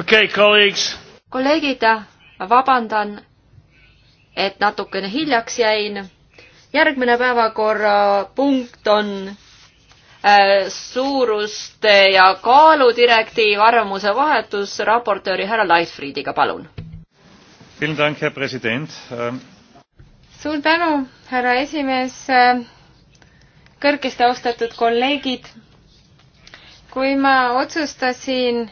okei okay,, kolleegid. kolleegid, vabandan, et natukene hiljaks jäin. järgmine päevakorrapunkt on äh, suuruste ja kaalu direktiiv, arvamuse vahetus raportööri härra Leitfriediga, palun. Ähm, suur tänu, härra esimees, kõrgesti austatud kolleegid. kui ma otsustasin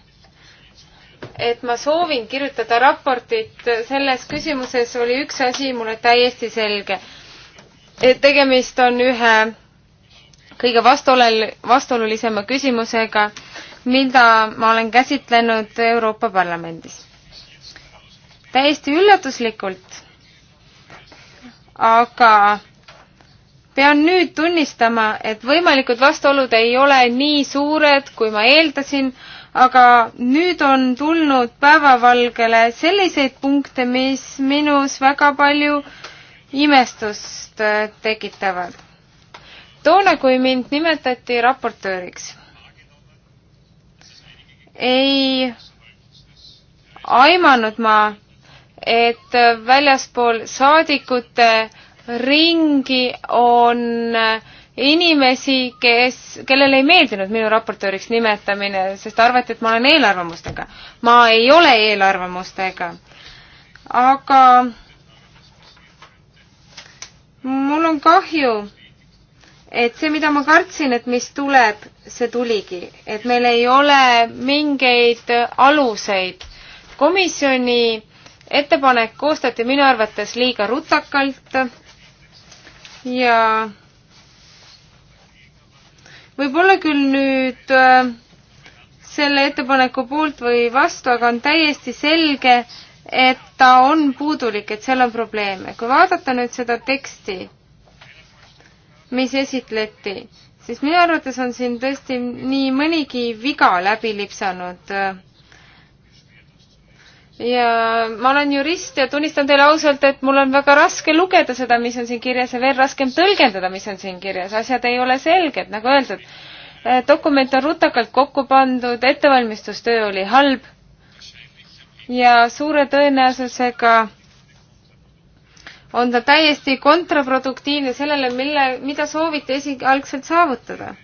et ma soovin kirjutada raportit selles küsimuses, oli üks asi mulle täiesti selge. et tegemist on ühe kõige vastuolel, vastuolulisema küsimusega, mida ma olen käsitlenud Euroopa Parlamendis. täiesti üllatuslikult, aga pean nüüd tunnistama, et võimalikud vastuolud ei ole nii suured, kui ma eeldasin, aga nüüd on tulnud päevavalgele selliseid punkte, mis minus väga palju imestust äh, tekitavad. toona, kui mind nimetati raportööriks, ei aimanud ma, et väljaspool saadikute ringi on äh, inimesi, kes, kellele ei meeldinud minu raportööriks nimetamine, sest arvati, et ma olen eelarvamustega. ma ei ole eelarvamustega. aga mul on kahju, et see, mida ma kartsin, et mis tuleb, see tuligi. et meil ei ole mingeid aluseid. komisjoni ettepanek koostati minu arvates liiga rutakalt ja võib-olla küll nüüd äh, selle ettepaneku poolt või vastu, aga on täiesti selge, et ta on puudulik, et seal on probleeme. kui vaadata nüüd seda teksti, mis esitleti, siis minu arvates on siin tõesti nii mõnigi viga läbi lipsanud äh, ja ma olen jurist ja tunnistan teile ausalt, et mul on väga raske lugeda seda, mis on siin kirjas ja veel raskem tõlgendada, mis on siin kirjas. asjad ei ole selged, nagu öeldud. Eh, dokument on rutakalt kokku pandud, ettevalmistustöö oli halb ja suure tõenäosusega on ta täiesti kontraproduktiivne sellele, mille, mida sooviti esialgselt saavutada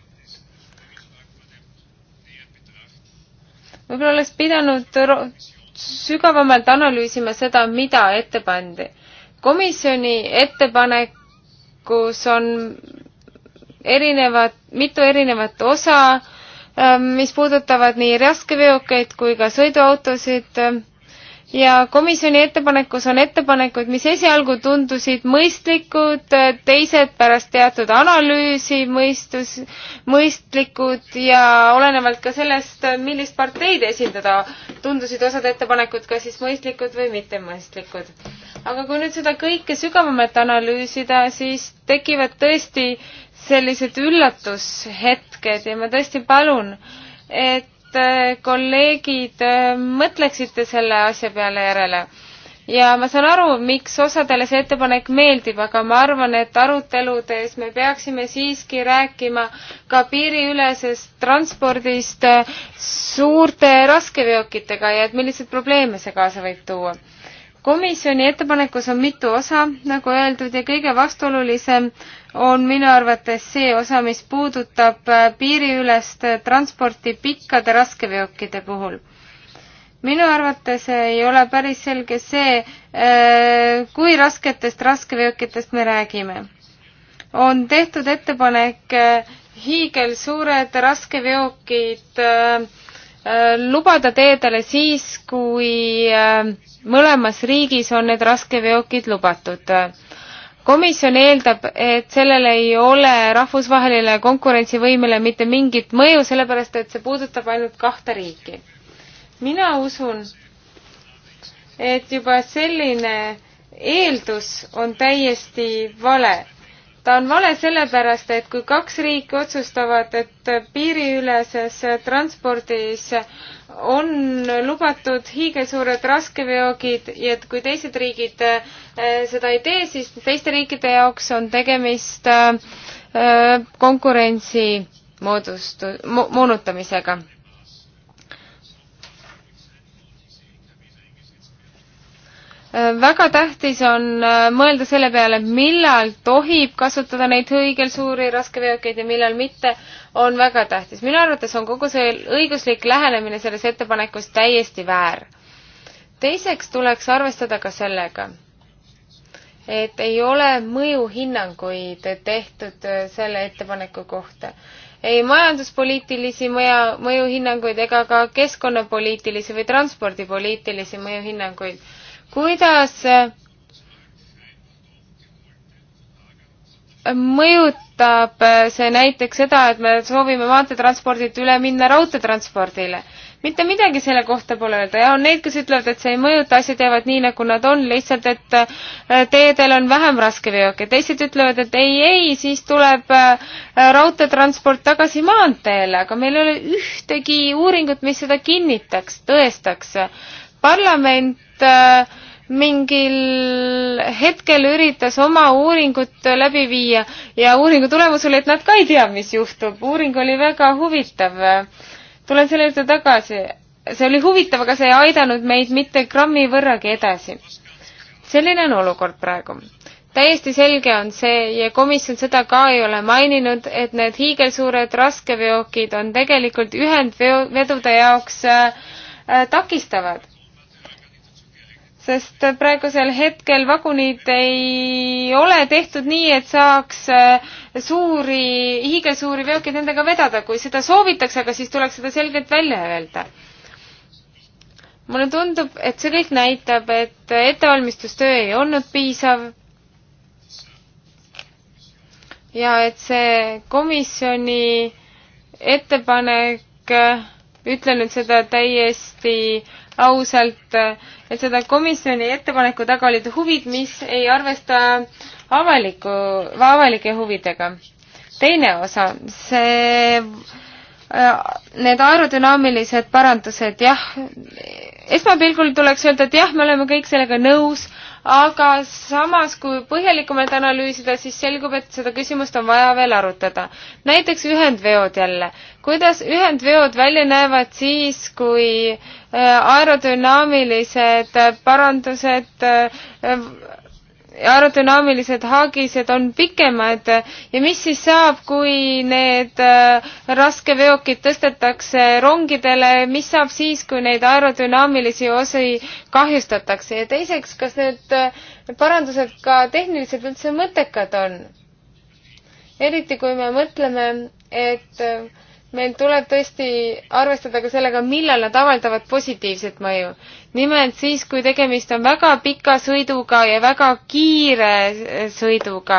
võib-olla oleks pidanud sügavamalt analüüsima seda, mida ette pandi. komisjoni ettepanekus on erinevad, mitu erinevat osa, ähm, mis puudutavad nii raskeveokeid kui ka sõiduautosid ja komisjoni ettepanekus on ettepanekud, mis esialgu tundusid mõistlikud, teised pärast teatud analüüsi mõistus, mõistlikud ja olenevalt ka sellest, millist parteid esindada, tundusid osad ettepanekud kas siis mõistlikud või mittemõistlikud. aga kui nüüd seda kõike sügavamalt analüüsida, siis tekivad tõesti sellised üllatushetked ja ma tõesti palun, et et äh, kolleegid äh, mõtleksite selle asja peale järele. ja ma saan aru, miks osadele see ettepanek meeldib, aga ma arvan, et aruteludes me peaksime siiski rääkima ka piiriülesest transpordist äh, suurte raskeveokitega ja et milliseid probleeme see kaasa võib tuua komisjoni ettepanekus on mitu osa, nagu öeldud, ja kõige vastuolulisem on minu arvates see osa, mis puudutab äh, piiriülest äh, transporti pikkade raskeveokite puhul. minu arvates ei ole päris selge see, äh, kui rasketest raskeveokitest me räägime. on tehtud ettepanek hiigelsuured raskeveokid äh, Äh, lubada teedele siis, kui äh, mõlemas riigis on need raskeveokid lubatud. komisjon eeldab, et sellel ei ole rahvusvaheline konkurentsivõimele mitte mingit mõju, sellepärast et see puudutab ainult kahte riiki. mina usun, et juba selline eeldus on täiesti vale ta on vale sellepärast, et kui kaks riiki otsustavad, et piiriüleses transpordis on lubatud hiigelsuured raskeveokid ja et kui teised riigid eh, seda ei tee, siis teiste riikide jaoks on tegemist eh, konkurentsi moodustu- mo,, moonutamisega Äh, väga tähtis on äh, mõelda selle peale, millal tohib kasutada neid õigelsuuri raskeveokeid ja millal mitte, on väga tähtis. minu arvates on kogu see õiguslik lähenemine selles ettepanekus täiesti väär. teiseks tuleks arvestada ka sellega, et ei ole mõjuhinnanguid tehtud äh, selle ettepaneku kohta ei majanduspoliitilisi mõja, mõjuhinnanguid ega ka keskkonnapoliitilisi või transpordipoliitilisi mõjuhinnanguid kuidas äh, mõjutab äh, see näiteks seda, et me soovime maanteetranspordilt üle minna raudteetranspordile. mitte midagi selle kohta pole öelda ja on neid, kes ütlevad, et see ei mõjuta, asjad jäävad nii, nagu nad on, lihtsalt et äh, teedel on vähem raskeveoke, teised ütlevad, et ei, ei, siis tuleb raudteetransport tagasi maanteele, aga meil ei ole ühtegi uuringut, mis seda kinnitaks, tõestaks. parlament äh, mingil hetkel üritas oma uuringut läbi viia ja uuringu tulemus oli, et nad ka ei tea, mis juhtub. uuring oli väga huvitav. tulen selle juurde tagasi. see oli huvitav, aga see ei aidanud meid mitte grammi võrragi edasi. selline on olukord praegu. täiesti selge on see ja komisjon seda ka ei ole maininud, et need hiigelsuured raskeveokid on tegelikult ühendvedude jaoks äh, äh takistavad sest praegusel hetkel vagunid ei ole tehtud nii, et saaks eh, suuri, hiigelsuuri veokeid nendega vedada. kui seda soovitakse, aga siis tuleks seda selgelt välja öelda. mulle tundub, et see kõik näitab, et ettevalmistustöö ei olnud piisav ja et see komisjoni ettepanek, eh, ütlen nüüd seda täiesti ausalt, et seda komisjoni ettepaneku taga olid huvid, mis ei arvesta avaliku, avalike huvidega. teine osa, see, äh, need aerodünaamilised parandused, jah, esmapilgul tuleks öelda, et jah, me oleme kõik sellega nõus, aga samas, kui põhjalikumalt analüüsida, siis selgub, et seda küsimust on vaja veel arutada. näiteks ühendveod jälle. kuidas ühendveod välja näevad siis, kui äh, aerodünaamilised äh, parandused äh, aerodünaamilised haagised on pikemad ja mis siis saab, kui need äh, raskeveokid tõstetakse rongidele, mis saab siis, kui neid aerodünaamilisi osi kahjustatakse ja teiseks, kas need äh, parandused ka tehniliselt üldse mõttekad on? eriti kui me mõtleme, et äh, meil tuleb tõesti arvestada ka sellega, millal nad avaldavad positiivset mõju. nimelt siis, kui tegemist on väga pika sõiduga ja väga kiire eh, sõiduga.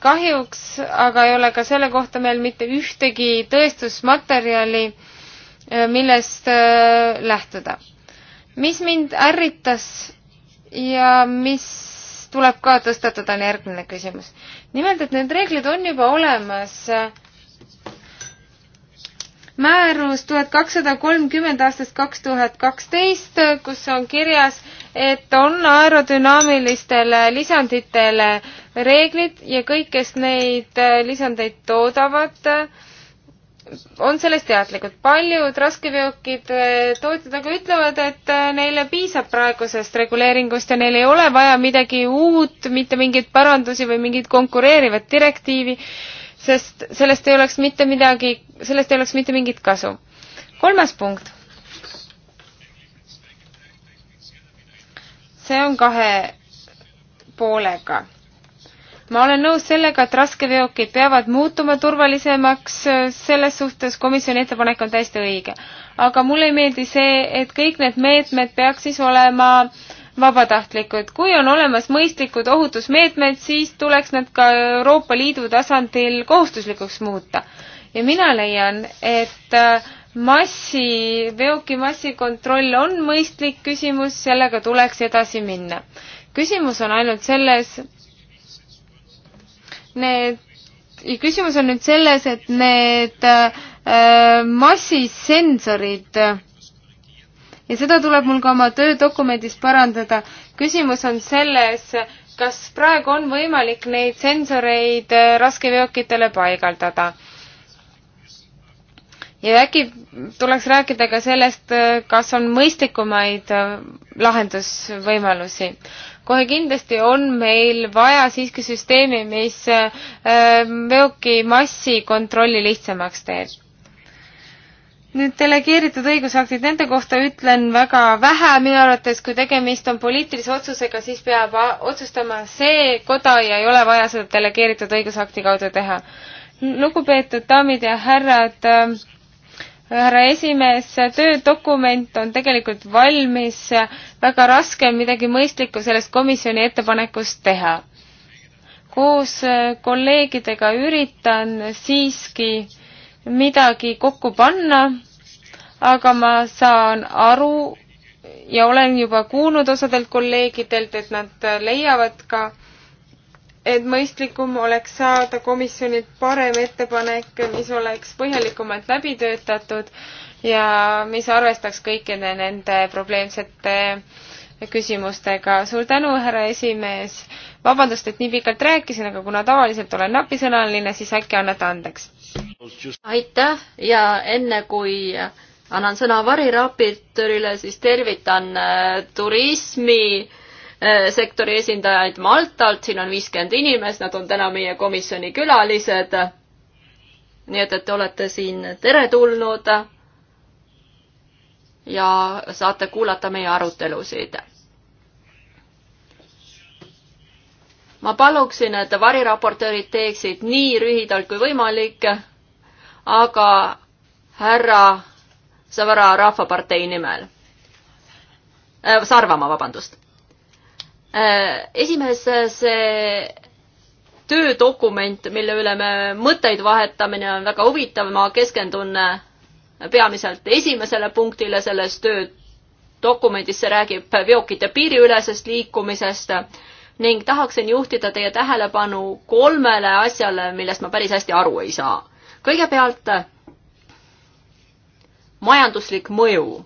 kahjuks aga ei ole ka selle kohta meil mitte ühtegi tõestusmaterjali, eh, millest eh, lähtuda. mis mind ärritas ja mis tuleb ka tõstatada, on järgmine küsimus. nimelt, et need reeglid on juba olemas määrus tuhat kakssada kolmkümmend aastast kaks tuhat kaksteist, kus on kirjas, et on aerodünaamilistele lisanditele reeglid ja kõik, kes neid äh, lisandeid toodavad, on sellest teadlikud. paljud raskeveokite äh, tootjad aga ütlevad, et äh, neile piisab praegusest reguleeringust ja neil ei ole vaja midagi uut, mitte mingeid parandusi või mingit konkureerivat direktiivi sest sellest ei oleks mitte midagi, sellest ei oleks mitte mingit kasu. kolmas punkt. see on kahe poolega. ma olen nõus sellega, et raskeveokid peavad muutuma turvalisemaks, äh, selles suhtes komisjoni ettepanek on täiesti õige. aga mulle ei meeldi see, et kõik need meetmed peaks siis olema äh, vabatahtlikud. kui on olemas mõistlikud ohutusmeetmed, siis tuleks need ka Euroopa Liidu tasandil kohustuslikuks muuta. ja mina leian, et äh, massi, veokimassi kontroll on mõistlik küsimus, sellega tuleks edasi minna. küsimus on ainult selles, need, küsimus on nüüd selles, et need äh, massisensorid äh, ja seda tuleb mul ka oma töödokumendis parandada. küsimus on selles, kas praegu on võimalik neid sensoreid äh, raskeveokitele paigaldada? ja äkki tuleks rääkida ka sellest, äh, kas on mõistlikumaid äh, lahendusvõimalusi. kohe kindlasti on meil vaja siiski süsteemi, mis veoki massi kontrolli lihtsamaks teeb nüüd delegeeritud õigusaktid, nende kohta ütlen väga vähe, minu arvates kui tegemist on poliitilise otsusega, siis peab otsustama see koda ja ei ole vaja seda delegeeritud õigusakti kaudu teha. lugupeetud daamid ja härrad äh,, härra esimees, töödokument on tegelikult valmis, väga raske on midagi mõistlikku sellest komisjoni ettepanekust teha. koos äh, kolleegidega üritan siiski äh, midagi kokku panna, aga ma saan aru ja olen juba kuulnud osadelt kolleegidelt, et nad leiavad ka, et mõistlikum oleks saada komisjonilt parem ettepanek, mis oleks põhjalikumalt läbi töötatud ja mis arvestaks kõikide nende probleemsete küsimustega. suur tänu, härra esimees. vabandust, et nii pikalt rääkisin, aga kuna tavaliselt olen napisõnaline, siis äkki annate andeks aitäh ja enne kui annan sõna variraportöörile, siis tervitan äh, turismi äh, sektori esindajaid Maltalt, siin on viiskümmend inimest, nad on täna meie komisjoni külalised. nii et, et te olete siin teretulnud ja saate kuulata meie arutelusid. ma paluksin, et variraportöörid teeksid nii lühidalt kui võimalik aga härra Savara Rahvapartei nimel äh,. Sarvamaa, vabandust äh,. esimees, see töödokument, mille üle me mõtteid vahetamine on väga huvitav, ma keskendun äh, peamiselt esimesele punktile selles töödokumendis, see räägib veokite piiriülesest liikumisest ning tahaksin juhtida teie tähelepanu kolmele asjale, millest ma päris hästi aru ei saa kõigepealt majanduslik mõju.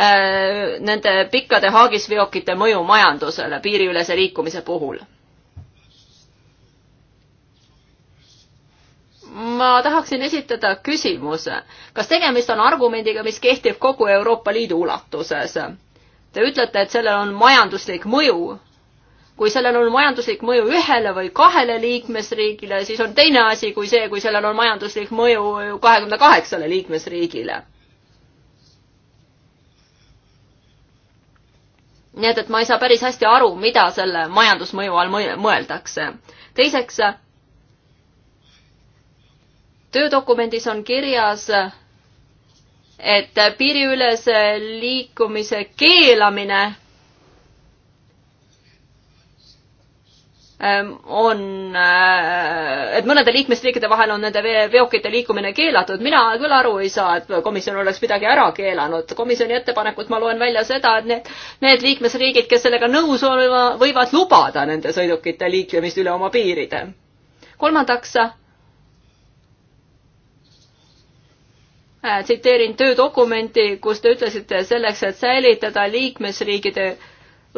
Äh, nende pikkade haagisveokite mõju majandusele piiriülese liikumise puhul. ma tahaksin esitada küsimuse, kas tegemist on argumendiga, mis kehtib kogu Euroopa Liidu ulatuses? Te ütlete, et sellel on majanduslik mõju, kui sellel on majanduslik mõju ühele või kahele liikmesriigile, siis on teine asi kui see, kui sellel on majanduslik mõju kahekümne kaheksale liikmesriigile. nii et, et ma ei saa päris hästi aru, mida selle majandusmõju all mõeldakse. teiseks, töödokumendis on kirjas et piiriülese liikumise keelamine Ehm, on, äh, et mõnede liikmesriikide vahel on nende veokite liikumine keelatud. mina küll aru ei saa, et komisjon oleks midagi ära keelanud. komisjoni ettepanekut ma loen välja seda, et need, need liikmesriigid, kes sellega nõus on, võivad lubada nende sõidukite liiklemist üle oma piiride. kolmandaks äh, tsiteerin töödokumenti, kus te ütlesite selleks, et säilitada liikmesriigide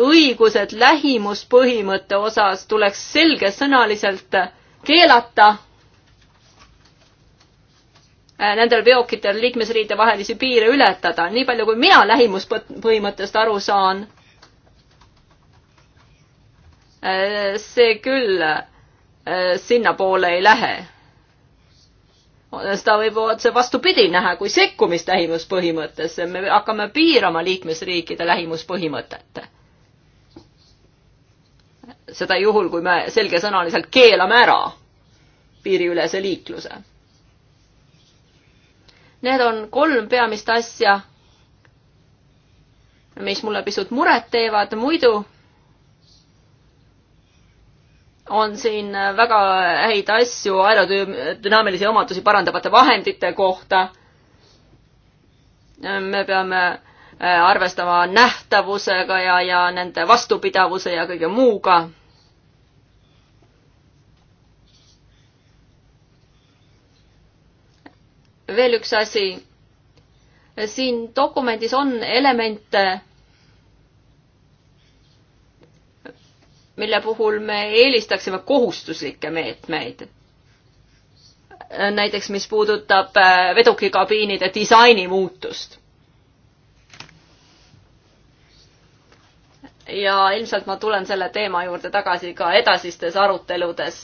õigused lähimuspõhimõtte osas tuleks selgesõnaliselt keelata äh, nendel veokitel liikmesriide vahelisi piire ületada. nii palju, kui mina lähimuspõhimõttest aru saan, äh, see küll äh, sinnapoole ei lähe. seda võib otse vastupidi näha kui sekkumist lähimuspõhimõttesse, me hakkame piirama liikmesriikide lähimuspõhimõtet seda juhul, kui me selgesõnaliselt keelame ära piiriülese liikluse. Need on kolm peamist asja, mis mulle pisut muret teevad, muidu on siin väga häid asju aerodünaamilisi omadusi parandavate vahendite kohta. me peame äh, arvestama nähtavusega ja, ja nende vastupidavuse ja kõige muuga veel üks asi. siin dokumendis on elemente, mille puhul me eelistaksime kohustuslikke meetmeid. näiteks, mis puudutab äh, vedukikabiinide disaini muutust. ja ilmselt ma tulen selle teema juurde tagasi ka edasistes aruteludes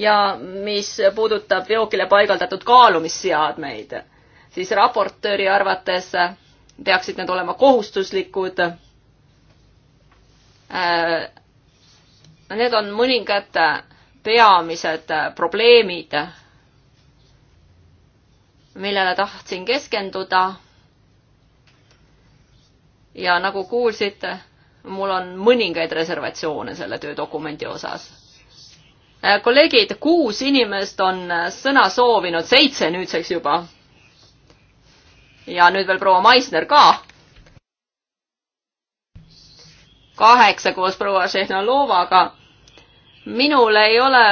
ja mis puudutab veokile paigaldatud kaalumisseadmeid, siis raportööri arvates peaksid need olema kohustuslikud. Äh, need on mõningad peamised probleemid, millele tahtsin keskenduda. ja nagu kuulsite, mul on mõningaid reservatsioone selle töödokumendi osas Äh, kolleegid, kuus inimest on äh, sõna soovinud, seitse nüüdseks juba. ja nüüd veel proua Maisner ka. kaheksa koos proua Šehnolovaga. minul ei ole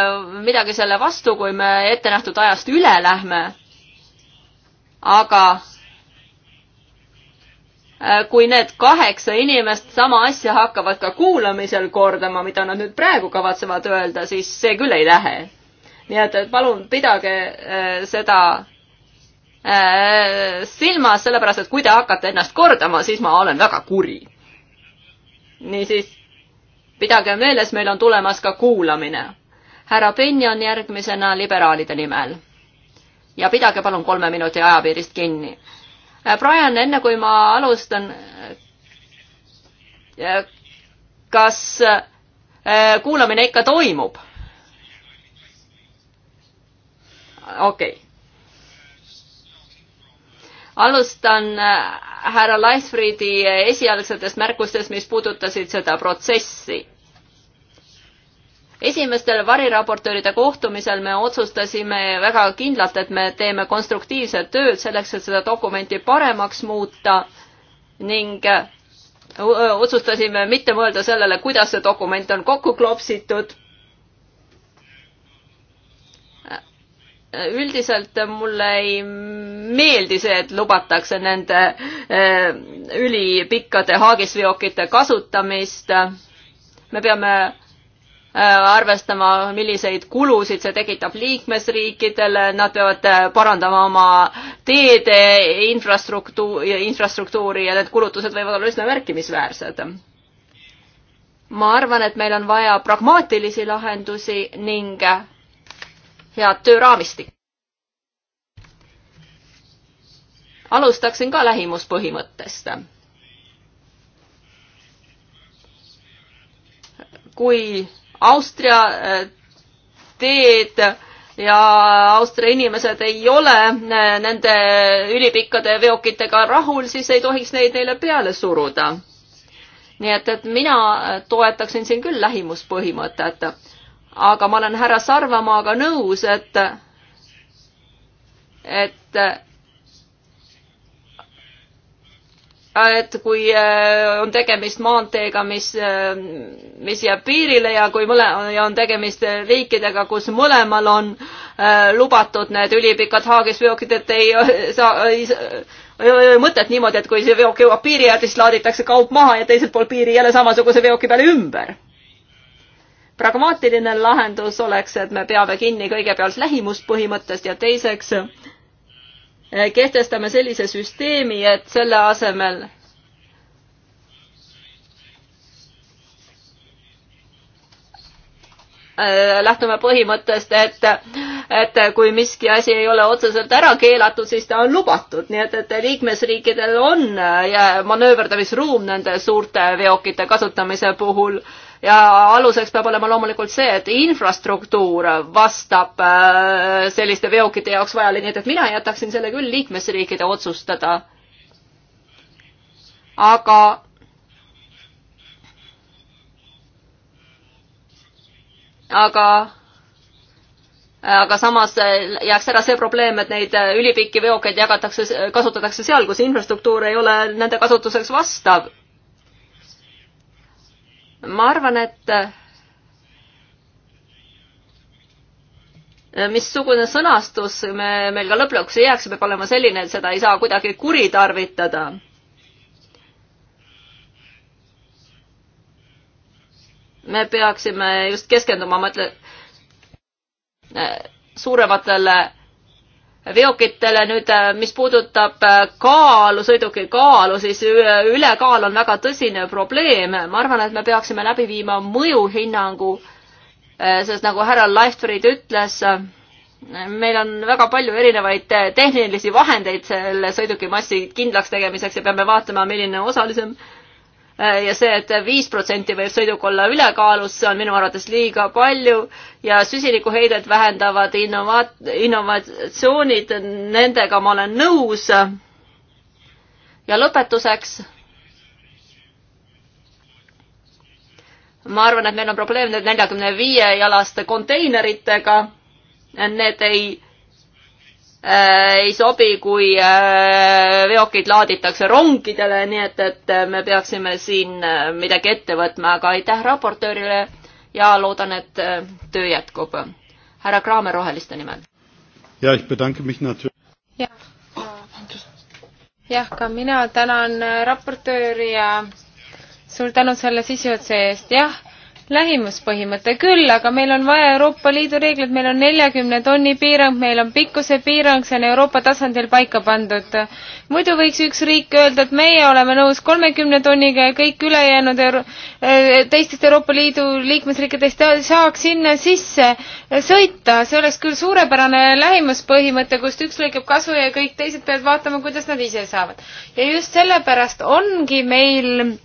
midagi selle vastu, kui me ettenähtud ajast üle lähme. aga Äh, kui need kaheksa inimest sama asja hakkavad ka kuulamisel kordama, mida nad nüüd praegu kavatsevad öelda, siis see küll ei lähe. nii et, et palun pidage äh, seda äh, silmas, sellepärast et kui te hakkate ennast kordama, siis ma olen väga kuri. niisiis, pidage meeles, meil on tulemas ka kuulamine. härra Penjon järgmisena liberaalide nimel. ja pidage palun kolme minuti ajapiirist kinni Äh, Brian, enne kui ma alustan, äh, kas äh, kuulamine ikka toimub? okei okay.. alustan härra Leisfriedi esialgsetest märkustest, mis puudutasid seda protsessi esimestel variraportööride kohtumisel me otsustasime väga kindlalt, et me teeme konstruktiivset tööd selleks, et seda dokumenti paremaks muuta ning äh, otsustasime mitte mõelda sellele, kuidas see dokument on kokku klopsitud. üldiselt mulle ei meeldi see, et lubatakse nende äh, ülipikkade haagisveokite kasutamist. me peame Äh, arvestama, milliseid kulusid see tekitab liikmesriikidele, nad peavad äh, parandama oma teede infrastruktuur, infrastruktuuri ja need kulutused võivad olla üsna märkimisväärsed. ma arvan, et meil on vaja pragmaatilisi lahendusi ning äh, head tööraamistikku. alustaksin ka lähimuspõhimõttest kui Austria eh, teed ja Austria inimesed ei ole eh, nende ülipikkade veokitega rahul, siis ei tohiks neid neile peale suruda. nii et, et mina toetaksin siin küll lähimuspõhimõtet. aga ma olen härra Sarvamaaga nõus, et, et et kui äh, on tegemist maanteega, mis, äh, mis jääb piirile ja kui mõle- ja on tegemist äh, riikidega, kus mõlemal on äh, lubatud need ülipikad haagisveokid, et ei saa, ei ole mõtet niimoodi, et kui see veok jõuab piiri äärde, siis laaditakse kaup maha ja teiselt pool piiri jälle samasuguse veoki peale ümber. pragmaatiline lahendus oleks, et me peame kinni kõigepealt lähimuspõhimõttest ja teiseks äh, Eh, kehtestame sellise süsteemi, et selle asemel eh, lähtume põhimõttest, et, et kui miski asi ei ole otseselt ära keelatud, siis ta on lubatud, nii et, et liikmesriikidel on eh, manööverdamisruum nende suurte veokite kasutamise puhul äh, ja aluseks peab olema loomulikult see, et infrastruktuur vastab äh, selliste veokite jaoks vajalik, nii et mina jätaksin selle küll liikmesriikide otsustada. aga aga aga samas jääks ära see probleem, et neid ülipikki veokeid jagatakse, kasutatakse seal, kus infrastruktuur ei ole nende kasutuseks vastav ma arvan, et äh, missugune sõnastus me, meil ka lõpuks jääks, peab olema selline, et seda ei saa kuidagi kuritarvitada. me peaksime just keskenduma, ma ütlen, äh, suurematele veokitele nüüd, äh, mis puudutab äh, kaalu, sõiduki kaalu, siis ülekaal on väga tõsine probleem. ma arvan, et me peaksime läbi viima mõjuhinnangu, äh, sest nagu härra Leifrid ütles, meil on väga palju erinevaid tehnilisi vahendeid selle sõiduki massi kindlaks tegemiseks ja peame vaatama, milline osalisem äh, Äh, ja see et, et viis protsenti võib sõiduk olla ülekaalus, see on minu arvates liiga palju ja süsinikuheidet vähendavad innovat-, innovatsioonid, nendega ma olen nõus. ja lõpetuseks. ma arvan, et meil on probleem nüüd neljakümne viie jalaste konteineritega. Need ei Äh, ei sobi, kui äh, veokid laaditakse rongidele, nii et, et äh, me peaksime siin midagi ette võtma, aga aitäh raportöörile ja loodan, et töö jätkub. härra Kraamer Roheliste nimel. jah, jah, ka mina tänan raportööri ja suur tänu selle sissejuhatuse eest, jah lähimuspõhimõte, küll, aga meil on vaja Euroopa Liidu reegleid, meil on neljakümne tonni piirang, meil on pikkuse piirang, see on Euroopa tasandil paika pandud. muidu võiks üks riik öelda, et meie oleme nõus kolmekümne tonniga ja kõik ülejäänud Euro eh, teistest Euroopa Liidu liikmesriikidest saaks sinna sisse sõita, see oleks küll suurepärane lähimuspõhimõte, kust üks lõikab kasu ja kõik teised peavad vaatama, kuidas nad ise saavad. ja just sellepärast ongi meil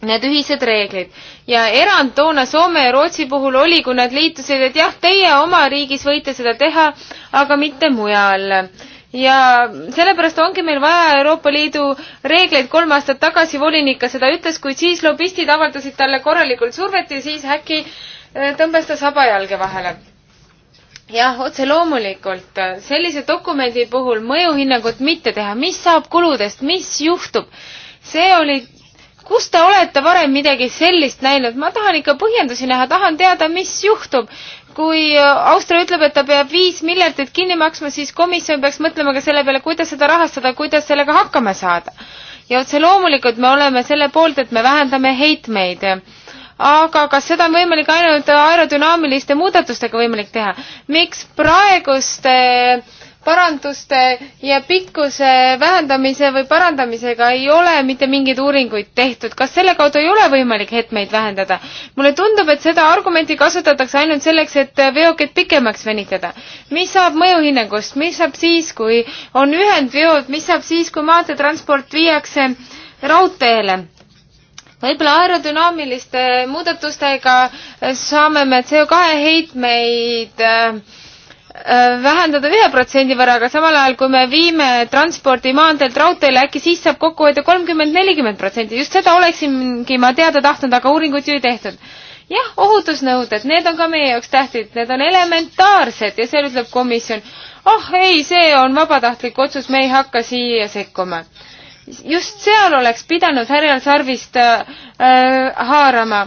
need ühised reeglid. ja erand toona Soome ja Rootsi puhul oli, kui nad liitusid, et jah, teie oma riigis võite seda teha, aga mitte mujal. ja sellepärast ongi meil vaja Euroopa Liidu reegleid, kolm aastat tagasi volinik ka seda ütles, kuid siis lobistid avaldasid talle korralikult survet ja siis äkki eh, tõmbas ta saba jalge vahele jah, otse loomulikult. sellise dokumendi puhul mõjuhinnangut mitte teha, mis saab kuludest, mis juhtub? see oli kus te olete varem midagi sellist näinud? ma tahan ikka põhjendusi näha, tahan teada, mis juhtub. kui äh, Austria ütleb, et ta peab viis miljardit kinni maksma, siis komisjon peaks mõtlema ka selle peale, kuidas seda rahastada, kuidas sellega hakkama saada. ja otse loomulikult me oleme selle poolt, et me vähendame heitmeid aga kas seda on võimalik ainult aerodünaamiliste muudatustega võimalik teha? miks praeguste äh, paranduste ja pikkuse vähendamise või parandamisega ei ole mitte mingeid uuringuid tehtud. kas selle kaudu ei ole võimalik heitmeid vähendada? mulle tundub, et seda argumenti kasutatakse ainult selleks, et veokit pikemaks venitada. mis saab mõjuhinnangust, mis saab siis, kui on ühendveod, mis saab siis, kui maanteetransport viiakse raudteele? võib-olla aerodünaamiliste muudatustega saame me CO2 heitmeid äh, Äh, vähendada ühe protsendi võrra, aga samal ajal, kui me viime transpordi maanteelt raudteele, äkki siis saab kokku hoida kolmkümmend, nelikümmend protsenti, just seda oleksingi ma teada tahtnud, aga uuringuid ju ei tehtud. jah, ohutusnõuded, need on ka meie jaoks tähtsad, need on elementaarsed ja seal ütleb komisjon, oh ei, see on vabatahtlik otsus, me ei hakka siia sekkuma. just seal oleks pidanud härjal sarvist äh, äh haarama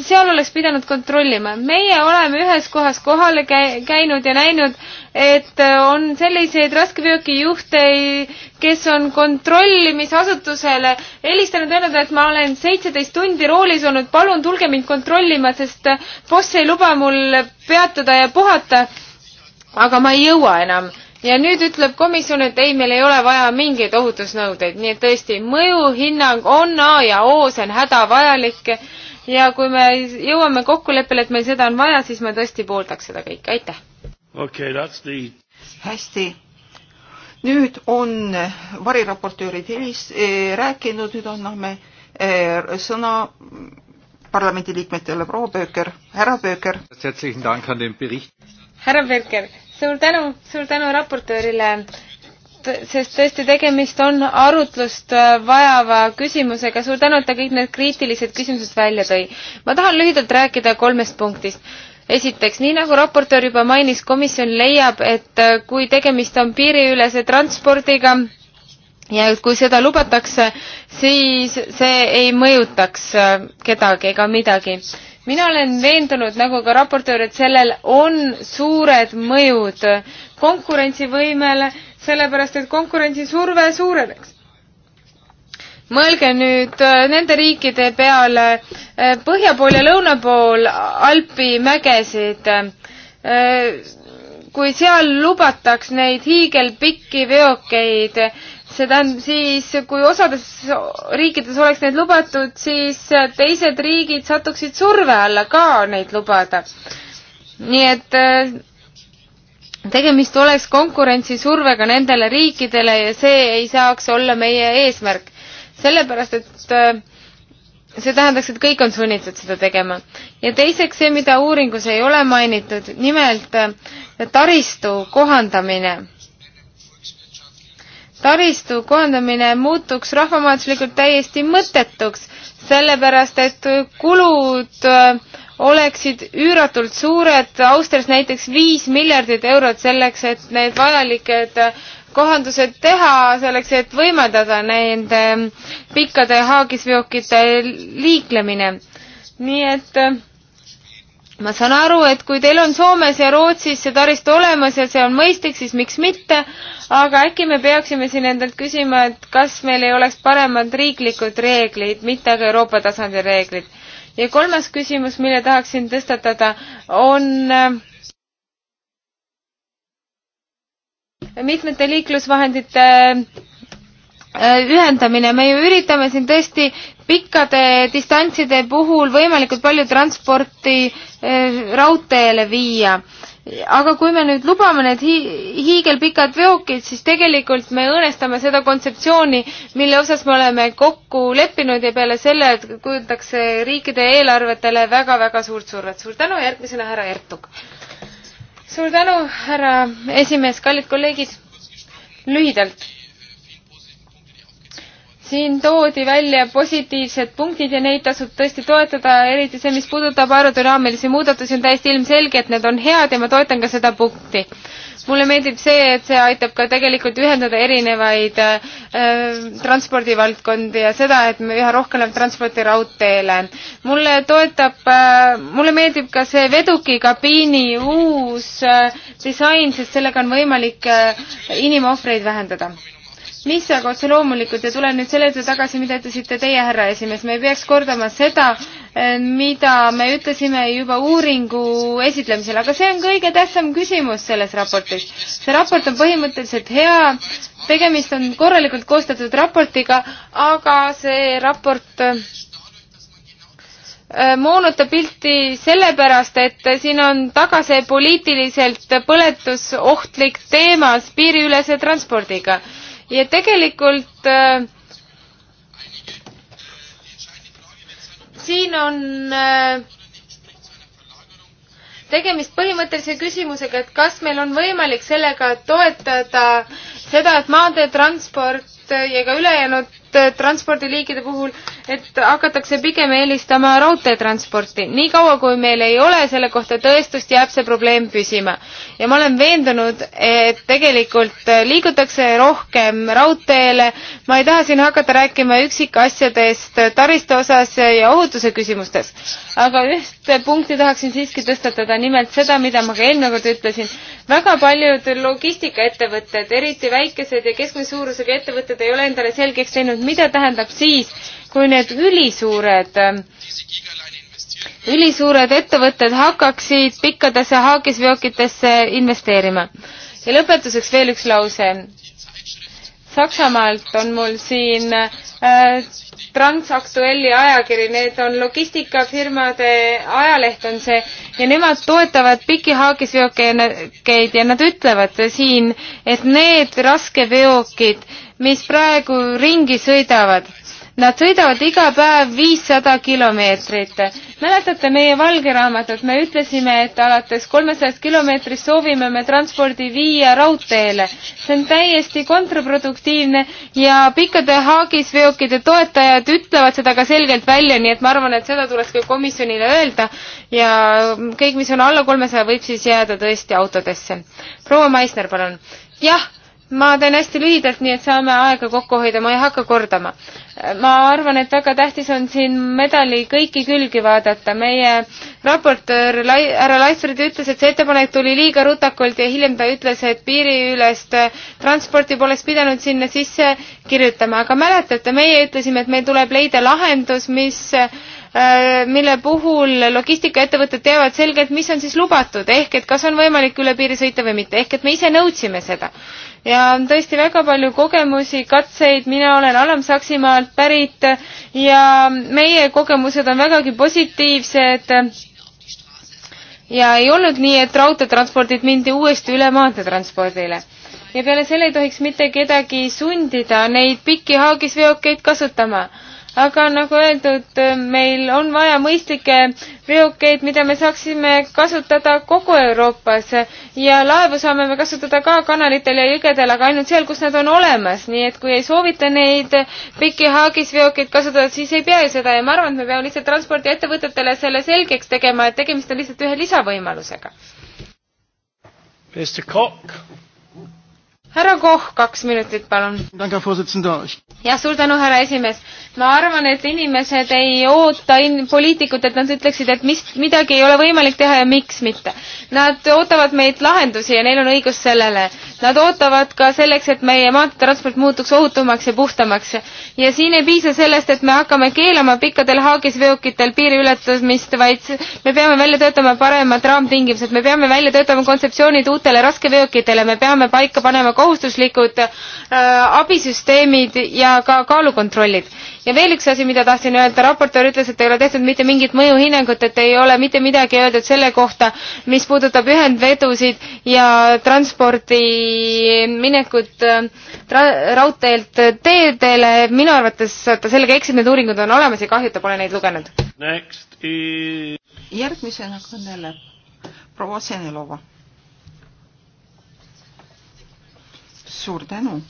seal oleks pidanud kontrollima. meie oleme ühes kohas kohale käinud ja näinud, et äh, on selliseid raskeveokijuhte, kes on kontrollimisasutusele helistanud, öelnud, et ma olen seitseteist tundi roolis olnud, palun tulge mind kontrollima, sest äh, boss ei luba mul peatuda ja puhata. aga ma ei jõua enam ja nüüd ütleb komisjon, et ei, meil ei ole vaja mingeid ohutusnõudeid, nii et tõesti, mõjuhinnang on A ja O, see on hädavajalik ja kui me jõuame kokkuleppele, et meil seda on vaja, siis ma tõesti pooldaks seda kõike, aitäh! okei okay,, that's the hästi, nüüd on variraportöörid helis- eh,, rääkinud, nüüd anname eh, sõna parlamendi liikmetele, proua Pööker, härra Pööker. härra Pööker, suur tänu, suur tänu raportöörile poolt, sest tõesti tegemist on arutlust äh, vajava küsimusega. suur tänu, et ta kõik need kriitilised küsimused välja tõi. ma tahan lühidalt rääkida kolmest punktist esiteks, nii nagu raportöör juba mainis, komisjon leiab, et äh, kui tegemist on piiriülese transpordiga ja kui seda lubatakse, siis see ei mõjutaks äh, kedagi ega midagi. mina olen veendunud, nagu ka raportöör, et sellel on suured mõjud konkurentsivõimele sellepärast et konkurentsisurve suureneks. mõelge nüüd äh, nende riikide peale äh, põhja pool ja lõuna pool Alpi mägesid. Äh, kui seal lubataks neid hiigelpikki veokeid, see tähendab siis, kui osades riikides oleks need lubatud, siis teised riigid satuksid surve alla ka neid lubada. nii et tegemist oleks konkurentsisurvega nendele riikidele ja see ei saaks olla meie eesmärk. sellepärast, et äh, see tähendaks, et kõik on sunnitud seda tegema. ja teiseks see, mida uuringus ei ole mainitud, nimelt äh, taristu kohandamine. taristu kohandamine muutuks rahvamajanduslikult täiesti mõttetuks, sellepärast et kulud äh, oleksid üüratult suured, Austrias näiteks viis miljardit eurot selleks, et need vajalikud kohandused teha, selleks et võimaldada nende pikkade haagisveokite liiklemine. nii et äh, ma saan aru, et kui teil on Soomes ja Rootsis see taristu olemas ja see on mõistlik, siis miks mitte, aga äkki me peaksime siin endalt küsima, et kas meil ei oleks paremad riiklikud reeglid, mitte aga Euroopa tasandi reeglid ja kolmas küsimus, mille tahaksin tõstatada, on äh, mitmete liiklusvahendite äh, ühendamine, me ju üritame siin tõesti pikkade distantside puhul võimalikult palju transporti äh, raudteele viia aga kui me nüüd lubame need hi hiigelpikad veokid, siis tegelikult me õõnestame seda kontseptsiooni, mille osas me oleme kokku leppinud ja peale selle kujundatakse riikide eelarvetele väga-väga suurt survet. suur tänu, järgmisena härra Ertug. suur tänu, härra esimees, kallid kolleegid. lühidalt siin toodi välja positiivsed punktid ja neid tasub tõesti toetada, eriti see, mis puudutab aerodünaamilisi muudatusi, on täiesti ilmselge, et need on head ja ma toetan ka seda punkti. mulle meeldib see, et see aitab ka tegelikult ühendada erinevaid äh, transpordivaldkondi ja seda, et me üha rohkem läheb transporti raudteele. mulle toetab äh,, mulle meeldib ka see vedukikabiini uus äh, disain, sest sellega on võimalik äh, inimohvreid vähendada mis aga otse loomulikult ja tulen nüüd selle juurde tagasi, mida ütlesite teie, härra esimees, me ei peaks kordama seda, eh, mida me ütlesime juba uuringu esitlemisel, aga see on kõige tähtsam küsimus selles raportis. see raport on põhimõtteliselt hea, tegemist on korralikult koostatud raportiga, aga see raport eh, moonutab pilti sellepärast, et siin on taga see poliitiliselt põletusohtlik teema piiriülese transpordiga ja tegelikult äh, siin on äh, tegemist põhimõttelise küsimusega, et kas meil on võimalik sellega toetada seda, et maanteetransport ja ka ülejäänud äh, transpordiliigide puhul et hakatakse pigem eelistama raudteetransporti. niikaua, kui meil ei ole selle kohta tõestust, jääb see probleem püsima. ja ma olen veendunud, et tegelikult liigutakse rohkem raudteele. ma ei taha siin hakata rääkima üksikasjadest taristu osas ja ohutuse küsimustes, aga ühte punkti tahaksin siiski tõstatada, nimelt seda, mida ma ka eelmine kord ütlesin. väga paljud logistikaettevõtted, eriti väikesed ja keskmise suurusega ettevõtted ei ole endale selgeks teinud, mida tähendab siis, kui need ülisuured ülisuured ettevõtted hakkaksid pikkadesse haagisveokitesse investeerima. ja lõpetuseks veel üks lause. Saksamaalt on mul siin äh, Transaktuelli ajakiri, need on logistikafirmade ajaleht on see ja nemad toetavad pikki haagisveokeid ja nad ütlevad siin, et need raskeveokid, mis praegu ringi sõidavad Nad sõidavad iga päev viissada kilomeetrit. mäletate meie valge raamatut, me ütlesime, et alates kolmesajast kilomeetrist soovime me transpordi viia raudteele. see on täiesti kontraproduktiivne ja pikkade haagisveokide toetajad ütlevad seda ka selgelt välja, nii et ma arvan, et seda tuleks ka komisjonile öelda ja kõik, mis on alla kolmesaja, võib siis jääda tõesti autodesse. proua Maisner, palun. jah ma teen hästi lühidalt, nii et saame aega kokku hoida, ma ei hakka kordama. ma arvan, et väga tähtis on siin medali kõiki külgi vaadata. meie raportöör härra Laisfrid ütles, et see ettepanek tuli liiga rutakult ja hiljem ta ütles, et piiriülest transporti poleks pidanud sinna sisse kirjutama, aga mäletate, meie ütlesime, et meil tuleb leida lahendus, mis äh, mille puhul logistikaettevõtted teavad selgelt, mis on siis lubatud, ehk et kas on võimalik üle piiri sõita või mitte, ehk et me ise nõudsime seda ja on tõesti väga palju kogemusi, katseid, mina olen Alam-Saksimaalt pärit ja meie kogemused on vägagi positiivsed ja ei olnud nii, et raudteetranspordilt mindi uuesti üle maanteetranspordile. ja peale selle ei tohiks mitte kedagi sundida neid pikki haagisveokeid kasutama aga nagu öeldud, meil on vaja mõistlikke veokeid, mida me saaksime kasutada kogu Euroopas ja laevu saame me kasutada ka kanalitel ja jõgedel, aga ainult seal, kus nad on olemas, nii et kui ei soovita neid pikki haagisveokeid kasutada, siis ei pea ju seda ja ma arvan, et me peame lihtsalt transpordiettevõtetele selle selgeks tegema, et tegemist on lihtsalt ühe lisavõimalusega. Mr Cock härra Koch, kaks minutit, palun. jah, suur tänu, härra esimees. ma arvan, et inimesed ei oota in-, poliitikut, et nad ütleksid, et mis, midagi ei ole võimalik teha ja miks mitte. Nad ootavad meilt lahendusi ja neil on õigus sellele. Nad ootavad ka selleks, et meie maanteetransport muutuks ohutumaks ja puhtamaks. ja siin ei piisa sellest, et me hakkame keelama pikkadel haagisveokitel piiri ületamist, vaid me peame välja töötama paremad raamtingimused, me peame välja töötama kontseptsioonid uutele raskeveokitele, me peame paika panema kohustuslikud äh, abisüsteemid ja ka kaalukontrollid. ja veel üks asi, mida tahtsin öelda, raportöör ütles, et ei ole tehtud mitte mingit mõjuhinnangut, et ei ole mitte midagi öeldud selle kohta, mis puudutab ühendvedusid ja transpordi minekut äh, tra raudteelt teedele. minu arvates ta sellega eksib, need uuringud on olemas ja kahju, et ta pole neid lugenud. Is... järgmisena kõneleb proua Senelova suur tänu.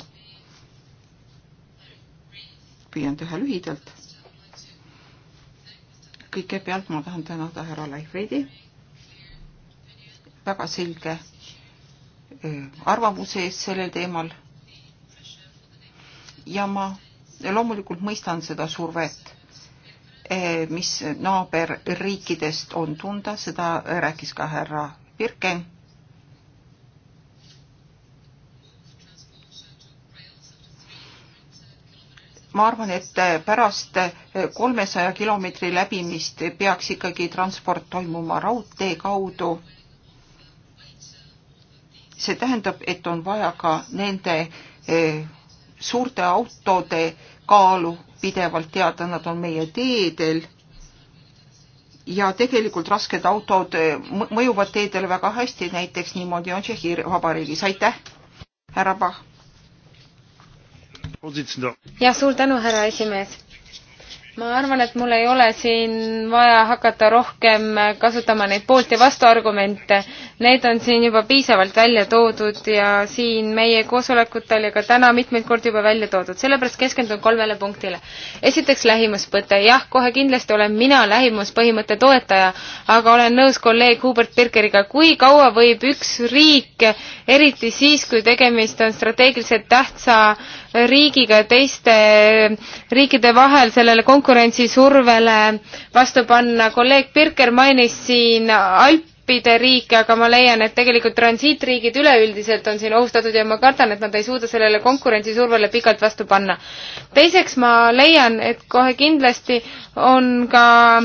püüan teha lühidalt. kõigepealt ma tahan tänada härra Laifredi väga selge arvamuse eest sellel teemal. ja ma loomulikult mõistan seda survet, mis naaberriikidest on tunda, seda rääkis ka härra Birken ma arvan, et pärast kolmesaja kilomeetri läbimist peaks ikkagi transport toimuma raudtee kaudu. see tähendab, et on vaja ka nende eh, suurte autode kaalu pidevalt teada, nad on meie teedel ja tegelikult rasked autod eh, mõjuvad teedele väga hästi, näiteks niimoodi on Tšehhi Vabariigis, aitäh, härra Pahv jah, suur tänu, härra esimees ma arvan, et mul ei ole siin vaja hakata rohkem kasutama neid poolt- ja vastuargumente. Need on siin juba piisavalt välja toodud ja siin meie koosolekutel ja ka täna mitmeid kordi juba välja toodud, sellepärast keskendun kolmele punktile. esiteks lähimuspõte, jah, kohe kindlasti olen mina lähimuspõhimõtte toetaja, aga olen nõus kolleeg Hubert Birkeriga, kui kaua võib üks riik, eriti siis, kui tegemist on strateegiliselt tähtsa äh, riigiga teiste riikide vahel sellele konkurentsisurvele vastu panna. kolleeg Birker mainis siin Alpide riike, aga ma leian, et tegelikult transiitriigid üleüldiselt on siin ohustatud ja ma kardan, et nad ei suuda sellele konkurentsisurvele pikalt vastu panna. teiseks ma leian, et kohe kindlasti on ka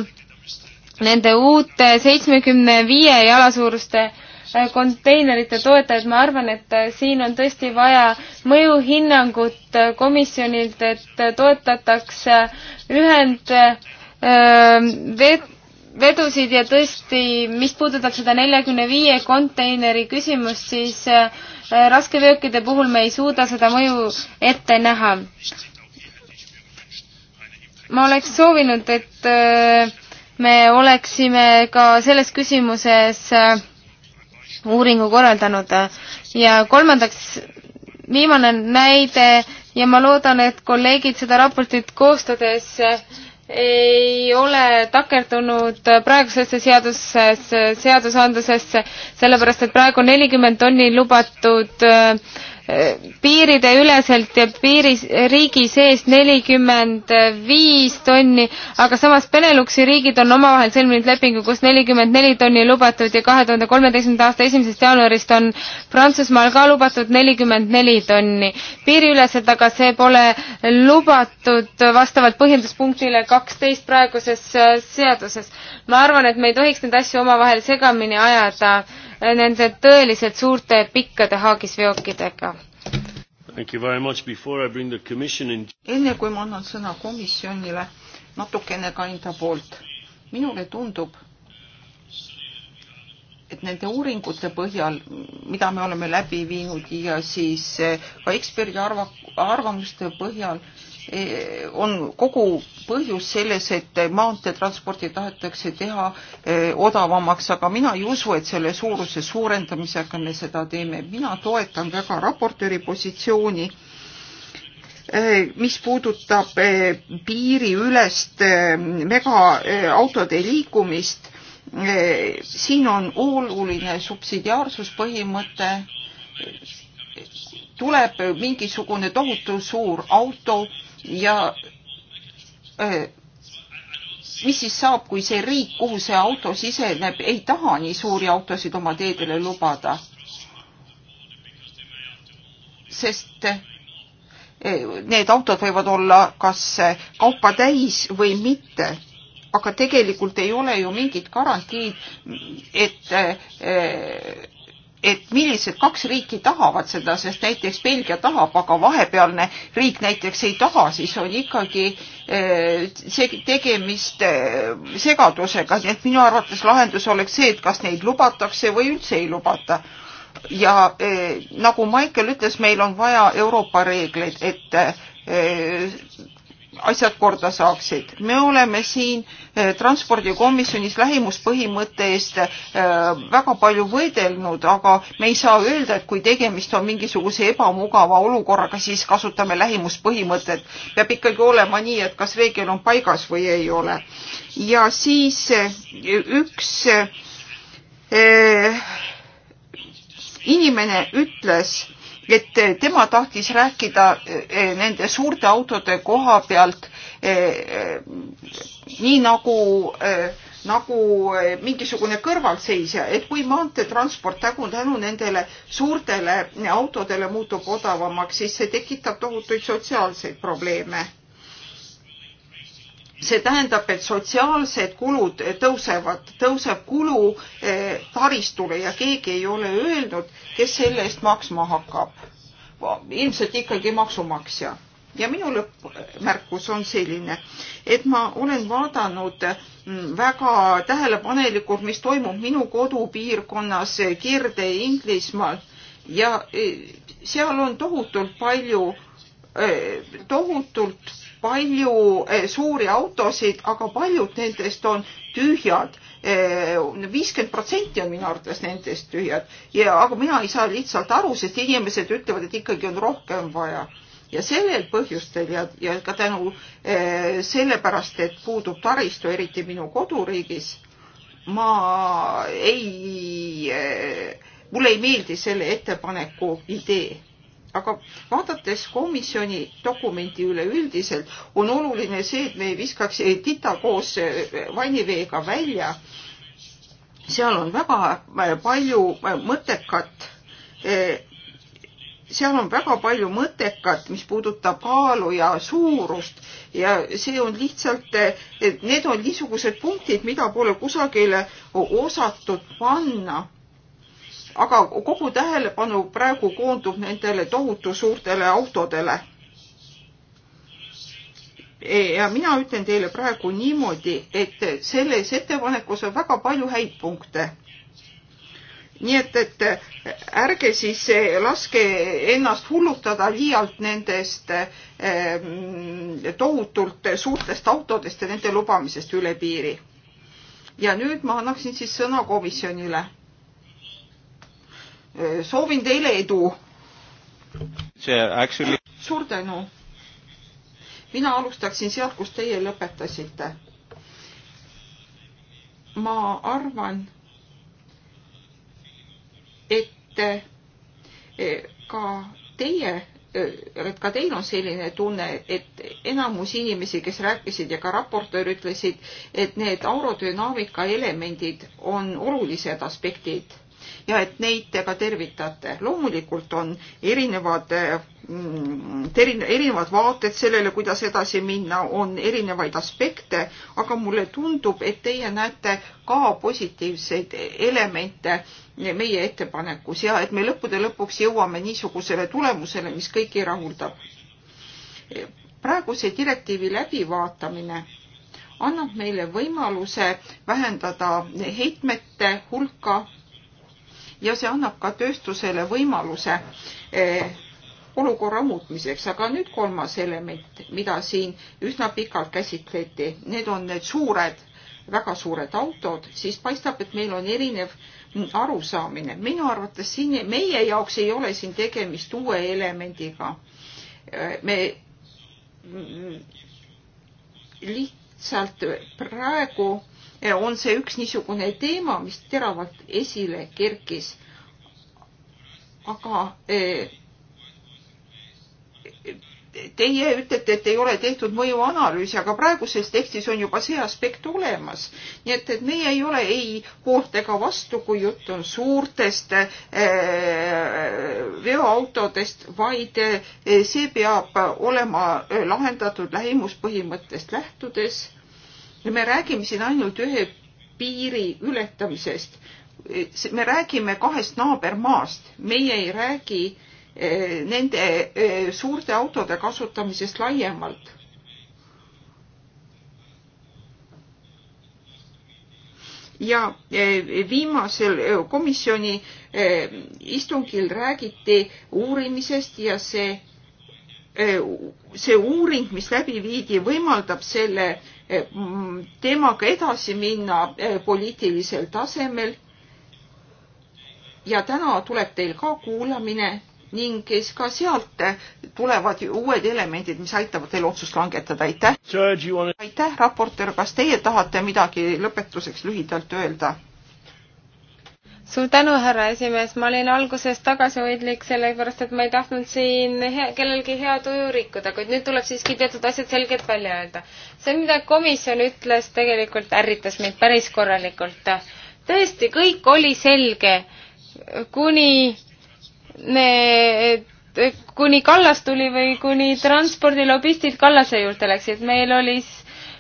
nende uute seitsmekümne viie jala suuruste Äh, konteinerite toetajaid, ma arvan, et äh, siin on tõesti vaja mõjuhinnangut äh, komisjonilt, et toetatakse ühend vedusid ja tõesti, mis puudutab seda neljakümne viie konteineri küsimust, siis raskeveokide puhul me ei suuda seda mõju ette näha. ma oleks soovinud, et me oleksime ka selles küsimuses äh, uuringu korraldanud ja kolmandaks viimane näide ja ma loodan, et kolleegid seda raportit koostades ei ole takerdunud praegusesse seadusesse, seadusandlusesse, sellepärast et praegu nelikümmend tonni lubatud piirideüleselt ja piiris, riigi sees nelikümmend viis tonni, aga samas Beneluxi riigid on omavahel sõlminud lepingu, kus nelikümmend neli tonni lubatud ja kahe tuhande kolmeteistkümnenda aasta esimesest jaanuarist on Prantsusmaal ka lubatud nelikümmend neli tonni. piiriüleselt aga see pole lubatud vastavalt põhjenduspunktile kaksteist praeguses äh, seaduses. ma arvan, et me ei tohiks neid asju omavahel segamini ajada nende tõeliselt suurte pikkade haagisveokidega. In... enne kui ma annan sõna komisjonile, natukene ka enda poolt. minule tundub, et nende uuringute põhjal, mida me oleme läbi viinud ja siis eh, ka eksperdi arva, arvamuste põhjal, Eh, on kogu põhjus selles, et maanteetransporti tahetakse teha eh, odavamaks, aga mina ei usu, et selle suuruse suurendamisega me seda teeme. mina toetan väga raportööri positsiooni, eh, mis puudutab piiriülest megaautode liikumist. siin on oluline subsidiaarsuspõhimõte tuleb mingisugune tohutu suur auto ja mis siis saab, kui see riik, kuhu see auto siseneb, ei taha nii suuri autosid oma teedele lubada? sest need autod võivad olla kas kaupa täis või mitte, aga tegelikult ei ole ju mingit garantiid, et et millised kaks riiki tahavad seda, sest näiteks Belgia tahab, aga vahepealne riik näiteks ei taha, siis on ikkagi eh, see tegemist eh, segadusega, nii et minu arvates lahendus oleks see, et kas neid lubatakse või üldse ei lubata ja eh, nagu Maicel ütles, meil on vaja Euroopa reegleid, et asjad korda saaksid. me oleme siin eh, transpordikomisjonis lähimuspõhimõtte eest eh, väga palju võidelnud, aga me ei saa öelda, et kui tegemist on mingisuguse ebamugava olukorraga, siis kasutame lähimuspõhimõtet. peab ikkagi olema nii, et kas reegel on paigas või ei ole. ja siis eh, üks inimene ütles, et eh, tema tahtis rääkida eh, eh, nende suurte autode koha pealt nii nagu nagu mingisugune kõrvalseisja, et kui maanteetransport tänu, tänu nendele suurtele autodele muutub odavamaks, siis see tekitab tohutuid sotsiaalseid probleeme see tähendab, et sotsiaalsed kulud tõusevad, tõuseb kulu eh, taristule ja keegi ei ole öelnud, kes selle eest maksma hakkab. ilmselt ikkagi maksumaksja. ja minu lõppmärkus on selline, et ma olen vaadanud mm, väga tähelepanelikult, mis toimub minu kodupiirkonnas Kirde-Inglismaal ja eh, seal on tohutult palju, eh, tohutult palju eh, suuri autosid, aga paljud nendest on tühjad. Eh, viiskümmend protsenti on minu arvates nendest tühjad ja, aga mina ei saa lihtsalt aru, sest inimesed ütlevad, et ikkagi on rohkem vaja ja sellel põhjustel ja, ja ka tänu eh, sellepärast, et puudub taristu, eriti minu koduriigis, ma ei, mulle ei meeldi selle ettepaneku idee aga vaadates komisjoni dokumenti üleüldiselt, on oluline see, et me ei viskaks tita koos eh, vanniveega välja. seal on väga eh, palju eh, mõttekat, seal on väga palju mõttekat, mis puudutab kaalu ja suurust ja see on lihtsalt, need on niisugused punktid, mida pole kusagile osatud panna aga kogu tähelepanu praegu koondub nendele tohutu suurtele autodele. E, ja mina ütlen teile praegu niimoodi, et selles ettepanekus on väga palju häid punkte nii et, et ärge siis laske ennast hullutada liialt nendest ehm, tohutult suurtest autodest ja nende lubamisest üle piiri. ja nüüd ma annaksin siis sõna komisjonile soovin teile edu. Actually... suur tänu. mina alustaksin sealt, kus teie lõpetasite. ma arvan, et eh, ka teie, eh, et ka teil on selline tunne, et enamus inimesi, kes rääkisid ja ka raportöör ütlesid, et need aurodünaamika elemendid on olulised aspektid ja et neid te ka tervitate. loomulikult on erinevad mm, erinevad vaated sellele, kuidas edasi minna, on erinevaid aspekte, aga mulle tundub, et teie näete ka positiivseid elemente meie ettepanekus ja et me lõppude lõpuks jõuame niisugusele tulemusele, mis kõiki rahuldab. praeguse direktiivi läbivaatamine annab meile võimaluse vähendada heitmete hulka ja see annab ka tööstusele võimaluse eh, olukorra muutmiseks, aga nüüd kolmas element, mida siin üsna pikalt käsitleti, need on need suured, väga suured autod, siis paistab, et meil on erinev mm, arusaamine. minu arvates siin, meie jaoks ei ole siin tegemist uue elemendiga. Eh, me mm, lihtsalt praegu on see üks niisugune teema, mis teravalt esile kerkis. aga eh, teie ütlete, et ei ole tehtud mõjuanalüüsi, aga praeguses tekstis on juba see aspekt olemas. nii et, et meie ei ole ei poolt ega vastu, kui jutt on suurtest äh, veoautodest, vaid äh, see peab olema lahendatud lähimuspõhimõttest lähtudes me räägime siin ainult ühe piiri ületamisest. me räägime kahest naabermaast, meie ei räägi eh, nende eh, suurte autode kasutamisest laiemalt. ja eh, viimasel komisjoni istungil räägiti uurimisest ja see Eh, see uuring, mis läbi viidi, võimaldab selle eh, mm, teemaga edasi minna eh, poliitilisel tasemel. ja täna tuleb teil ka kuulamine ning siis ka sealt tulevad uued elemendid, mis aitavad teil otsust langetada. aitäh. aitäh, raportöör, kas teie tahate midagi lõpetuseks lühidalt öelda? suur tänu, härra esimees, ma olin alguses tagasihoidlik, sellepärast et ma ei tahtnud siin hea, kellelgi hea tuju rikkuda, kuid nüüd tuleb siiski teatud asjad selgelt välja öelda. see, mida komisjon ütles, tegelikult ärritas mind päris korralikult. tõesti, kõik oli selge, kuni need kuni Kallas tuli või kuni transpordilobistid Kallase juurde läksid, meil oli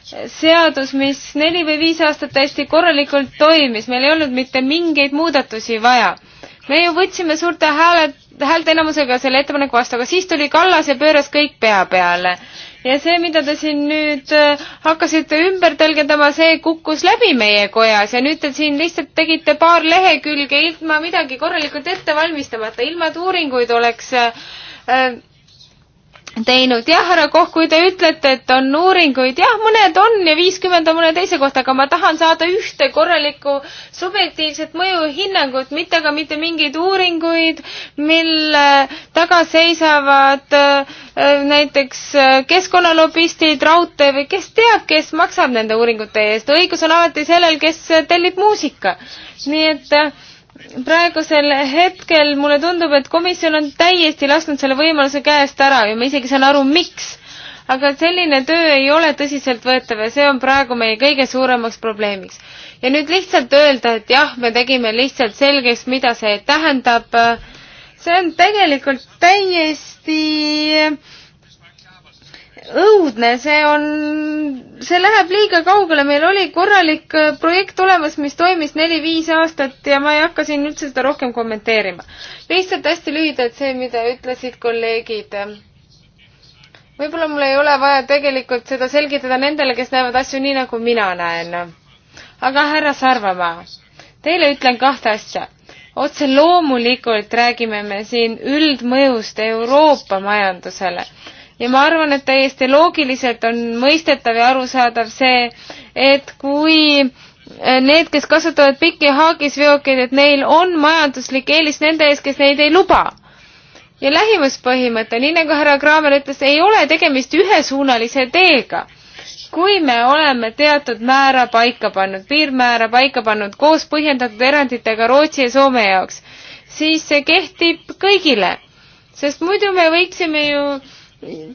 seadus, mis neli või viis aastat täiesti korralikult toimis, meil ei olnud mitte mingeid muudatusi vaja. me ju võtsime suurte hääle, häälteenamusega selle ettepaneku vastu, aga siis tuli Kallas ja pööras kõik pea peale. ja see, mida te siin nüüd äh, hakkasite ümber tõlgendama, see kukkus läbi meie kojas ja nüüd te siin lihtsalt tegite paar lehekülge ilma midagi korralikult ette valmistamata, ilma et uuringuid oleks äh, äh teinud. jah, härra Koh, kui te ütlete, et on uuringuid, jah, mõned on ja viiskümmend on mõne teise kohta, aga ma tahan saada ühte korralikku subjektiivset mõjuhinnangut, mitte ka mitte mingeid uuringuid, mille taga seisavad äh, näiteks äh, keskkonnalobistid, raudtee või kes teab, kes maksab nende uuringute eest. õigus on alati sellel, kes tellib muusika. nii et äh, praegusel hetkel mulle tundub, et komisjon on täiesti lasknud selle võimaluse käest ära ja ma isegi saan aru, miks. aga selline töö ei ole tõsiseltvõetav ja see on praegu meie kõige suuremaks probleemiks. ja nüüd lihtsalt öelda, et jah, me tegime lihtsalt selgeks, mida see tähendab, see on tegelikult täiesti õudne, see on, see läheb liiga kaugele, meil oli korralik äh, projekt olemas, mis toimis neli-viis aastat ja ma ei hakka siin üldse seda rohkem kommenteerima. lihtsalt hästi lühidalt see, mida ütlesid kolleegid. võib-olla mul ei ole vaja tegelikult seda selgitada nendele, kes näevad asju nii, nagu mina näen. aga härra Sarvamaa, teile ütlen kahte asja. otse loomulikult räägime me siin üldmõjust Euroopa majandusele ja ma arvan, et täiesti loogiliselt on mõistetav ja arusaadav see, et kui eh, need, kes kasutavad pikki haagisveokeid, et neil on majanduslik eelis nende ees, kes neid ei luba. ja lähimuspõhimõte, nii nagu härra Kraamer ütles, ei ole tegemist ühesuunalise teega kui me oleme teatud määra paika pannud, piirmäära paika pannud koos põhjendatud eranditega Rootsi ja Soome jaoks, siis see kehtib kõigile. sest muidu me võiksime ju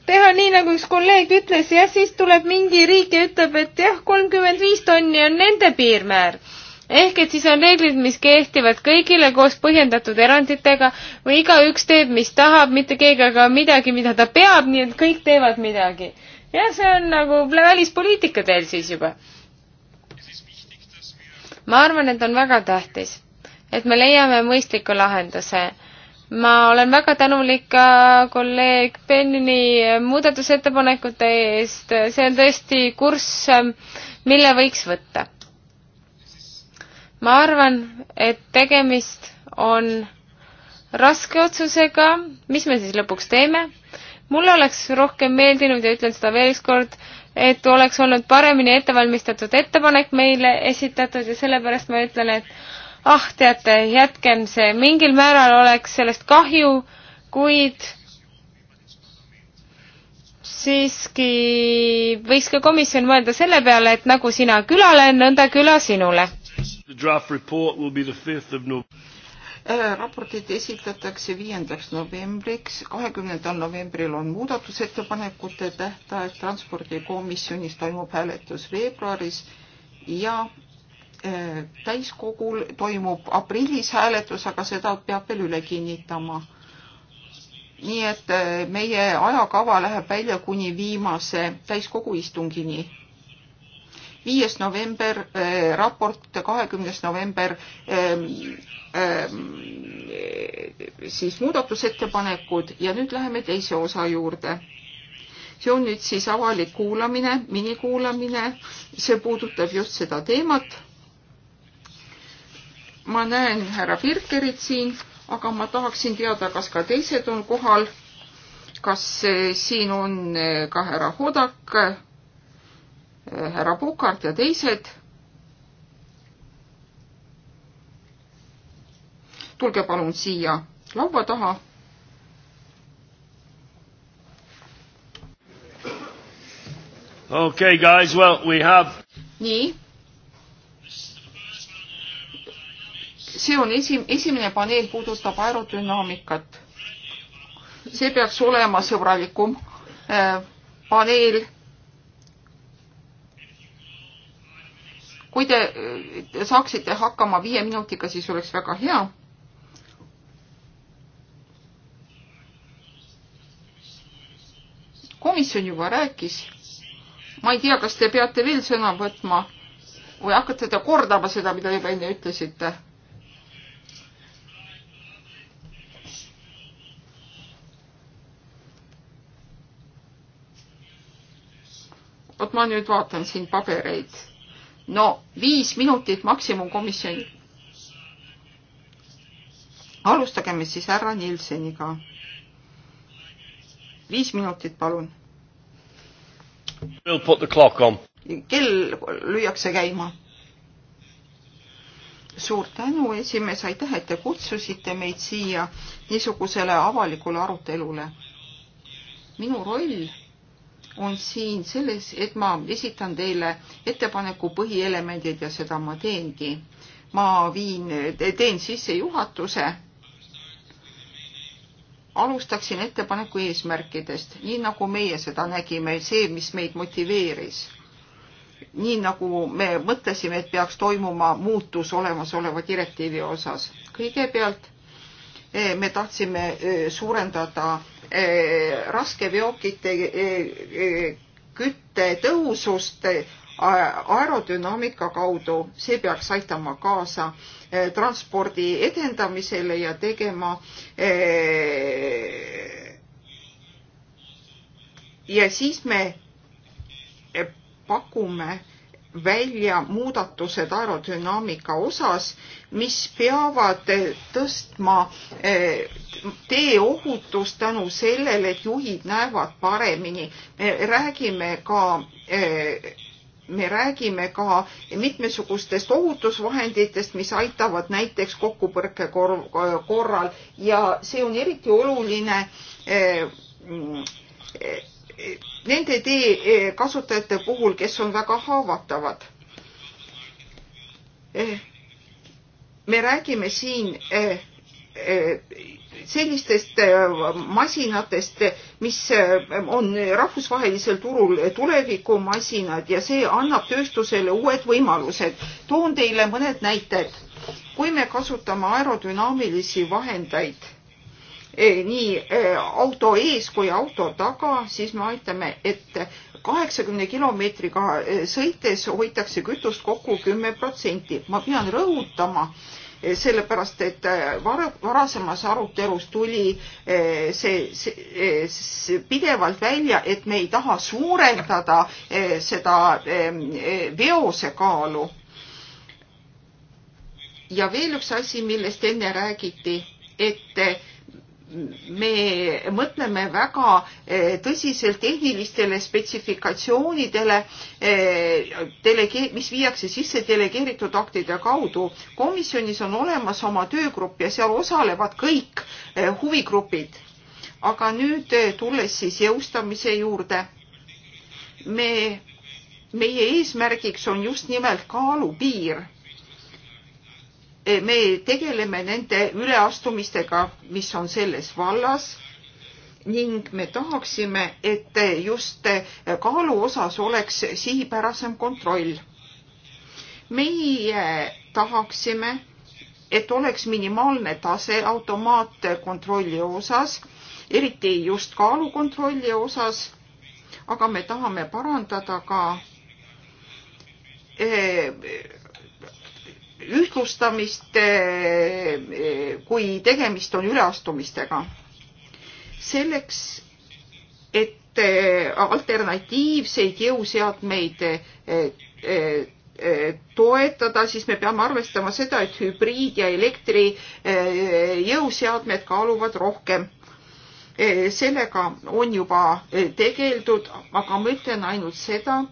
teha nii, nagu üks kolleeg ütles, jah, siis tuleb mingi riik ja ütleb, et jah, kolmkümmend viis tonni on nende piirmäär. ehk et siis on reeglid, mis kehtivad kõigile koos põhjendatud eranditega või igaüks teeb, mis tahab, mitte keegi aga midagi, mida ta peab, nii et kõik teevad midagi. jah, see on nagu välispoliitika teil siis juba. ma arvan, et on väga tähtis, et me leiame mõistliku lahenduse ma olen väga tänulik ka kolleeg Benni muudatusettepanekute eest, see on tõesti kurss, mille võiks võtta. ma arvan, et tegemist on raske otsusega, mis me siis lõpuks teeme. mulle oleks rohkem meeldinud ja ütlen seda veel ükskord, et oleks olnud paremini ettevalmistatud ettepanek meile esitatud ja sellepärast ma ütlen, et ah, teate, jätkem see, mingil määral oleks sellest kahju, kuid siiski võiks ka komisjon mõelda selle peale, et nagu sina külale, nõnda küla sinule. Äh, raportid esitatakse viiendaks novembriks, kahekümnendal novembril on muudatusettepanekute tähtaeg, transpordikomisjonis toimub hääletus veebruaris ja Eh, täiskogul toimub aprillis hääletus, aga seda peab veel üle kinnitama. nii et eh, meie ajakava läheb välja kuni viimase täiskogu istungini. viies november äh, raport, kahekümnes november ähm, ähm, siis muudatusettepanekud ja nüüd läheme teise osa juurde see on nüüd siis avalik kuulamine, minikuulamine, see puudutab just seda teemat ma näen härra Birkerit siin, aga ma tahaksin teada, kas ka teised on kohal. kas eh, siin on eh, ka härra Hodak, eh, härra Pukart ja teised? tulge palun siia laua taha. okei okay,, guys, well we have. nii see on esi-, esimene paneel puudutab aerodünaamikat. see peaks olema sõbralikum äh, paneel. kui te äh, saaksite hakkama viie minutiga, siis oleks väga hea. komisjon juba rääkis. ma ei tea, kas te peate veel sõna võtma või hakkate te kordama seda, mida juba enne ütlesite vot ma nüüd vaatan siin pabereid. no viis minutit maksimumkomisjoni. alustageme siis härra Nilseniga. viis minutit, palun. kell lüüakse käima. suur tänu, esimees, aitäh, et te kutsusite meid siia niisugusele avalikule arutelule. minu roll on siin selles, et ma esitan teile ettepaneku põhielemendid ja seda ma teengi. ma viin, teen sissejuhatuse. alustaksin ettepaneku eesmärkidest, nii nagu meie seda nägime, see, mis meid motiveeris. nii nagu me mõtlesime, et peaks toimuma muutus olemasoleva direktiivi osas. kõigepealt eh, me tahtsime eh, suurendada Eh, raskeveokite eh, eh, kütte tõhusust aerodünaamika kaudu, see peaks aitama kaasa transpordi edendamisele ja tegema ja siis me pakume välja muudatused aerodünaamika osas, mis peavad tõstma eh, tee ohutust tänu sellele, et juhid näevad paremini. me räägime ka eh, me räägime ka mitmesugustest ohutusvahenditest, mis aitavad näiteks kokkupõrke korral ja see on eriti oluline eh, mm, nende tee eh, kasutajate puhul, kes on väga haavatavad. Eh, me räägime siin eh, sellistest masinatest, mis on rahvusvahelisel turul tulevikumasinad ja see annab tööstusele uued võimalused. toon teile mõned näited. kui me kasutame aerodünaamilisi vahendeid Eh, nii eh, auto ees kui auto taga, siis me aitame, et kaheksakümne kilomeetriga eh, sõites hoitakse kütust kokku kümme protsenti. ma pean rõhutama, sellepärast et var-, varasemas arutelus tuli see, see, see pidevalt välja, et me ei taha suurendada seda veosekaalu. ja veel üks asi, millest enne räägiti, et me mõtleme väga eh, tõsiselt tehnilistele spetsifikatsioonidele, eh, delege-, mis viiakse sisse delegeeritud aktide kaudu. komisjonis on olemas oma töögrupp ja seal osalevad kõik eh, huvigrupid. aga nüüd tulles siis jõustamise juurde, me, meie eesmärgiks on just nimelt kaalupiir Eh, me tegeleme nende üleastumistega, mis on selles vallas ning me tahaksime, et just kaalu osas oleks sihipärasem kontroll. meie tahaksime, et oleks minimaalne tase automaatkontrolli osas, eriti just kaalukontrolli osas, aga me tahame parandada ka eh, ühtlustamist, eh, kui tegemist on üleastumistega. selleks, et eh, alternatiivseid jõuseadmeid eh, toetada, siis me peame arvestama seda, et hübriid ja elektri jõuseadmed kaaluvad rohkem. sellega on juba tegeldud, aga ma ütlen ainult seda,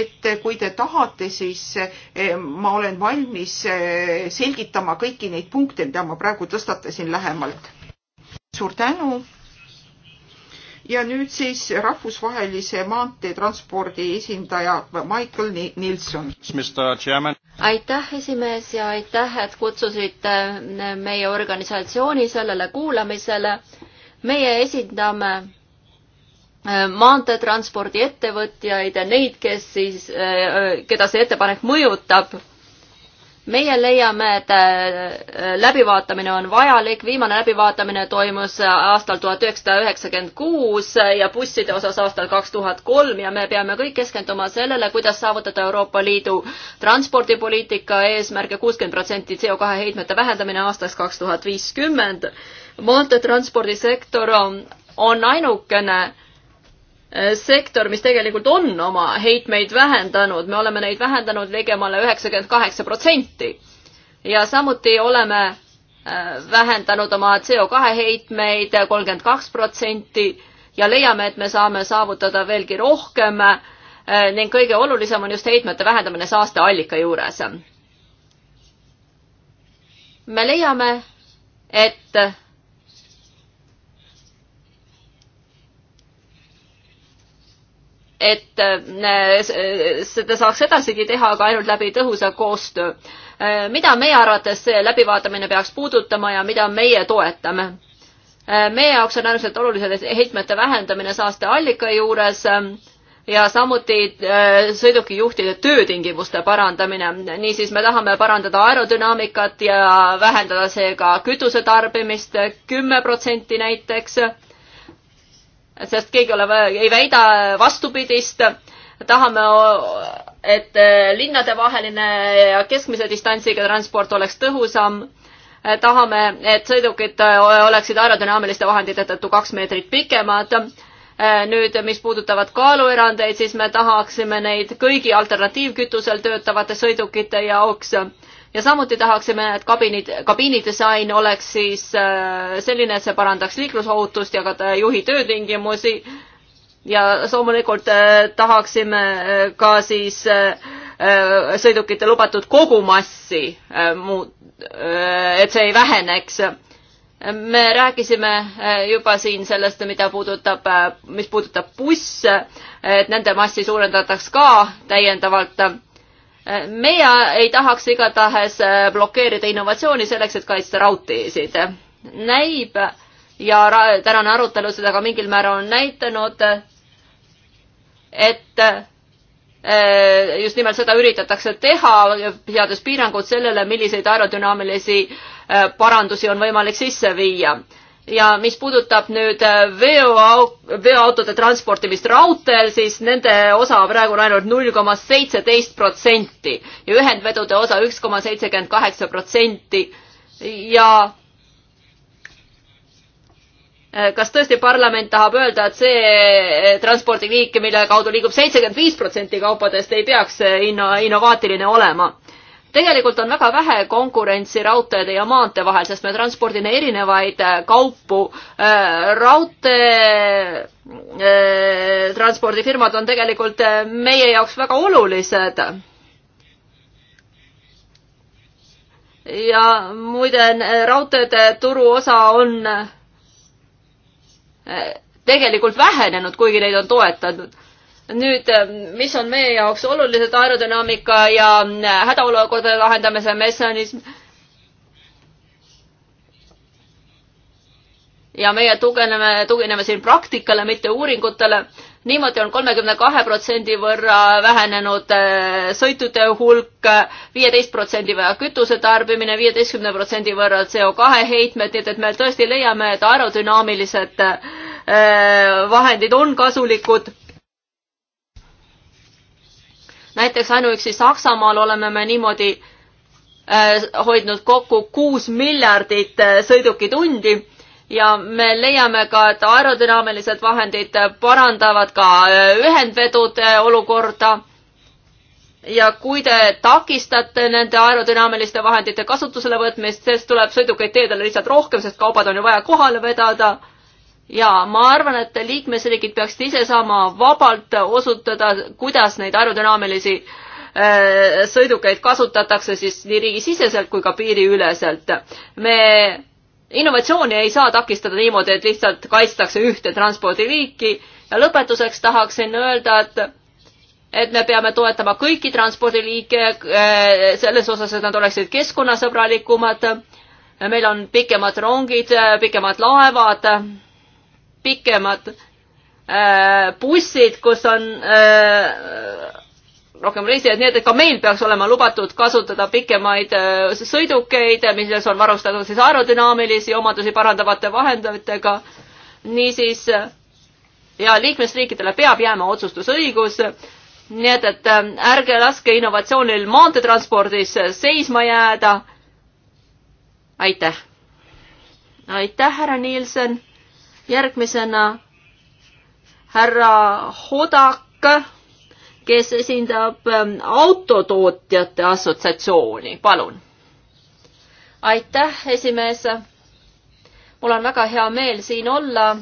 et kui te tahate, siis eh, ma olen valmis eh, selgitama kõiki neid punkte, mida ma praegu tõstatasin lähemalt. suur tänu. ja nüüd siis rahvusvahelise maanteetranspordi esindaja Michael Nilsson. aitäh, esimees ja aitäh, et kutsusite eh, meie organisatsiooni sellele kuulamisele. meie esindame Äh, maanteetranspordiettevõtjaid ja neid, kes siis, äh, keda see ettepanek mõjutab. meie leiame, et äh, läbivaatamine on vajalik, viimane läbivaatamine toimus aastal tuhat üheksasada üheksakümmend kuus ja busside osas aastal kaks tuhat kolm ja me peame kõik keskenduma sellele, kuidas saavutada Euroopa Liidu transpordipoliitika eesmärke kuuskümmend protsenti CO kahe heitmete vähendamine aastaks kaks tuhat viiskümmend. maanteetranspordisektor on ainukene Äh, sektor, mis tegelikult on oma heitmeid vähendanud, me oleme neid vähendanud ligemale üheksakümmend kaheksa protsenti. ja samuti oleme äh, vähendanud oma CO2 heitmeid kolmkümmend kaks protsenti ja leiame, et me saame saavutada veelgi rohkem äh, ning kõige olulisem on just heitmete vähendamine saasteallika juures. me leiame, et et äh, seda saaks edasigi teha, aga ainult läbi tõhusa koostöö. Äh, mida meie arvates see läbivaatamine peaks puudutama ja mida meie toetame? Äh, meie jaoks on äärmiselt oluline heitmete vähendamine saasteallika juures ähm, ja samuti sõidukijuhtide töötingimuste parandamine. niisiis me tahame parandada aerodünaamikat ja vähendada seega kütuse tarbimist kümme protsenti näiteks sest keegi ole, ei väida vastupidist. tahame, et eh, linnadevaheline ja keskmise distantsiga transport oleks tõhusam. tahame, et sõidukid eh, oleksid aerodünaamiliste vahendite tõttu kaks meetrit pikemad. Eh, nüüd, mis puudutavad kaaluerandeid, siis me tahaksime neid kõigi alternatiivkütusel töötavate sõidukite jaoks ja samuti tahaksime, et kabinid, kabiinidisain oleks siis äh, selline, et see parandaks liiklusohutust ja ka äh, juhi töötingimusi. ja loomulikult äh, tahaksime ka siis sõidukite lubatud kogumassi, et see ei väheneks me rääkisime juba siin sellest, mida puudutab, mis puudutab busse, et nende massi suurendataks ka täiendavalt meie ei tahaks igatahes äh, blokeerida innovatsiooni selleks, et kaitsta raudteesid. näib ja tänane arutelu seda ka mingil määral on näitanud, et äh, just nimelt seda üritatakse teha, seades piirangud sellele, milliseid aerodünaamilisi äh, parandusi on võimalik sisse viia ja mis puudutab nüüd äh, veoau-, veoautode transportimist raudteel, siis nende osa praegu on ainult null koma seitseteist protsenti ja ühendvedude osa üks koma seitsekümmend kaheksa protsenti ja äh, kas tõesti parlament tahab öelda, et see äh, transpordiliik, mille kaudu liigub seitsekümmend viis protsenti kaupadest, ei peaks inno-, innovaatiline olema? tegelikult on väga vähe konkurentsi raudteede ja maantee vahel, sest me transpordime erinevaid äh, kaupu. Äh, raudtee äh, transpordifirmad on tegelikult meie jaoks väga olulised ja muide, raudteede turuosa on tegelikult vähenenud, kuigi neid on toetatud nüüd, äh, mis on meie jaoks olulised aerodünaamika ja äh, hädaolukordade lahendamise mehhanism ja meie tugineme, tugineme siin praktikale, mitte uuringutele. niimoodi on kolmekümne kahe protsendi võrra vähenenud äh, sõitude hulk, viieteist protsendi võrra kütuse tarbimine, viieteistkümne protsendi võrra CO2 heitmed, nii et, et me tõesti leiame, et aerodünaamilised vahendid on kasulikud näiteks ainuüksi Saksamaal oleme me niimoodi äh, hoidnud kokku kuus miljardit äh, sõidukitundi ja me leiame ka, et aerodünaamilised vahendid parandavad ka äh, ühendvedude olukorda. ja kui te takistate nende aerodünaamiliste vahendite kasutusele võtmist, siis tuleb sõidukeid teedele lihtsalt rohkem, sest kaubad on ju vaja kohale vedada ja ma arvan, et liikmesriigid peaksid ise saama vabalt osutada, kuidas neid aerodünaamilisi äh, sõidukeid kasutatakse siis nii riigisiseselt kui ka piiriüleselt. me innovatsiooni ei saa takistada niimoodi, et lihtsalt kaitstakse ühte transpordiliiki ja lõpetuseks tahaksin öelda, et et me peame toetama kõiki transpordiliike äh, selles osas, et nad oleksid keskkonnasõbralikumad. meil on pikemad rongid, pikemad laevad pikemad äh, bussid, kus on äh, rohkem reisijaid, nii et, et ka meil peaks olema lubatud kasutada pikemaid äh, sõidukeid, milles on varustatud siis aerodünaamilisi omadusi parandavate vahenditega. niisiis ja liikmesriikidele peab jääma otsustusõigus. nii et, et ärge laske innovatsioonil maanteetranspordis seisma jääda. aitäh. aitäh, härra Nielsen järgmisena härra Hodak, kes esindab ähm, Autotootjate Assotsiatsiooni, palun. aitäh, esimees. mul on väga hea meel siin olla.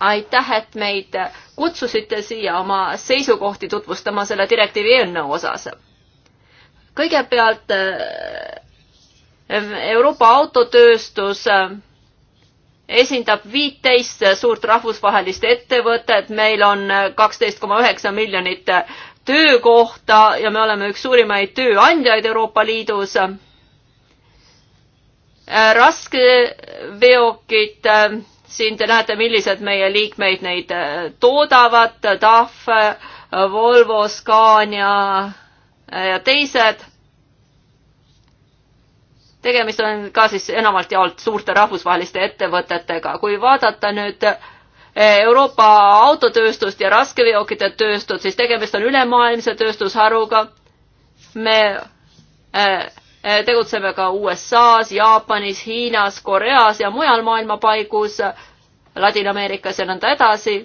aitäh, et meid kutsusite siia oma seisukohti tutvustama selle direktiivi eelnõu osas. kõigepealt äh, Euroopa autotööstus äh, esindab viiteist suurt rahvusvahelist ettevõtet, meil on kaksteist koma üheksa miljonit töökohta ja me oleme üks suurimaid tööandjaid Euroopa Liidus. raskeveokid, siin te näete, millised meie liikmeid neid toodavad, TAF, Volvo, Scania ja teised tegemist on ka siis enamalt jaolt suurte rahvusvaheliste ettevõtetega. kui vaadata nüüd eh, Euroopa autotööstust ja raskeveokite tööstust, siis tegemist on ülemaailmse tööstusharuga. me eh, tegutseme ka USA-s, Jaapanis, Hiinas, Koreas ja mujal maailma paigus, Ladina-Ameerikas ja nõnda edasi.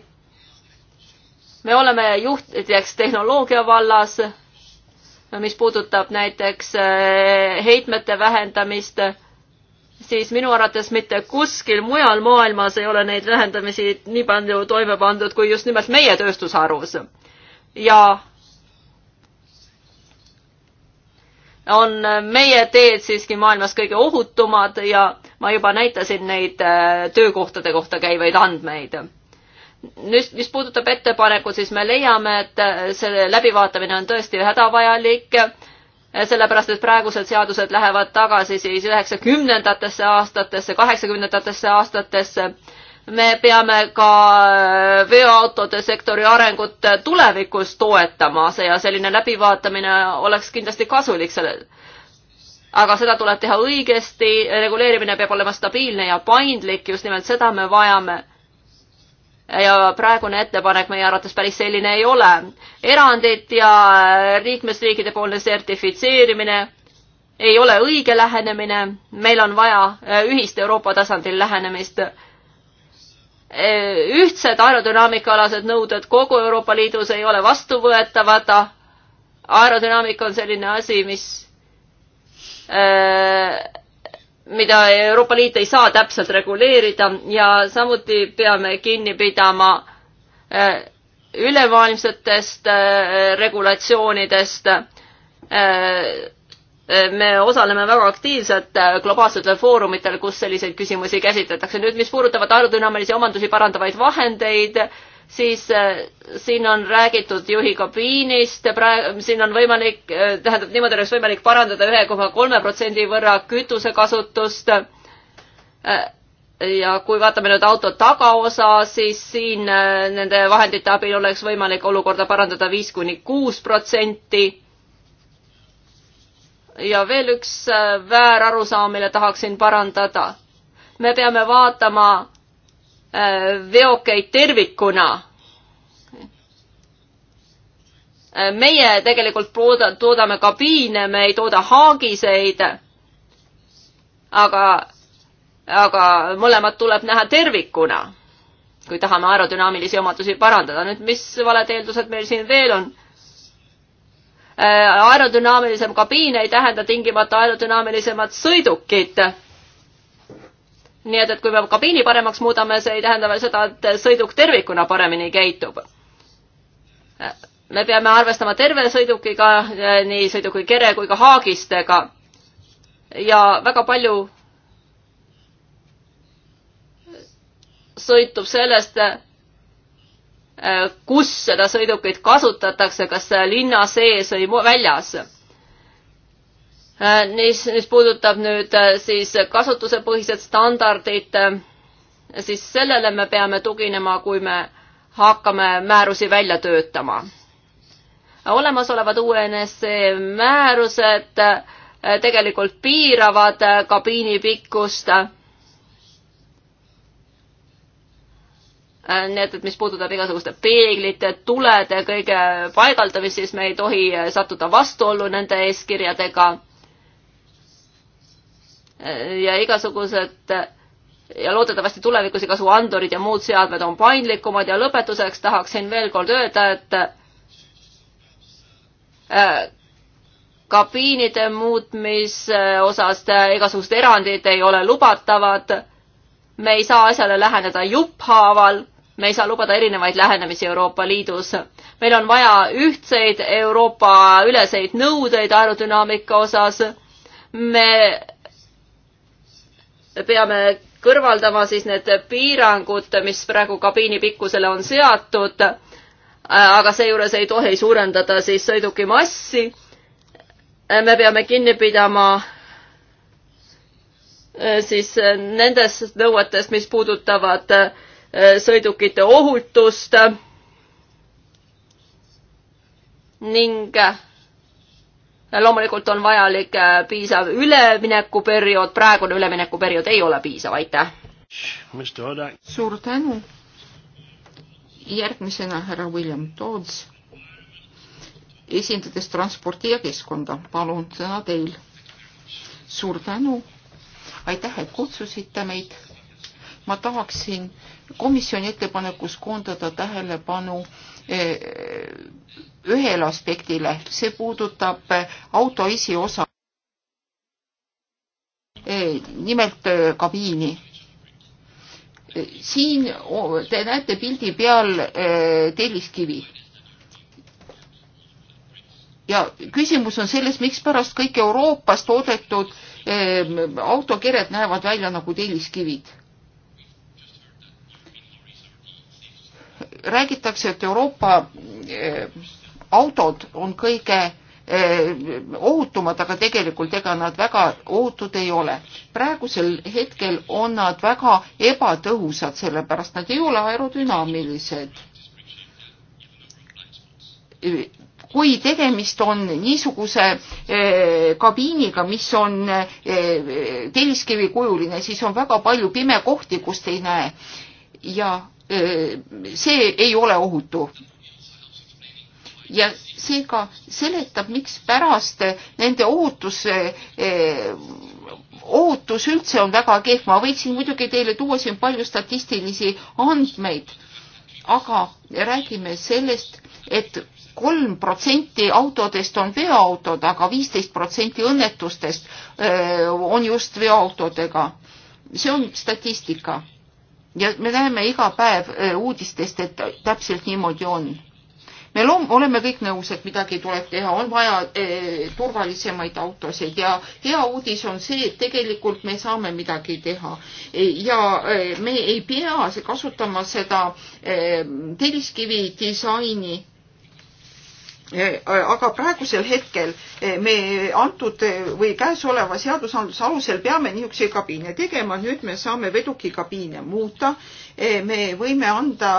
me oleme juhtideks tehnoloogia vallas mis puudutab näiteks eh, heitmete vähendamist, siis minu arvates mitte kuskil mujal maailmas ei ole neid vähendamisi nii palju toime pandud kui just nimelt meie tööstusharus. ja on meie teed siiski maailmas kõige ohutumad ja ma juba näitasin neid eh, töökohtade kohta käivaid andmeid nüüd, mis puudutab ettepanekut, siis me leiame, et äh, selle läbivaatamine on tõesti hädavajalik, äh, sellepärast et praegused seadused lähevad tagasi siis üheksakümnendatesse aastatesse, kaheksakümnendatesse aastatesse. me peame ka äh, veoautode sektori arengut tulevikus toetama ja selline läbivaatamine oleks kindlasti kasulik sellele aga seda tuleb teha õigesti, reguleerimine peab olema stabiilne ja paindlik, just nimelt seda me vajame ja praegune ettepanek meie arvates päris selline ei ole. erandid ja liikmesriikide poolne sertifitseerimine ei ole õige lähenemine, meil on vaja e, ühist Euroopa tasandil lähenemist. E, ühtsed aerodünaamikaalased nõuded kogu Euroopa Liidus ei ole vastuvõetavad. aerodünaamika on selline asi, mis äh, mida Euroopa Liit ei saa täpselt reguleerida ja samuti peame kinni pidama äh, ülemaailmsetest äh, regulatsioonidest. Äh, me osaleme väga aktiivselt globaalsetel foorumitel, kus selliseid küsimusi käsitletakse. nüüd, mis puudutavad aerodünaamilisi omandusi parandavaid vahendeid siis äh, siin on räägitud juhi kabiinist, siin on võimalik, äh, tähendab, niimoodi oleks võimalik parandada ühe koma kolme protsendi võrra kütusekasutust. Äh, ja kui vaatame nüüd auto tagaosa, siis siin nende vahendite abil oleks võimalik olukorda parandada viis kuni kuus protsenti. ja veel üks väärarusaam, mille tahaksin parandada. me peame vaatama veokeid tervikuna. meie tegelikult tooda, toodame kabiine, me ei tooda haagiseid. aga, aga mõlemat tuleb näha tervikuna, kui tahame aerodünaamilisi omadusi parandada. nüüd, mis valed eeldused meil siin veel on? aerodünaamilisem kabiin ei tähenda tingimata aerodünaamilisemat sõidukit nii et, et kui me kabiini paremaks muudame, see ei tähenda veel seda, et sõiduk tervikuna paremini käitub. me peame arvestama terve sõidukiga, nii sõiduki kere kui ka haagistega. ja väga palju sõltub sellest, kus seda sõidukit kasutatakse, kas linna sees või väljas Äh, mis, mis puudutab nüüd äh, siis kasutusepõhised standardid, äh, siis sellele me peame tuginema, kui me hakkame määrusi välja töötama. olemasolevad UNSC e määrused tegelikult piiravad kabiini pikkust. nii et, et mis puudutab igasuguste peeglite, tulede kõige paigaldamist, siis me ei tohi sattuda vastuollu nende eeskirjadega ja igasugused ja loodetavasti tulevikus igasugu andurid ja muud seadmed on paindlikumad ja lõpetuseks tahaksin veel kord öelda, et äh, kabiinide muutmise osas äh, igasugused erandid ei ole lubatavad. me ei saa asjale läheneda jupphaaval, me ei saa lubada erinevaid lähenemisi Euroopa Liidus. meil on vaja ühtseid Euroopa üleseid nõudeid aerodünaamika osas. me peame kõrvaldama siis need piirangud, mis praegu kabiini pikkusele on seatud, äh, aga seejuures ei tohi suurendada siis sõiduki massi. Äh, me peame kinni pidama äh, siis nendest nõuetest, mis puudutavad sõidukite ohutust ning loomulikult on vajalik äh, piisav üleminekuperiood, praegune üleminekuperiood ei ole piisav, aitäh. suur tänu. järgmisena härra William Toots, esindades transporti ja keskkonda, palun sõna teil. suur tänu, aitäh, et kutsusite meid. ma tahaksin komisjoni ettepanekus koondada tähelepanu äh, Eh, ühele aspektile, see puudutab auto esiosa, eh, nimelt eh, kabiini. siin te näete pildi peal telliskivi. ja küsimus on selles, mikspärast kõik Euroopas toodetud autokered näevad välja nagu telliskivid räägitakse, et Euroopa eh, autod on kõige eh, ohutumad, aga tegelikult ega nad väga ohutud ei ole. praegusel hetkel on nad väga ebatõhusad, sellepärast nad ei ole aerodünaamilised. kui tegemist on niisuguse eh, kabiiniga, mis on telliskivikujuline, siis on väga palju pimekohti, kust ei näe ja see ei ole ohutu. ja seega seletab, mikspärast nende ohutus, ohutus üldse on väga kehv. ma võiksin muidugi teile tuua siin palju statistilisi andmeid, aga räägime sellest et, et kolm protsenti autodest on veoautod aga, aga viisteist protsenti õnnetustest on just veoautodega. see on statistika ja me näeme iga päev äh, uudistest, et täpselt niimoodi on. me loom-, oleme kõik nõus, et midagi tuleb teha, on vaja e, turvalisemaid autosid ja hea uudis on see, et tegelikult me saame midagi teha. Äh, ja e, me ei pea kasutama seda e, telliskivi disaini Eh, eh, aga praegusel hetkel eh, me antud või käesoleva seadusandluse alusel peame niisuguseid kabiine tegema, nüüd me saame vedukikabiine muuta, me võime anda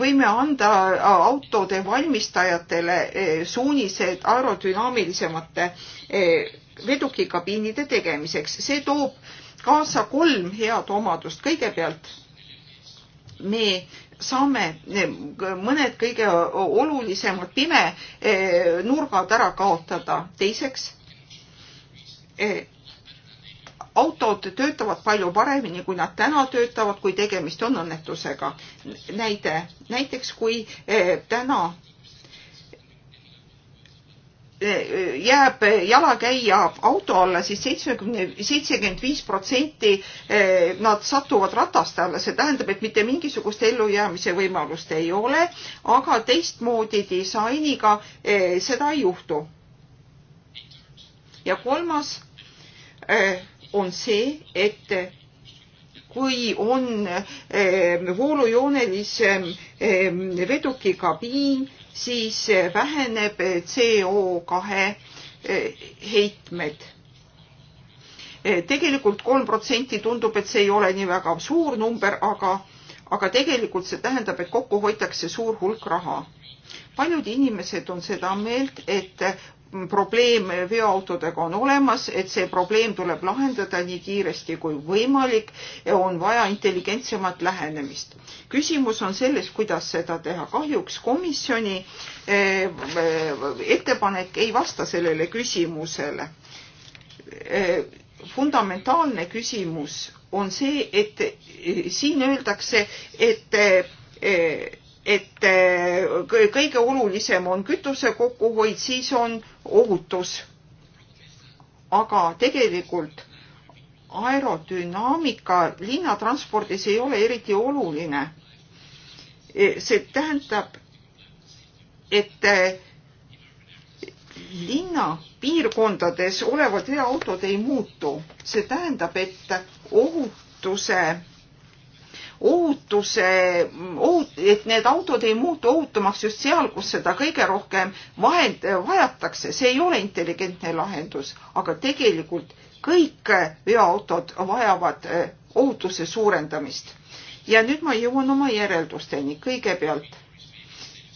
võime anda autode valmistajatele suunised aerodünaamilisemate vedukikabiinide tegemiseks. see toob kaasa kolm head omadust. kõigepealt me saame mõned kõige olulisemad pime e, nurgad ära kaotada. teiseks, e, autod töötavad palju paremini, kui nad täna töötavad, kui tegemist on õnnetusega. näide, näiteks kui e, täna jääb jalakäija auto alla siis, siis seitsmekümne, seitsekümmend viis protsenti eh, nad satuvad rataste alla, see tähendab, et mitte mingisugust ellujäämise võimalust ei ole, aga teistmoodi disainiga eh, seda ei juhtu. ja kolmas eh, on see, et kui on voolujoonelis vedukikabiin, siis väheneb CO2 eh, heitmed eh, tegelikult kolm protsenti tundub, et see ei ole nii väga suur number, aga, aga tegelikult see tähendab, et kokku hoitakse suur hulk raha. paljud inimesed on seda meelt, et probleem veoautodega on olemas, et see probleem tuleb lahendada nii kiiresti kui võimalik ja on vaja intelligentsemat lähenemist. küsimus on selles, kuidas seda teha. kahjuks komisjoni eh, ettepanek ei vasta sellele küsimusele. Eh, fundamentaalne küsimus on see, et eh, siin öeldakse, et et eh, kõige olulisem on kütuse kokkuhoid, siis on ohutus. aga tegelikult aerodünaamika linnatranspordis ei ole eriti oluline. Eh, see tähendab, et eh, linnapiirkondades olevad veoautod ei muutu, see tähendab, et ohutuse ohutuse, ohut-, et need autod ei muutu ohutumaks just seal, kus seda kõige rohkem vahend, vajatakse, see ei ole intelligentne lahendus, aga tegelikult kõik äh, veoautod vajavad äh, ohutuse suurendamist. ja nüüd ma jõuan oma järeldusteni, kõigepealt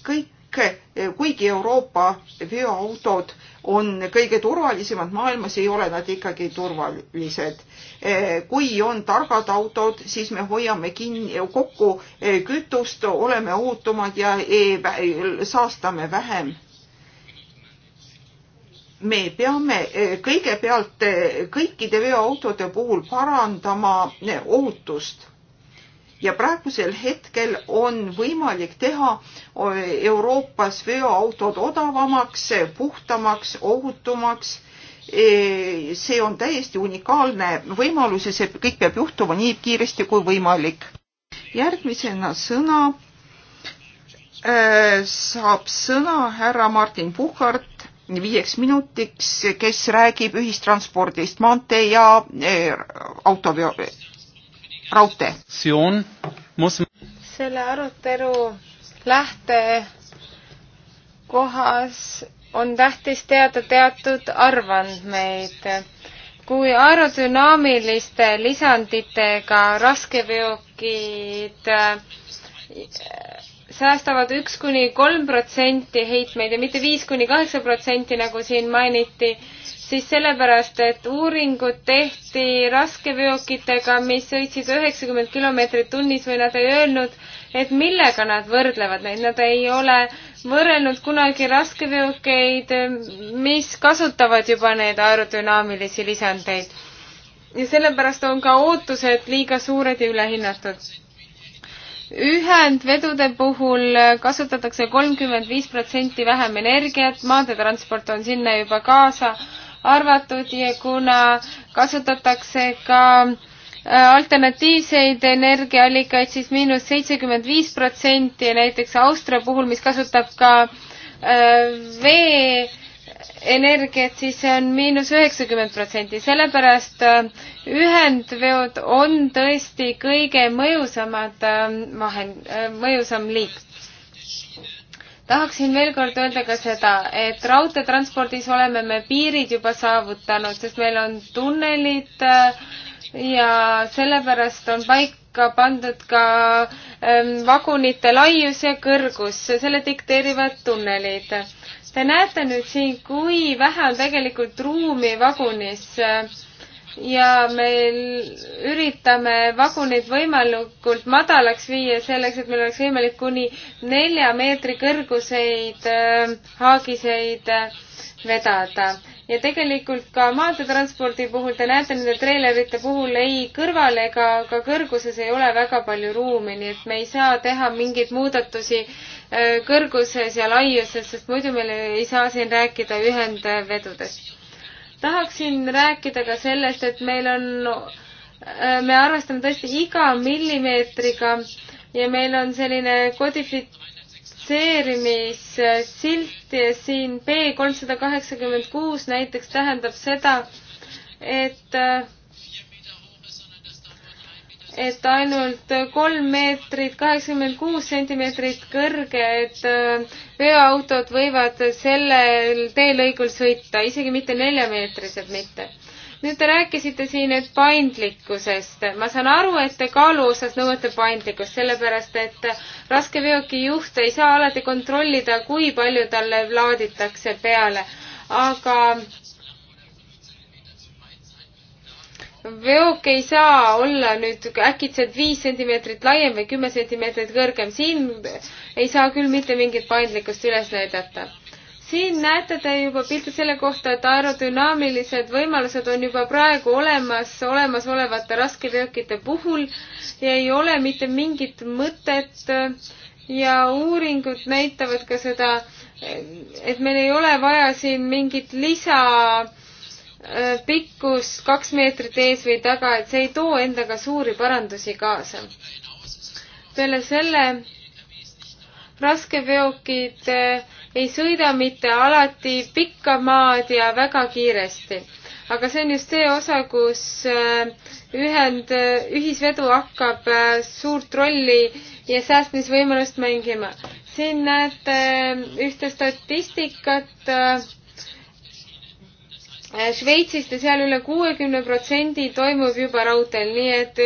kõik, äh, kuigi Euroopa veoautod äh, on kõige turvalisemad maailmas, ei ole nad ikkagi turvalised. Eh, kui on targad autod, siis me hoiame kinni, kokku eh, kütust, oleme ohutumad ja ei, eh, saastame vähem me peame kõigepealt kõikide veoautode puhul parandama ohutust ja praegusel hetkel on võimalik teha Euroopas veoautod odavamaks, puhtamaks, ohutumaks. E, see on täiesti unikaalne võimalus ja see kõik peab juhtuma nii kiiresti kui võimalik. järgmisena sõna e, saab sõna härra Martin Puhkart viieks minutiks, kes räägib ühistranspordist maantee ja e, autoveo raudtee. selle arutelu lähtekohas on tähtis teada teatud arvandmeid. kui aerodünaamiliste lisanditega raskeveokid säästavad üks kuni kolm protsenti heitmeid ja mitte viis kuni kaheksa protsenti, nagu siin mainiti, siis sellepärast, et uuringud tehti raskeveokitega, mis sõitsid üheksakümmend kilomeetrit tunnis või nad ei öelnud, et millega nad võrdlevad neid, nad ei ole võrrelnud kunagi raskeveokeid, mis kasutavad juba neid aerodünaamilisi lisandeid. ja sellepärast on ka ootused liiga suured ja ülehinnatud ühendvedude puhul kasutatakse kolmkümmend viis protsenti vähem energiat, maanteetransport on sinna juba kaasa arvatud ja kuna kasutatakse ka äh, alternatiivseid energiaallikaid, siis miinus seitsekümmend viis protsenti ja näiteks Austria puhul, mis kasutab ka äh, vee energiat, siis see on miinus üheksakümmend protsenti, sellepärast äh, ühendveod on tõesti kõige mõjusamad ähm, vahend, äh, mõjusam liik. tahaksin veel kord öelda ka seda, et raudteetranspordis oleme me piirid juba saavutanud, sest meil on tunnelid äh, ja sellepärast on paika pandud ka ähm, vagunite laius ja kõrgus, selle dikteerivad tunnelid Te näete nüüd siin, kui vähe on tegelikult ruumi vagunis ja me üritame vagunid võimalikult madalaks viia selleks, et meil oleks võimalik kuni nelja meetri kõrguseid äh, haagiseid äh, vedada ja tegelikult ka maanteetranspordi puhul te näete, nende treilerite puhul ei kõrval ega ka kõrguses ei ole väga palju ruumi, nii et me ei saa teha mingeid muudatusi äh, kõrguses ja laiuses, sest muidu meil ei saa siin rääkida ühendvedudest. tahaksin rääkida ka sellest, et meil on, äh, me arvestame tõesti iga millimeetriga ja meil on selline kodifit-, finantseerimissilti siin B kolmsada kaheksakümmend kuus näiteks tähendab seda, et et ainult kolm meetrit kaheksakümmend kuus sentimeetrit kõrge, et veoautod võivad sellel teelõigul sõita, isegi mitte neljameetrised mitte nüüd te rääkisite siin nüüd paindlikkusest. ma saan aru, et te kaalu osas nõuate paindlikkust, sellepärast et raskeveoki juht ei saa alati kontrollida, kui palju talle laaditakse peale. aga veok ei saa olla nüüd äkitselt viis sentimeetrit laiem või kümme sentimeetrit kõrgem. siin ei saa küll mitte mingit paindlikkust üles näidata siin näete te juba pilti selle kohta, et aerodünaamilised võimalused on juba praegu olemas olemasolevate raskeveokite puhul ja ei ole mitte mingit mõtet ja uuringud näitavad ka seda, et meil ei ole vaja siin mingit lisa äh, pikkust kaks meetrit ees või taga, et see ei too endaga suuri parandusi kaasa. peale selle raskeveokid äh, ei sõida mitte alati pikka maad ja väga kiiresti. aga see on just see osa, kus äh, ühend, äh, ühisvedu hakkab äh, suurt rolli ja säästmisvõimalust mängima. siin näete ühte statistikat Šveitsist ja seal üle kuuekümne protsendi toimub juba raudteel, nii et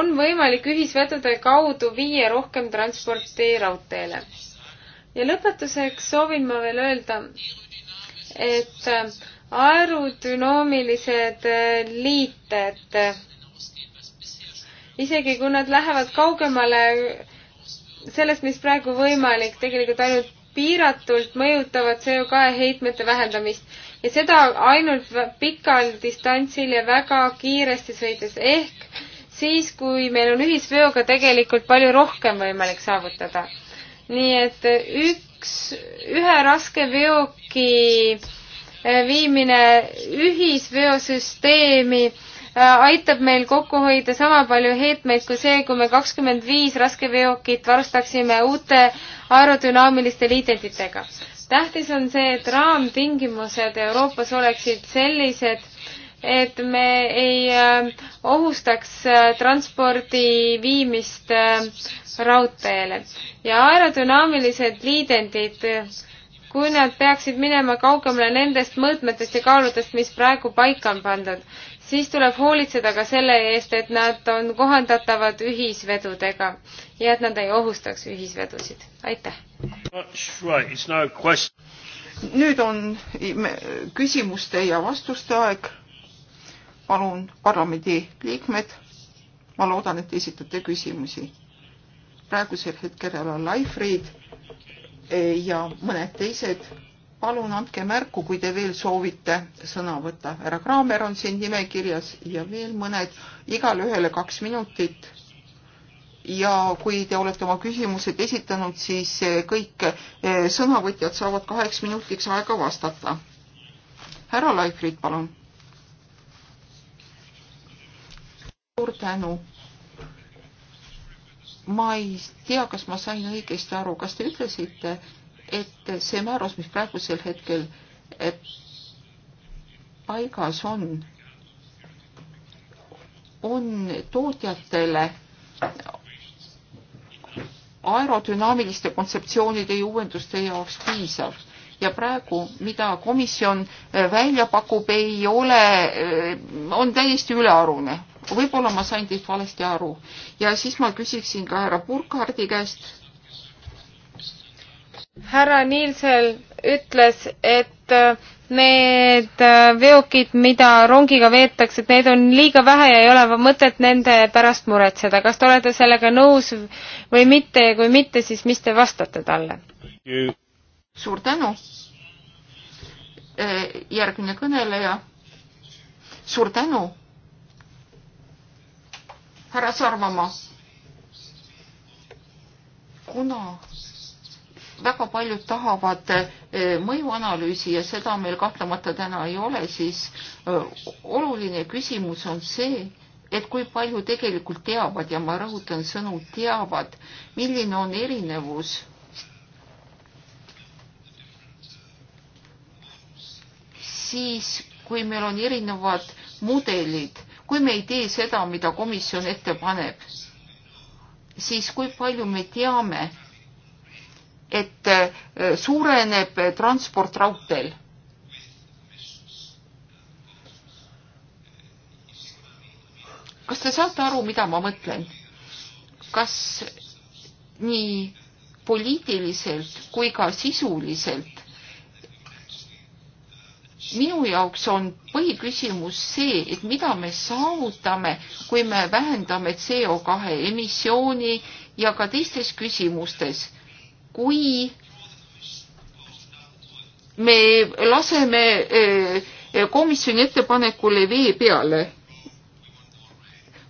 on võimalik ühisvedude kaudu viia rohkem transporti raudteele ja lõpetuseks soovin ma veel öelda, et äh, aerodünaamilised äh, liited, äh, isegi kui nad lähevad kaugemale sellest, mis praegu võimalik, tegelikult ainult piiratult mõjutavad CO2 heitmete vähendamist ja seda ainult pikal distantsil ja väga kiiresti sõites ehk siis, kui meil on ühisveoga tegelikult palju rohkem võimalik saavutada nii et üks, ühe raske veoki äh, viimine ühisveosüsteemi äh, aitab meil kokku hoida sama palju heetmeid kui see, kui me kakskümmend viis raskeveokit varustaksime uute aerodünaamiliste liidenditega. tähtis on see, et raamtingimused Euroopas oleksid sellised, et me ei äh, ohustaks äh, transpordi viimist äh, raudteele ja aerodünaamilised liidendid, kui nad peaksid minema kaugemale nendest mõõtmetest ja kaaludest, mis praegu paika on pandud, siis tuleb hoolitseda ka selle eest, et nad on kohandatavad ühisvedudega ja et nad ei ohustaks ühisvedusid. aitäh! nüüd on küsimuste ja vastuste aeg palun, parlamendi liikmed, ma loodan, et esitate küsimusi. praegusel hetkel on Laifrid ja mõned teised. palun andke märku, kui te veel soovite sõna võtta. härra Kraamer on siin nimekirjas ja veel mõned, igale ühele kaks minutit ja kui te olete oma küsimused esitanud, siis kõik eh, sõnavõtjad saavad kaheks minutiks aega vastata. härra Laifrid, palun suur tänu. ma ei tea, kas ma sain õigesti aru, kas te ütlesite, et see määrus, mis praegusel hetkel eh, paigas on, on tootjatele aerodünaamiliste kontseptsioonide ja uuenduste jaoks piisav ja praegu, mida komisjon eh, välja pakub, ei ole, eh, on täiesti ülearune võib-olla ma sain teist valesti aru. ja siis ma küsiksin ka härra Burkhardi käest. härra Niilsel ütles, et äh, need äh, veokid, mida rongiga veetakse, et neid on liiga vähe ja ei ole mõtet nende pärast muretseda. kas te olete sellega nõus või mitte ja kui mitte, siis mis te vastate talle? suur tänu. Äh, järgmine kõneleja. suur tänu härra Sarvamaa. kuna väga paljud tahavad eh, mõjuanalüüsi ja seda meil kahtlemata täna ei ole, siis eh, oluline küsimus on see, et kui palju tegelikult teavad ja ma rõhutan sõnu teavad, milline on erinevus siis, kui meil on erinevad mudelid kui me ei tee seda, mida komisjon ette paneb, siis kui palju me teame, et äh, suureneb transport raudteel? kas te saate aru, mida ma mõtlen? kas nii poliitiliselt kui ka sisuliselt minu jaoks on põhiküsimus see, et mida me saavutame, kui me vähendame CO2 emissiooni ja ka teistes küsimustes, kui me laseme eh, komisjoni ettepanekule vee peale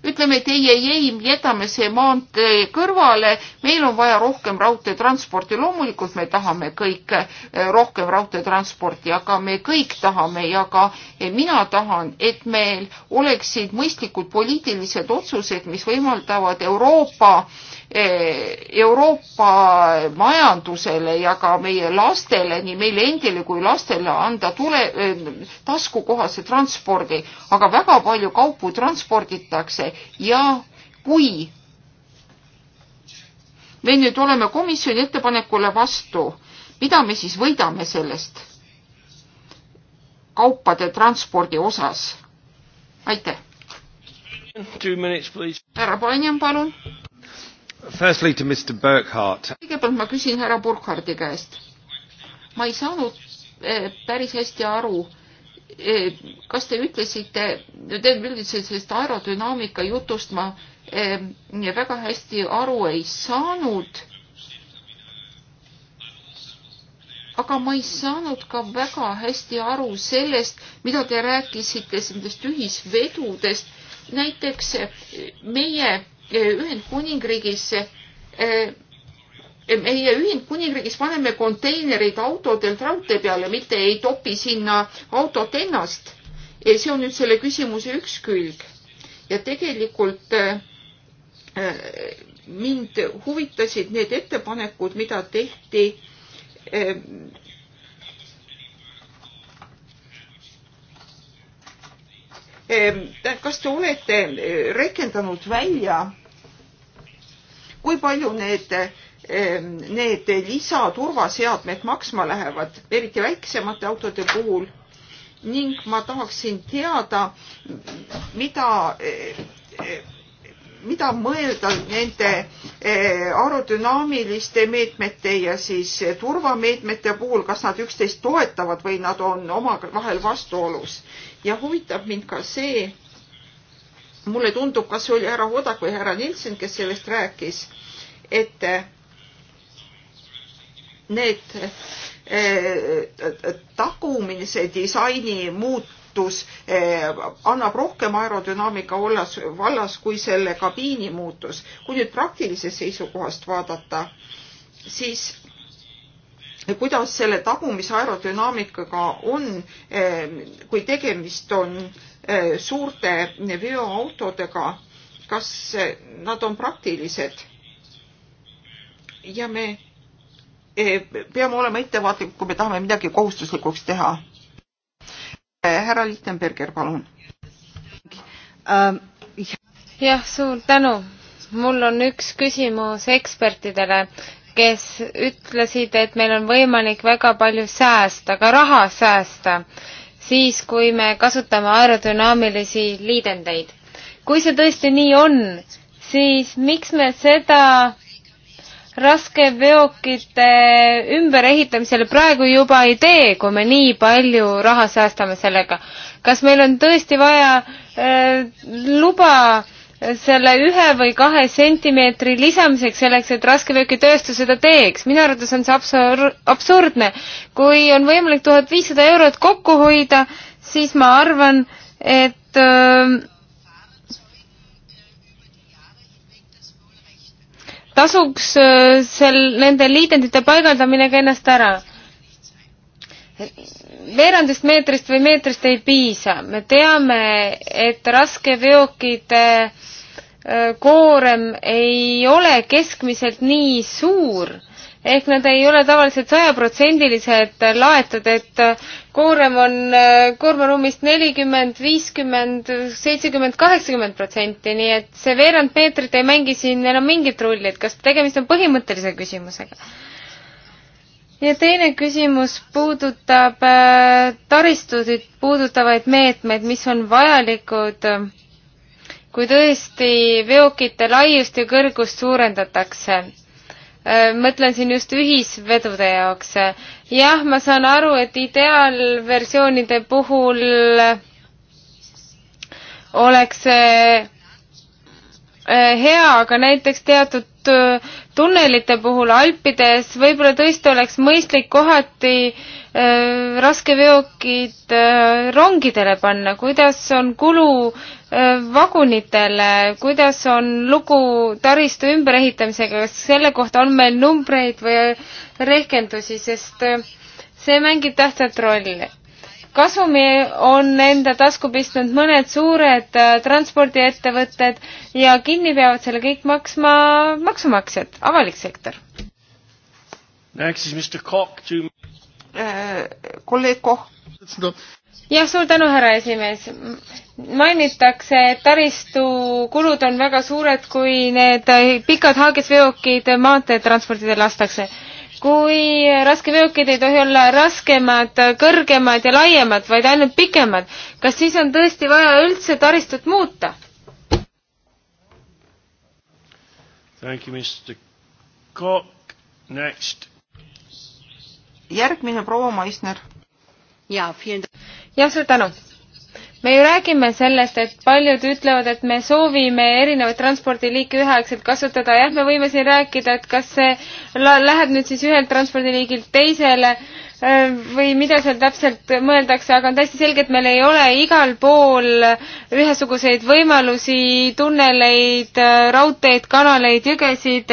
ütleme, et ei, ei, ei, jätame see maantee kõrvale, meil on vaja rohkem raudteetransporti, loomulikult me tahame kõik eh, rohkem raudteetransporti, aga me kõik tahame ja ka mina tahan, et meil oleksid mõistlikud poliitilised otsused, mis võimaldavad Euroopa äh, Eh, Euroopa majandusele ja ka meie lastele, nii meile endile kui lastele anda tule, eh, taskukohase transpordi, aga väga palju kaupu transporditakse ja kui me nüüd oleme komisjoni ettepanekule vastu, mida me siis võidame sellest kaupade transpordi osas? aitäh. härra Panjan, palun kõigepealt ma küsin härra Burkhardi käest. ma ei saanud eh, päris hästi aru, eh, kas te ütlesite, te ütlesite sellest aerodünaamika jutust ma eh, väga hästi aru ei saanud. aga ma ei saanud ka väga hästi aru sellest, mida te rääkisite nendest ühisvedudest. näiteks meie Ühendkuningriigis eh, meie Ühendkuningriigis paneme konteinerid autodelt raudtee peale, mitte ei topi sinna autot ennast. see on nüüd selle küsimuse üks külg. ja tegelikult eh, mind huvitasid need ettepanekud, mida tehti eh, kas te olete rehkendanud välja kui palju need, ehm, need lisaturvaseadmed maksma lähevad, eriti väiksemate autode puhul ning ma tahaksin teada, mida, ehm, mida mõelda nende ehm, aerodünaamiliste meetmete ja siis turvameetmete puhul, kas nad üksteist toetavad või nad on omavahel vastuolus ja huvitab mind ka see, mulle tundub, kas see oli härra Vodak või härra Nilsson, kes sellest rääkis, et eh, need eh, tagumise disaini muutus eh, annab rohkem aerodünaamika vallas, vallas kui selle kabiini muutus. kui nüüd praktilisest seisukohast vaadata, siis kuidas selle tagumise aerodünaamikaga on, kui tegemist on Eh, suurte veoautodega, kas eh, nad on praktilised? ja me eh, peame olema ettevaatlikud, kui me tahame midagi kohustuslikuks teha. härra Lichtenberger, palun. Ähm, jah, suur tänu. mul on üks küsimus ekspertidele, kes ütlesid, et meil on võimalik väga palju säästa, ka raha säästa siis, kui me kasutame aerodünaamilisi liidendeid. kui see tõesti nii on, siis miks me seda raskeveokite ümberehitamisele praegu juba ei tee, kui me nii palju raha säästame sellega. kas meil on tõesti vaja äh, luba äh, selle ühe või kahe sentimeetri lisamiseks selleks, et raskeveokitööstus seda teeks. minu arvates on see absur-, absurdne. kui on võimalik tuhat viissada eurot kokku hoida, siis ma arvan, et öö, äh, tasuks äh, sel, nende liidendite paigaldamine ka ennast ära veerandist meetrist või meetrist ei piisa. me teame, et raskeveokite äh, koorem ei ole keskmiselt nii suur ehk nad ei ole tavaliselt sajaprotsendilised laetud, et äh, koorem on äh, koormaruumist nelikümmend, viiskümmend, seitsekümmend, kaheksakümmend protsenti, nii et see veerand meetrit ei mängi siin enam mingit rolli, et kas tegemist on põhimõttelise küsimusega ja teine küsimus puudutab äh, taristusid puudutavaid meetmeid, mis on vajalikud, kui tõesti veokite laiust ja kõrgust suurendatakse. Äh, mõtlen siin just ühisvedude jaoks. jah, ma saan aru, et ideaalversioonide puhul oleks see Eh, hea, aga näiteks teatud eh, tunnelite puhul Alpides võib-olla tõesti oleks mõistlik kohati eh, raskeveokid rongidele panna, kuidas on kulu vagunitele, kuidas on lugu taristu ümberehitamisega, kas selle kohta on meil numbreid või rehkendusi, sest see mängib tähtsat rolli kasumi on enda tasku pistnud mõned suured äh, transpordiettevõtted ja kinni peavad selle kõik maksma maksumaksjad, avalik sektor. Äh, kolleeg Koh jah, suur tänu, härra esimees. mainitakse, et taristukulud on väga suured, kui need äh, pikad haagisveokid maanteetranspordile lastakse kui raskeveokid ei tohi olla raskemad, kõrgemad ja laiemad, vaid ainult pikemad, kas siis on tõesti vaja üldse taristut muuta? järgmine proua Maisner. jah, suur tänu me ju räägime sellest, et paljud ütlevad, et me soovime erinevaid transpordiliike üheaegselt kasutada, jah, me võime siin rääkida, et kas see läheb nüüd siis ühelt transpordiliigilt teisele ähm, või mida seal täpselt mõeldakse, aga on täiesti selge, et meil ei ole igal pool ühesuguseid võimalusi, tunneleid, äh, raudteed, kanaleid, jõgesid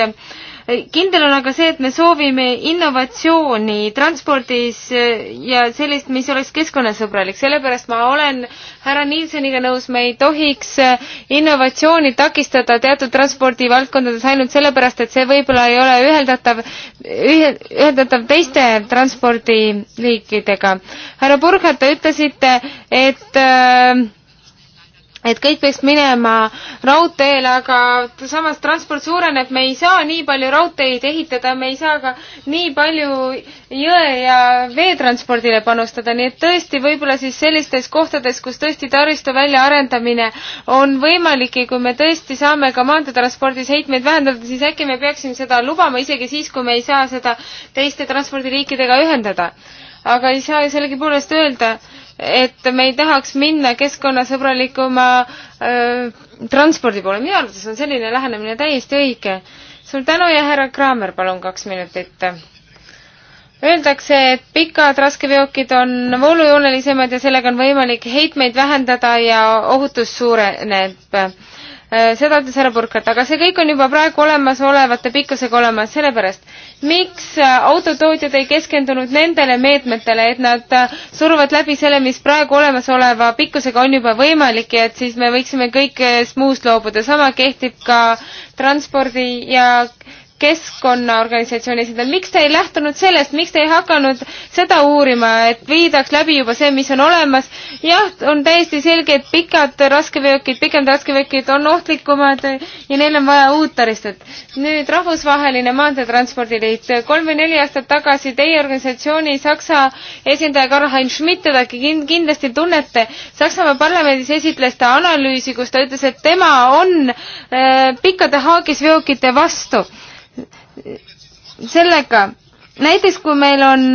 kindel on aga see, et me soovime innovatsiooni transpordis eh, ja sellist, mis oleks keskkonnasõbralik, sellepärast ma olen härra Nilsoniga nõus, me ei tohiks eh, innovatsiooni takistada teatud transpordivaldkondades ainult sellepärast, et see võib-olla ei ole üheldatav, üheldatav teiste transpordiliikidega. härra Purgat, te ütlesite, et äh, et kõik peaks minema raudteele, aga samas transport suureneb, me ei saa nii palju raudteid ehitada, me ei saa ka nii palju jõe ja veetranspordile panustada, nii et tõesti võib-olla siis sellistes kohtades, kus tõesti taristu väljaarendamine on võimalik ja kui me tõesti saame ka maanteetranspordis heitmeid vähendada, siis äkki me peaksime seda lubama isegi siis, kui me ei saa seda teiste transpordiliikidega ühendada. aga ei saa ju sellegipoolest öelda, et me ei tahaks minna keskkonnasõbralikuma äh, transpordi poole. minu arvates on selline lähenemine täiesti õige. suur tänu ja härra Kraamer, palun kaks minutit. Öeldakse, et pikad raskeveokid on voolujoonelisemad ja sellega on võimalik heitmeid vähendada ja ohutus suureneb Äh, seda ütles härra Burkhardt, aga see kõik on juba praegu olemasolevate pikkusega olemas, sellepärast miks äh, autotootjad ei keskendunud nendele meetmetele, et nad äh, suruvad läbi selle, mis praegu olemasoleva pikkusega on juba võimalik ja et siis me võiksime kõigest muust loobuda, sama kehtib ka transpordi ja äh, keskkonnaorganisatsiooni esindaja, miks te ei lähtunud sellest, miks te ei hakanud seda uurima, et viidaks läbi juba see, mis on olemas. jah, on täiesti selge, et pikad raskeveokid, pikemad raskeveokid on ohtlikumad ja neil on vaja uut taristut. nüüd Rahvusvaheline Maanteetranspordiliit, kolm või neli aastat tagasi teie organisatsiooni Saksa esindaja Karl-Heinz Schmidt, teda kindlasti tunnete, Saksamaa parlamendis esitles ta analüüsi, kus ta ütles, et tema on äh, pikkade haagisveokite vastu sellega, näiteks kui meil on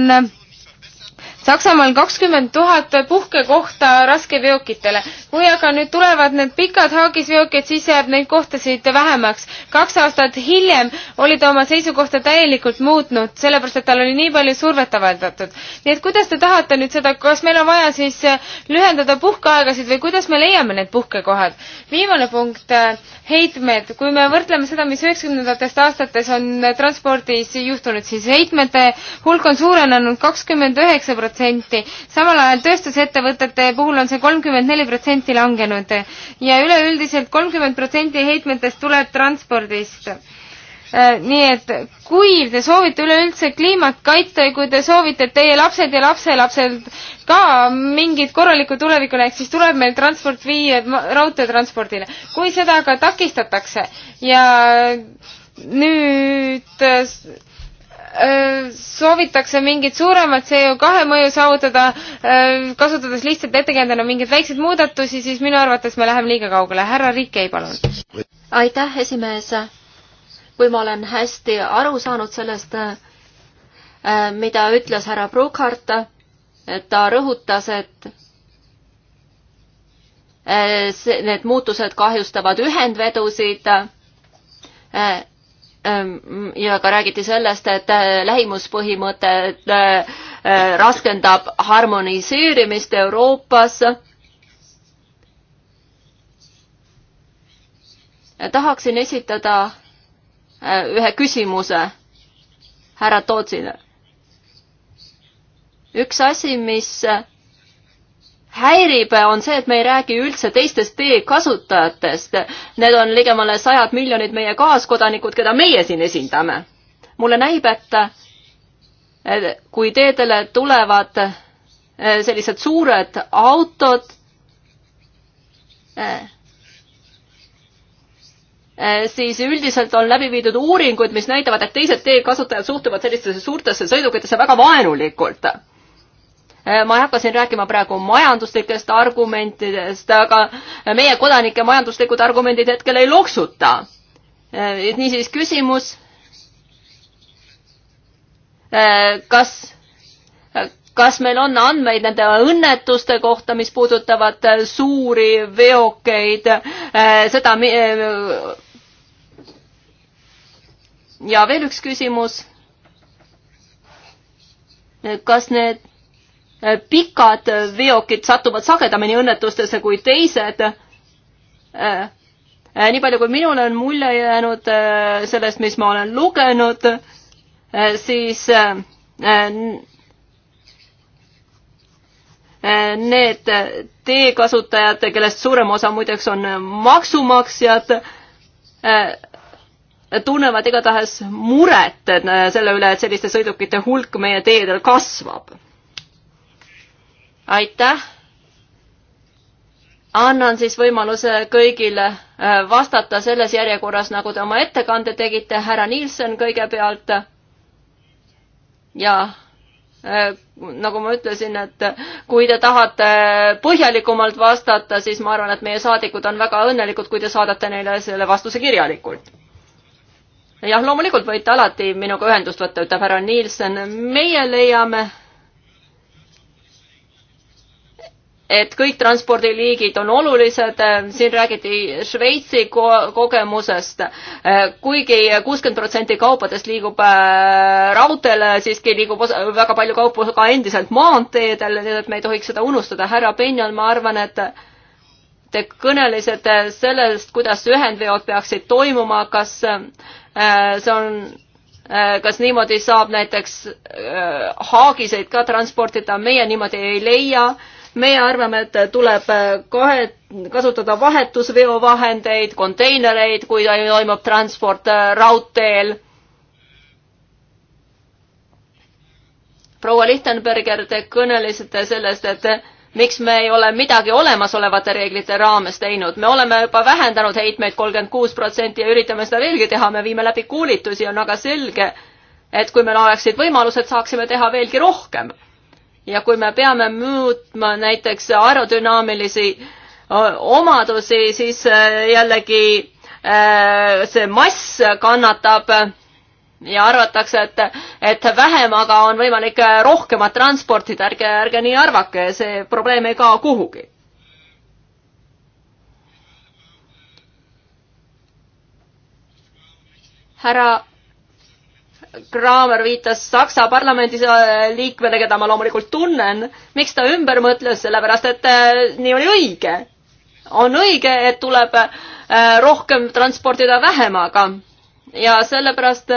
Saksamaal kakskümmend tuhat puhkekohta raskeveokitele. kui aga nüüd tulevad need pikad haagisveokid, siis jääb neid kohtasid vähemaks. kaks aastat hiljem oli ta oma seisukohta täielikult muutnud, sellepärast et tal oli nii palju survet avaldatud. nii et kuidas te tahate nüüd seda, kas meil on vaja siis eh, lühendada puhkeaegasid või kuidas me leiame need puhkekohad? viimane punkt, eh, heitmed. kui me võrdleme seda, mis üheksakümnendatest aastates on eh, transpordis juhtunud, siis heitmete hulk on suurenenud kakskümmend üheksa protsenti protsenti, samal ajal tööstusettevõtete puhul on see kolmkümmend neli protsenti langenud ja üleüldiselt kolmkümmend protsenti heitmetest tuleb transpordist äh, nii et kui te soovite üleüldse kliimat kaitsta ja kui te soovite, et teie lapsed ja lapselapsed ka mingit korralikku tulevikku näeks, siis tuleb meil transport viia raudteetranspordile. kui seda aga takistatakse ja nüüd äh, Äh, soovitakse mingit suuremat CO2 mõju saavutada, äh, kasutades lihtsalt ettekäändena mingeid väikseid muudatusi, siis minu arvates me läheme liiga kaugele. härra Rikei, palun. aitäh, esimees. kui ma olen hästi aru saanud sellest, äh, mida ütles härra Brukart, ta rõhutas, et need muutused kahjustavad ühendvedusid Ehm, ja ka räägiti sellest, et äh, lähimuspõhimõte äh, äh, raskendab harmoniseerimist Euroopas. tahaksin esitada ühe küsimuse härra Tootsile. üks asi, mis häirib, on see, et me ei räägi üldse teistest e-kasutajatest. Need on ligemale sajad miljonid meie kaaskodanikud, keda meie siin esindame. mulle näib, et kui teedele tulevad eh, sellised suured autod, eh, eh, siis üldiselt on läbi viidud uuringuid, mis näitavad, et teised teekasutajad suhtuvad sellistesse suurtesse sõidukitesse väga vaenulikult Äh, ma ei hakka siin rääkima praegu majanduslikest argumentidest, aga meie kodanike majanduslikud argumendid hetkel ei loksuta. Äh, niisiis küsimus. Äh, kas, kas meil on andmeid nende õnnetuste kohta, mis puudutavad suuri veokeid, seda ja veel üks küsimus. kas need Äh, pikad veokid satuvad sagedamini õnnetustesse kui teised. Äh, äh, nii palju, kui minule on mulje jäänud sellest, mis ma olen lugenud, siis need teekasutajad, kellest suurem osa muideks on maksumaksjad, tunnevad igatahes muret selle üle, et selliste sõidukite hulk meie teedel kasvab aitäh. annan siis võimaluse kõigile äh, vastata selles järjekorras, nagu te oma ettekande tegite, härra Nielsen kõigepealt. ja äh, nagu ma ütlesin, et äh, kui te tahate põhjalikumalt vastata, siis ma arvan, et meie saadikud on väga õnnelikud, kui te saadate neile selle vastuse kirjalikult. jah, loomulikult võite alati minuga ühendust võtta, ütleb härra Nielsen. meie leiame, et kõik transpordiliigid on olulised, siin räägiti Šveitsi ko kogemusest kuigi. kuigi kuuskümmend protsenti kaupadest liigub äh, raudteele, siiski liigub osa, väga palju kaupu ka endiselt maanteedel, nii et me ei tohiks seda unustada. härra Penjon, ma arvan, et te kõnelesite sellest, kuidas ühendveod peaksid toimuma, kas äh, see on, äh, kas niimoodi saab näiteks haagiseid ka transportida, meie niimoodi ei leia meie arvame, et tuleb äh, kahe, kasutada vahetusveovahendeid, konteinereid, kui toimub transport äh, raudteel. proua Lichtenberger, te kõnelesite sellest, et miks me ei ole midagi olemasolevate reeglite raames teinud, me oleme juba vähendanud heitmeid kolmkümmend kuus protsenti ja üritame seda veelgi teha, me viime läbi kuulitusi, on aga selge, et kui meil oleksid võimalused, saaksime teha veelgi rohkem ja kui me peame muutma näiteks aerodünaamilisi omadusi, siis jällegi see mass kannatab ja arvatakse, et, et vähem, aga on võimalik rohkemat transportida, ärge, ärge nii arvake, see probleem ei kao kuhugi. härra Kramer viitas Saksa parlamendi äh, liikmele, keda ma loomulikult tunnen, miks ta ümber mõtles, sellepärast et äh, nii oli õige. on õige, et tuleb äh, rohkem transportida vähemaga ja sellepärast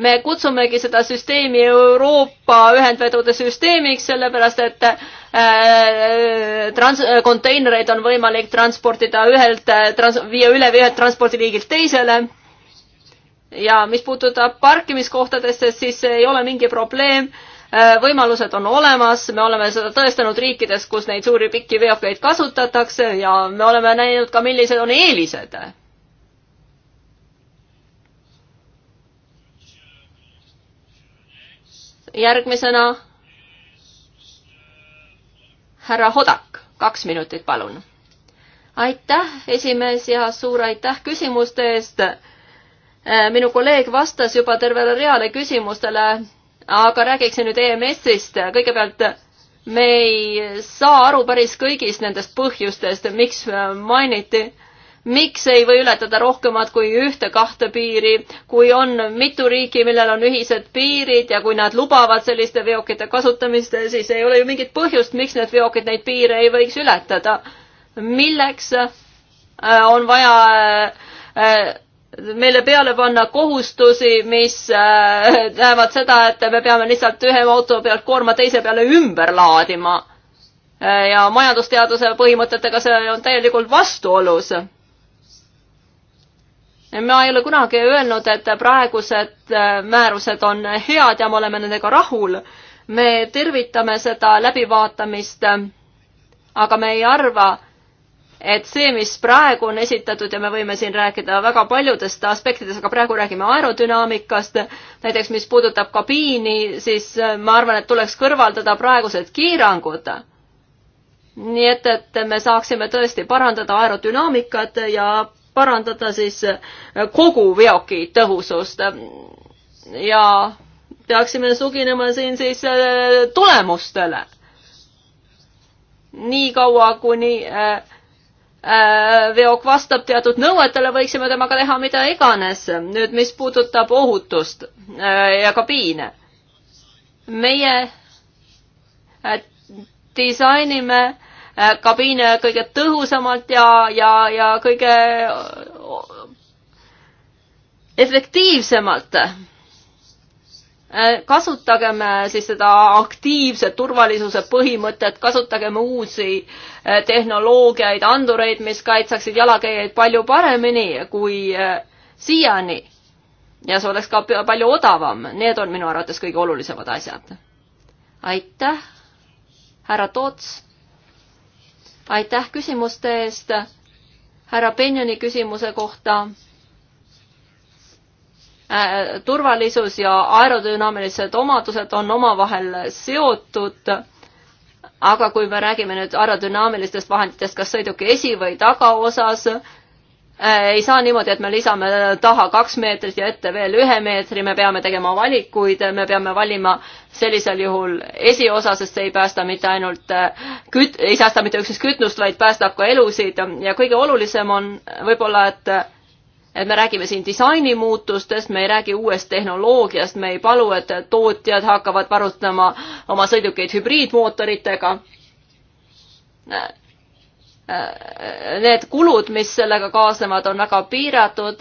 me kutsumegi seda süsteemi Euroopa ühendvedude süsteemiks, sellepärast et äh, trans-, konteinereid on võimalik transportida ühelt trans-, viia üle ühelt transpordiliigilt teisele ja mis puudutab parkimiskohtadesse, siis ei ole mingi probleem. Äh, võimalused on olemas, me oleme seda tõestanud riikides, kus neid suuri pikki veokeid kasutatakse ja me oleme näinud ka, millised on eelised järgmisena härra Hodak, kaks minutit, palun. aitäh, esimees ja suur aitäh küsimuste eest. Äh, minu kolleeg vastas juba tervele reale küsimustele, aga räägiksin nüüd EMS-ist. kõigepealt me ei saa aru päris kõigist nendest põhjustest, miks äh, mainiti, miks ei või ületada rohkemat kui ühte-kahte piiri, kui on mitu riiki, millel on ühised piirid ja kui nad lubavad selliste veokite kasutamist, siis ei ole ju mingit põhjust, miks need veokid neid piire ei võiks ületada. milleks äh, on vaja meile peale panna kohustusi, mis äh, näevad seda, et me peame lihtsalt ühe auto pealt koorma teise peale ümber laadima. Äh, ja majandusteaduse põhimõtetega see on täielikult vastuolus. ma ei ole kunagi öelnud, et praegused äh, määrused on head ja me oleme nendega rahul. me tervitame seda läbivaatamist, aga me ei arva, et see, mis praegu on esitatud ja me võime siin rääkida väga paljudest aspektidest, aga praegu räägime aerodünaamikast, näiteks mis puudutab kabiini, siis äh, ma arvan, et tuleks kõrvaldada praegused piirangud. nii et, et me saaksime tõesti parandada aerodünaamikat ja parandada siis äh, kogu veoki tõhusust. ja peaksime suginema siin siis äh, tulemustele. niikaua, kuni äh, Äh, veok vastab teatud nõuetele, võiksime temaga teha mida iganes. nüüd, mis puudutab ohutust äh, ja kabiine. meie äh, disainime kabiine kõige tõhusamalt ja, ja, ja kõige efektiivsemalt Äh, kasutagem äh, siis seda aktiivse turvalisuse põhimõtet, kasutagem uusi äh, tehnoloogiaid, andureid, mis kaitseksid jalakäijaid palju paremini kui siiani. ja see oleks ka palju odavam, need on minu arvates kõige olulisemad asjad. aitäh, härra Toots. aitäh küsimuste eest. härra Benjoni küsimuse kohta Äh, turvalisus ja aerodünaamilised omadused on omavahel seotud. aga kui me räägime nüüd aerodünaamilistest vahenditest, kas sõiduki esi- või tagaosas, äh, ei saa niimoodi, et me lisame taha kaks meetrit ja ette veel ühe meetri, me peame tegema valikuid, me peame valima sellisel juhul esiosa, sest see ei päästa mitte ainult äh, küt-, ei säästa mitte üksnes kütnust, vaid päästab ka elusid ja kõige olulisem on võib-olla, et et me räägime siin disainimuutustest, me ei räägi uuest tehnoloogiast, me ei palu, et tootjad hakkavad varustama oma sõidukeid hübriidmootoritega. Need kulud, mis sellega kaasnevad, on väga piiratud.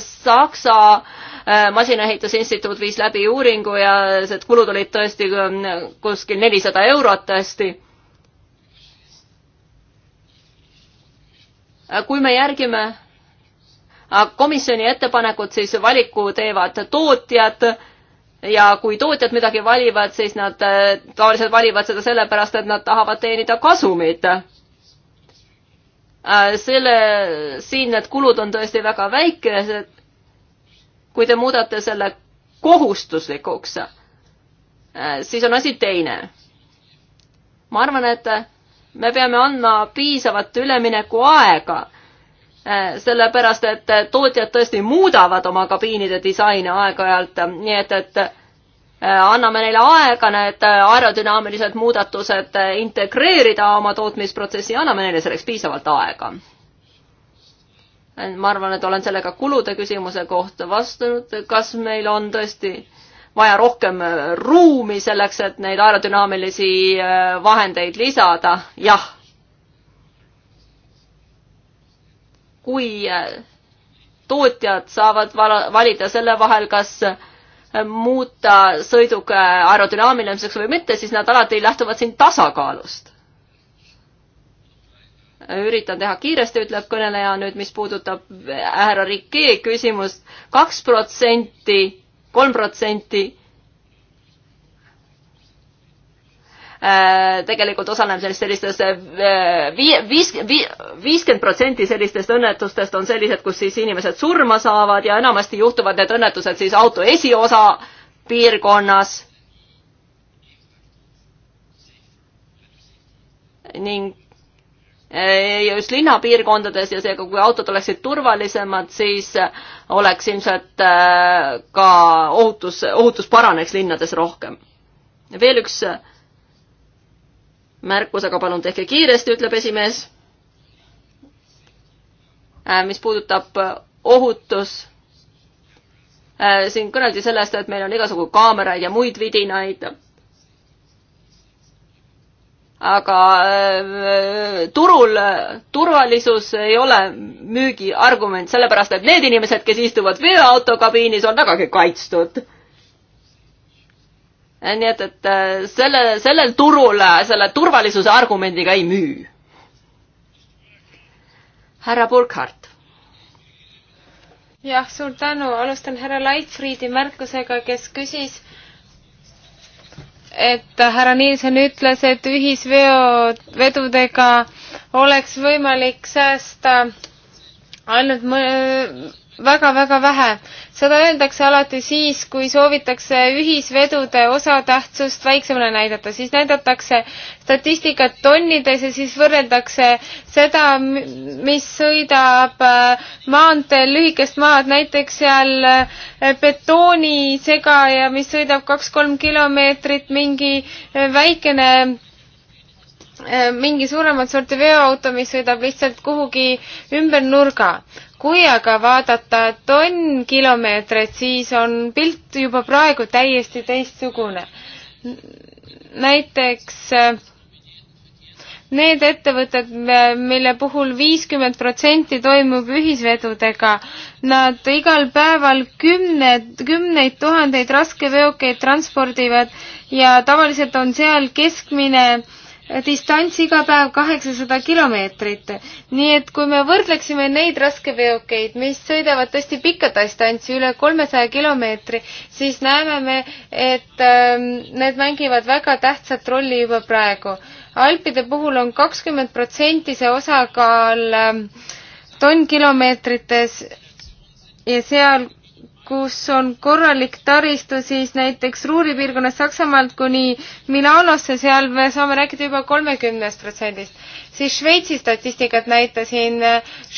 Saksa äh, masinaehitusinstituut viis läbi uuringu ja need kulud olid tõesti äh, kuskil nelisada eurot tõesti kui me järgime aga komisjoni ettepanekud siis valiku teevad tootjad ja kui tootjad midagi valivad, siis nad äh, tavaliselt valivad seda sellepärast, et nad tahavad teenida kasumit äh, selle, siin need kulud on tõesti väga väikesed. kui te muudate selle kohustuslikuks, äh, siis on asi teine. ma arvan, et me peame andma piisavat üleminekuaega Äh, sellepärast et äh, tootjad tõesti muudavad oma kabiinide disaine aeg-ajalt, äh, nii et, et anname neile aega need aerodünaamilised muudatused integreerida oma tootmisprotsessi, anname neile selleks piisavalt aega. ma arvan, et olen sellega kulude küsimuse kohta vastanud, kas meil on tõesti vaja rohkem ruumi selleks, et neid aerodünaamilisi vahendeid lisada, jah kui äh, tootjad saavad valida selle vahel, kas äh, muuta sõiduk äh, aerodünaamiliseks või mitte, siis nad alati lähtuvad siin tasakaalust. üritan teha kiiresti, ütleb kõneleja nüüd, mis puudutab härra Rikee küsimust, kaks protsenti, kolm protsenti Äh, tegelikult osaleb sellistes, äh, viis, viiskümmend protsenti sellistest õnnetustest on sellised, kus siis inimesed surma saavad ja enamasti juhtuvad need õnnetused siis auto esiosa piirkonnas ning äh, just linnapiirkondades ja seega, kui autod oleksid turvalisemad, siis oleks ilmselt ka ohutus, ohutus paraneks linnades rohkem. veel üks äh, märkus, aga palun tehke kiiresti, ütleb esimees. Äh, mis puudutab äh, ohutus, äh, siin kõneldi sellest, et meil on igasugu kaameraid ja muid vidinaid. aga turul turvalisus ei ole müügiargument, sellepärast et need inimesed, kes istuvad veoauto kabiinis, on vägagi kaitstud Eh, nii et, et eh, selle, sellel turul eh, selle turvalisuse argumendiga ei müü. härra Burkhardt. jah, suur tänu, alustan härra Leitfriedi märkusega, kes küsis, et härra Nielsen ütles, et ühisveovedudega oleks võimalik säästa ainult mõ-, väga-väga vähe. seda öeldakse alati siis, kui soovitakse ühisvedude osatähtsust väiksemale näidata, siis näidatakse statistikat tonnides ja siis võrreldakse seda, mis sõidab äh, maanteel lühikest maad, näiteks seal äh, betoonisegaja, mis sõidab kaks-kolm kilomeetrit, mingi äh, väikene mingi suuremat sorti veoauto, mis sõidab lihtsalt kuhugi ümber nurga kui aga vaadata tonnkilomeetreid, siis on pilt juba praegu täiesti teistsugune. näiteks need ettevõtted, mille puhul viiskümmend protsenti toimub ühisvedudega, nad igal päeval kümned, kümneid tuhandeid raskeveokeid transpordivad ja tavaliselt on seal keskmine äh, distants iga päev kaheksasada kilomeetrit. nii et kui me võrdleksime neid raskeveokeid, mis sõidavad tõesti pikka distantsi, üle kolmesaja kilomeetri, siis näeme me, et ähm, need mängivad väga tähtsat rolli juba praegu. alpide puhul on kakskümmend protsenti see osakaal ähm, tonnkilomeetrites ja seal kus on korralik taristu, siis näiteks Ruhri piirkonnas Saksamaalt kuni Milanosse, seal me saame rääkida juba kolmekümnest protsendist. siis Šveitsi statistikat näitasin,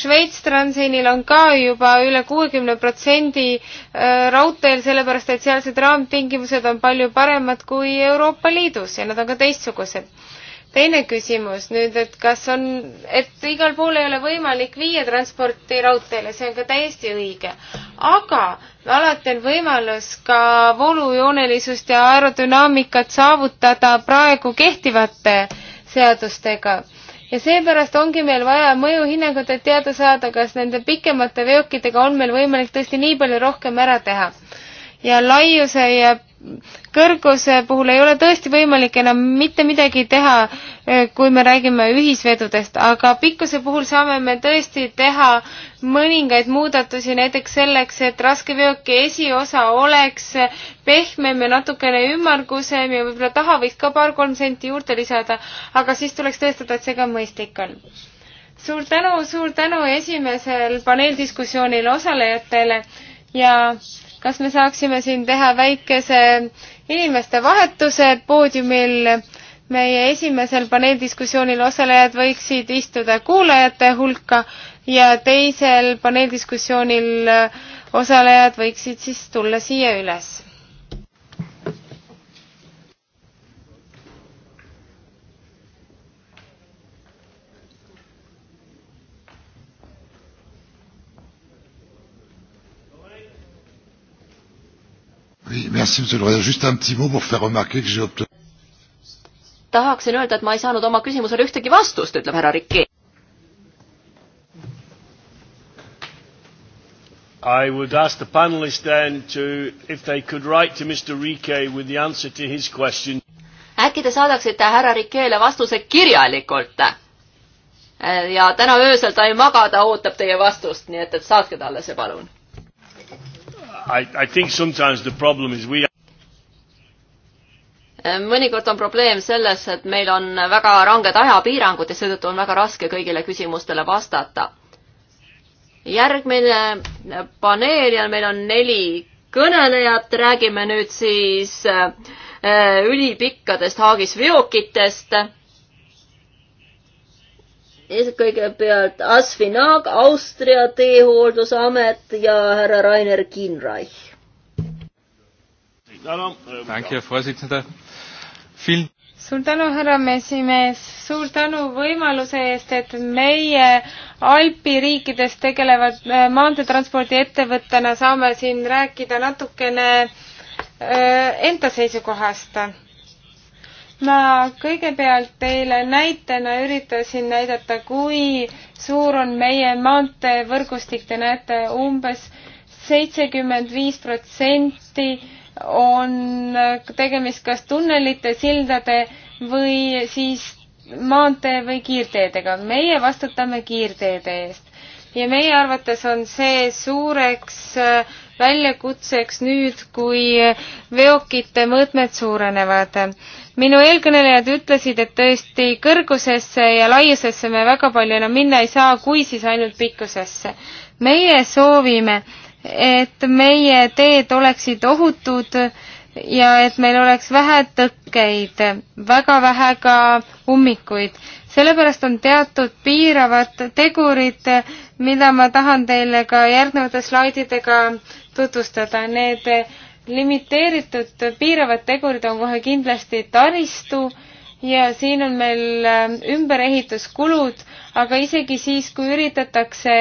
Šveits Transinil on ka juba üle kuuekümne protsendi äh, raudteel, sellepärast et sealsed raamtingimused on palju paremad kui Euroopa Liidus ja nad on ka teistsugused teine küsimus nüüd, et kas on, et igal pool ei ole võimalik viia transporti raudteele, see on ka täiesti õige. aga alati on võimalus ka voolujoonelisust ja aerodünaamikat saavutada praegu kehtivate seadustega. ja seepärast ongi meil vaja mõjuhinnangut, et teada saada, kas nende pikemate veokitega on meil võimalik tõesti nii palju rohkem ära teha. ja laiuse ja kõrguse puhul ei ole tõesti võimalik enam mitte midagi teha, eh, kui me räägime ühisvedudest, aga pikkuse puhul saame me tõesti teha mõningaid muudatusi, näiteks selleks, et raskeveoki esiosa oleks pehmem ja natukene ümmargusem ja võib-olla taha võiks ka paar-kolm senti juurde lisada, aga siis tuleks tõestada, et see ka mõistlik on suur tänu, suur tänu esimesel paneeldiskussioonil osalejatele ja kas me saaksime siin teha väikese inimeste vahetuse poodiumil? meie esimesel paneeldiskussioonil osalejad võiksid istuda kuulajate hulka ja teisel paneeldiskussioonil osalejad võiksid siis tulla siia üles Merci, monsieur le Président. Juste un petit mot pour faire remarquer que j'ai obtenu. tahaksin öelda, et ma ei saanud oma küsimusele ühtegi vastust, ütleb härra Rikki. I would ask the panelists then to, if they could write to Mr Rike with the answer to his question. äkki te saadaksite härra Rikele vastuse kirjalikult? ja täna öösel ta ei maga, ta ootab teie vastust, nii et, et saatke talle see, palun I, I think sometimes the problem is we äh, mõnikord on probleem selles, et meil on väga ranged ajapiirangud ja seetõttu on väga raske kõigile küsimustele vastata. järgmine paneel ja meil on neli kõnelejat, räägime nüüd siis äh, ülipikkadest haagisveokitest kõigepealt Asfinag, Austria teehooldusamet ja härra Rainer Kinreich. suur tänu, härra esimees, suur tänu võimaluse eest, et meie Alpi riikides tegelevad äh, maanteetranspordiettevõttena saame siin rääkida natukene äh, enda seisukohast ma kõigepealt teile näitena üritasin näidata, kui suur on meie maanteevõrgustik, te näete umbes seitsekümmend viis protsenti on tegemist kas tunnelite, sildade või siis maantee või kiirteedega. meie vastutame kiirteede eest ja meie arvates on see suureks äh, väljakutseks nüüd, kui veokite mõõtmed suurenevad minu eelkõnelejad ütlesid, et tõesti kõrgusesse ja laiusesse me väga palju enam minna ei saa, kui siis ainult pikkusesse. meie soovime, et meie teed oleksid ohutud ja et meil oleks vähe tõkkeid, väga vähe ka ummikuid. sellepärast on teatud piiravad tegurid, mida ma tahan teile ka järgnevate slaididega tutvustada. Need limiteeritud piiravad tegurid on kohe kindlasti taristu ja siin on meil äh, ümberehituskulud, aga isegi siis, kui üritatakse,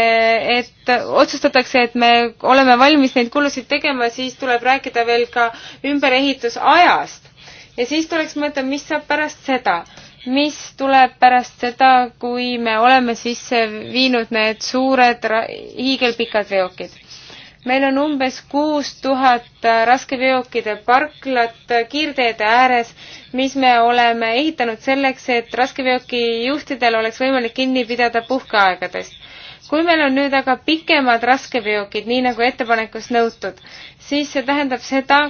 et otsustatakse, et me oleme valmis neid kulusid tegema, siis tuleb rääkida veel ka ümberehitusajast. ja siis tuleks mõelda, mis saab pärast seda, mis tuleb pärast seda, kui me oleme sisse viinud need suured hiigelpikad veokid meil on umbes kuus tuhat äh, raskeveokite parklat äh, kiirteede ääres, mis me oleme ehitanud selleks, et raskeveokijuhtidel oleks võimalik kinni pidada puhkeaegadest. kui meil on nüüd aga pikemad raskeveokid, nii nagu ettepanekus nõutud, siis see tähendab seda,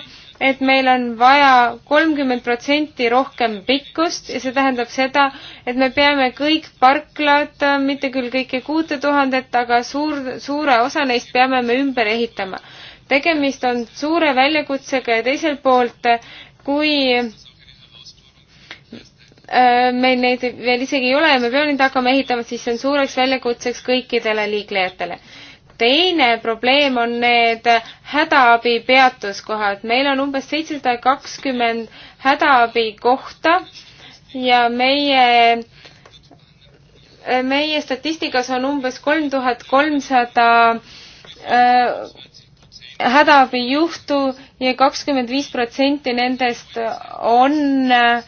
et meil on vaja kolmkümmend protsenti rohkem pikkust ja see tähendab seda, et me peame kõik parklad, mitte küll kõike kuute tuhandet, aga suur, suure osa neist peame me ümber ehitama. tegemist on suure väljakutsega ja teiselt poolt, kui äh, meil neid veel isegi ei ole ja me peame neid hakkama ehitama, siis see on suureks väljakutseks kõikidele liiklejatele teine probleem on need hädaabi peatuskohad. meil on umbes seitsesada kakskümmend hädaabikohta ja meie, meie statistikas on umbes kolm tuhat kolmsada äh, hädaabijuhtu ja kakskümmend viis protsenti nendest on äh,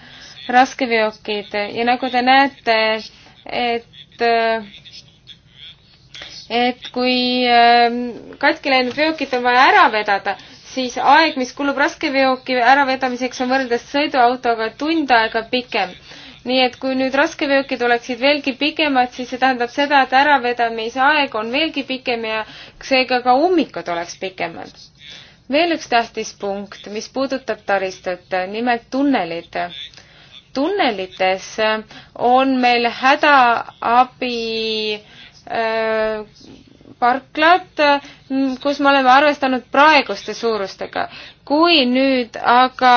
raskeveokid ja nagu te näete, et äh, et kui ähm, katki läinud veokit on vaja ära vedada, siis aeg, mis kulub raskeveoki äravedamiseks, on võrreldes sõiduautoga tund aega pikem. nii et kui nüüd raskeveokid oleksid veelgi pikemad, siis see tähendab seda, et äravedamise aeg on veelgi pikem ja seega ka ummikud oleks pikemad. veel üks tähtis punkt, mis puudutab taristut, nimelt tunnelid tunnelites on meil hädaabi äh, Äh, parklad, kus me oleme arvestanud praeguste suurustega. kui nüüd aga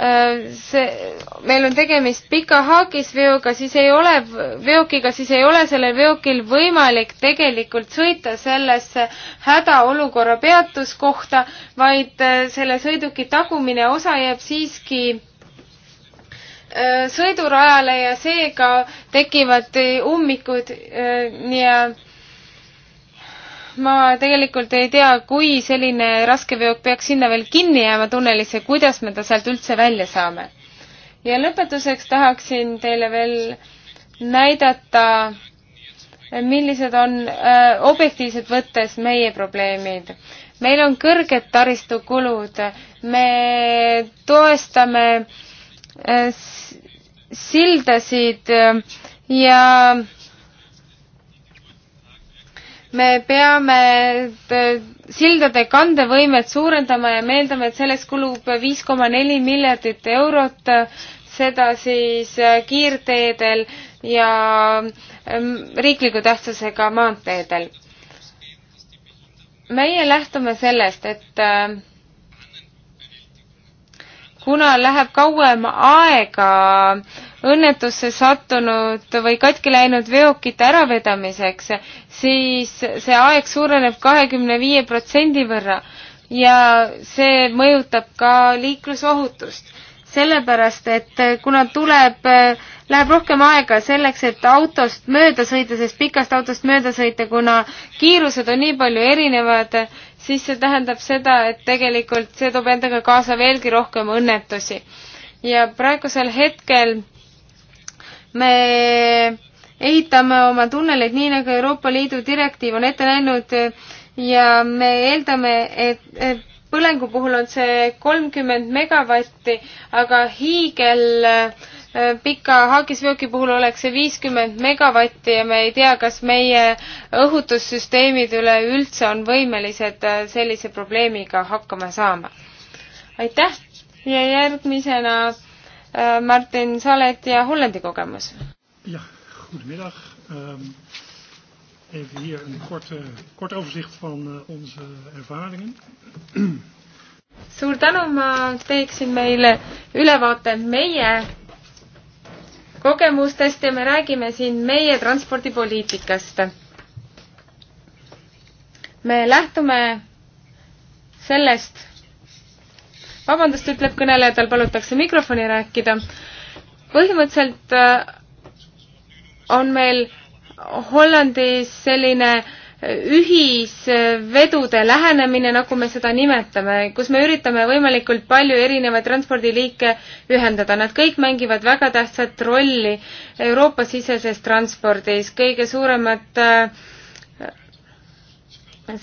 äh, see, meil on tegemist pika haagisveoga, siis ei ole, veokiga, siis ei ole sellel veokil võimalik tegelikult sõita sellesse hädaolukorra peatuskohta, vaid äh, selle sõiduki tagumine osa jääb siiski Äh, sõidurajale ja seega tekivad äh, ummikud äh, ja ma tegelikult ei tea, kui selline raskeveok peaks sinna veel kinni jääma tunnelisse, kuidas me ta sealt üldse välja saame. ja lõpetuseks tahaksin teile veel näidata, millised on äh, objektiivselt võttes meie probleemid meil on kõrged taristukulud, me toestame Äh, sildasid äh, ja me peame äh, sildade kandevõimet suurendama ja meeldame, et selleks kulub viis koma neli miljardit eurot, seda siis kiirteedel ja ähm, riikliku tähtsusega maanteedel. meie lähtume sellest, et kuna läheb kauem aega õnnetusse sattunud või katki läinud veokite äravedamiseks, siis see aeg suureneb kahekümne viie protsendi võrra ja see mõjutab ka liiklusohutust sellepärast et eh, kuna tuleb, eh, läheb rohkem aega selleks, et autost mööda sõita, sest pikast autost mööda sõita, kuna kiirused on nii palju erinevad, siis see tähendab seda, et tegelikult see toob endaga kaasa veelgi rohkem õnnetusi. ja praegusel hetkel me ehitame oma tunneleid nii, nagu Euroopa Liidu direktiiv on ette näinud eh, ja me eeldame, et põlengu puhul on see kolmkümmend megavatti, aga hiigel äh, pika haagisveoki puhul oleks see viiskümmend megavatti ja me ei tea, kas meie õhutussüsteemid üleüldse on võimelised äh, sellise probleemiga hakkama saama. aitäh ja järgmisena äh, Martin Salet ja Hollandi kogemus. jah, goedemiddag um.... Even hier een kort, uh, kort overzicht van uh, onze ervaringen. suur tänu, ma teeksin meile ülevaate meie kogemustest ja me räägime siin meie transpordipoliitikast. me lähtume sellest, vabandust, ütleb kõneleja, tal palutakse mikrofoni rääkida. põhimõtteliselt eh, on meil Hollandis selline äh, ühisvedude lähenemine, nagu me seda nimetame, kus me üritame võimalikult palju erinevaid transpordiliike ühendada. Nad kõik mängivad väga tähtsat rolli Euroopa-siseses transpordis. kõige suuremad äh,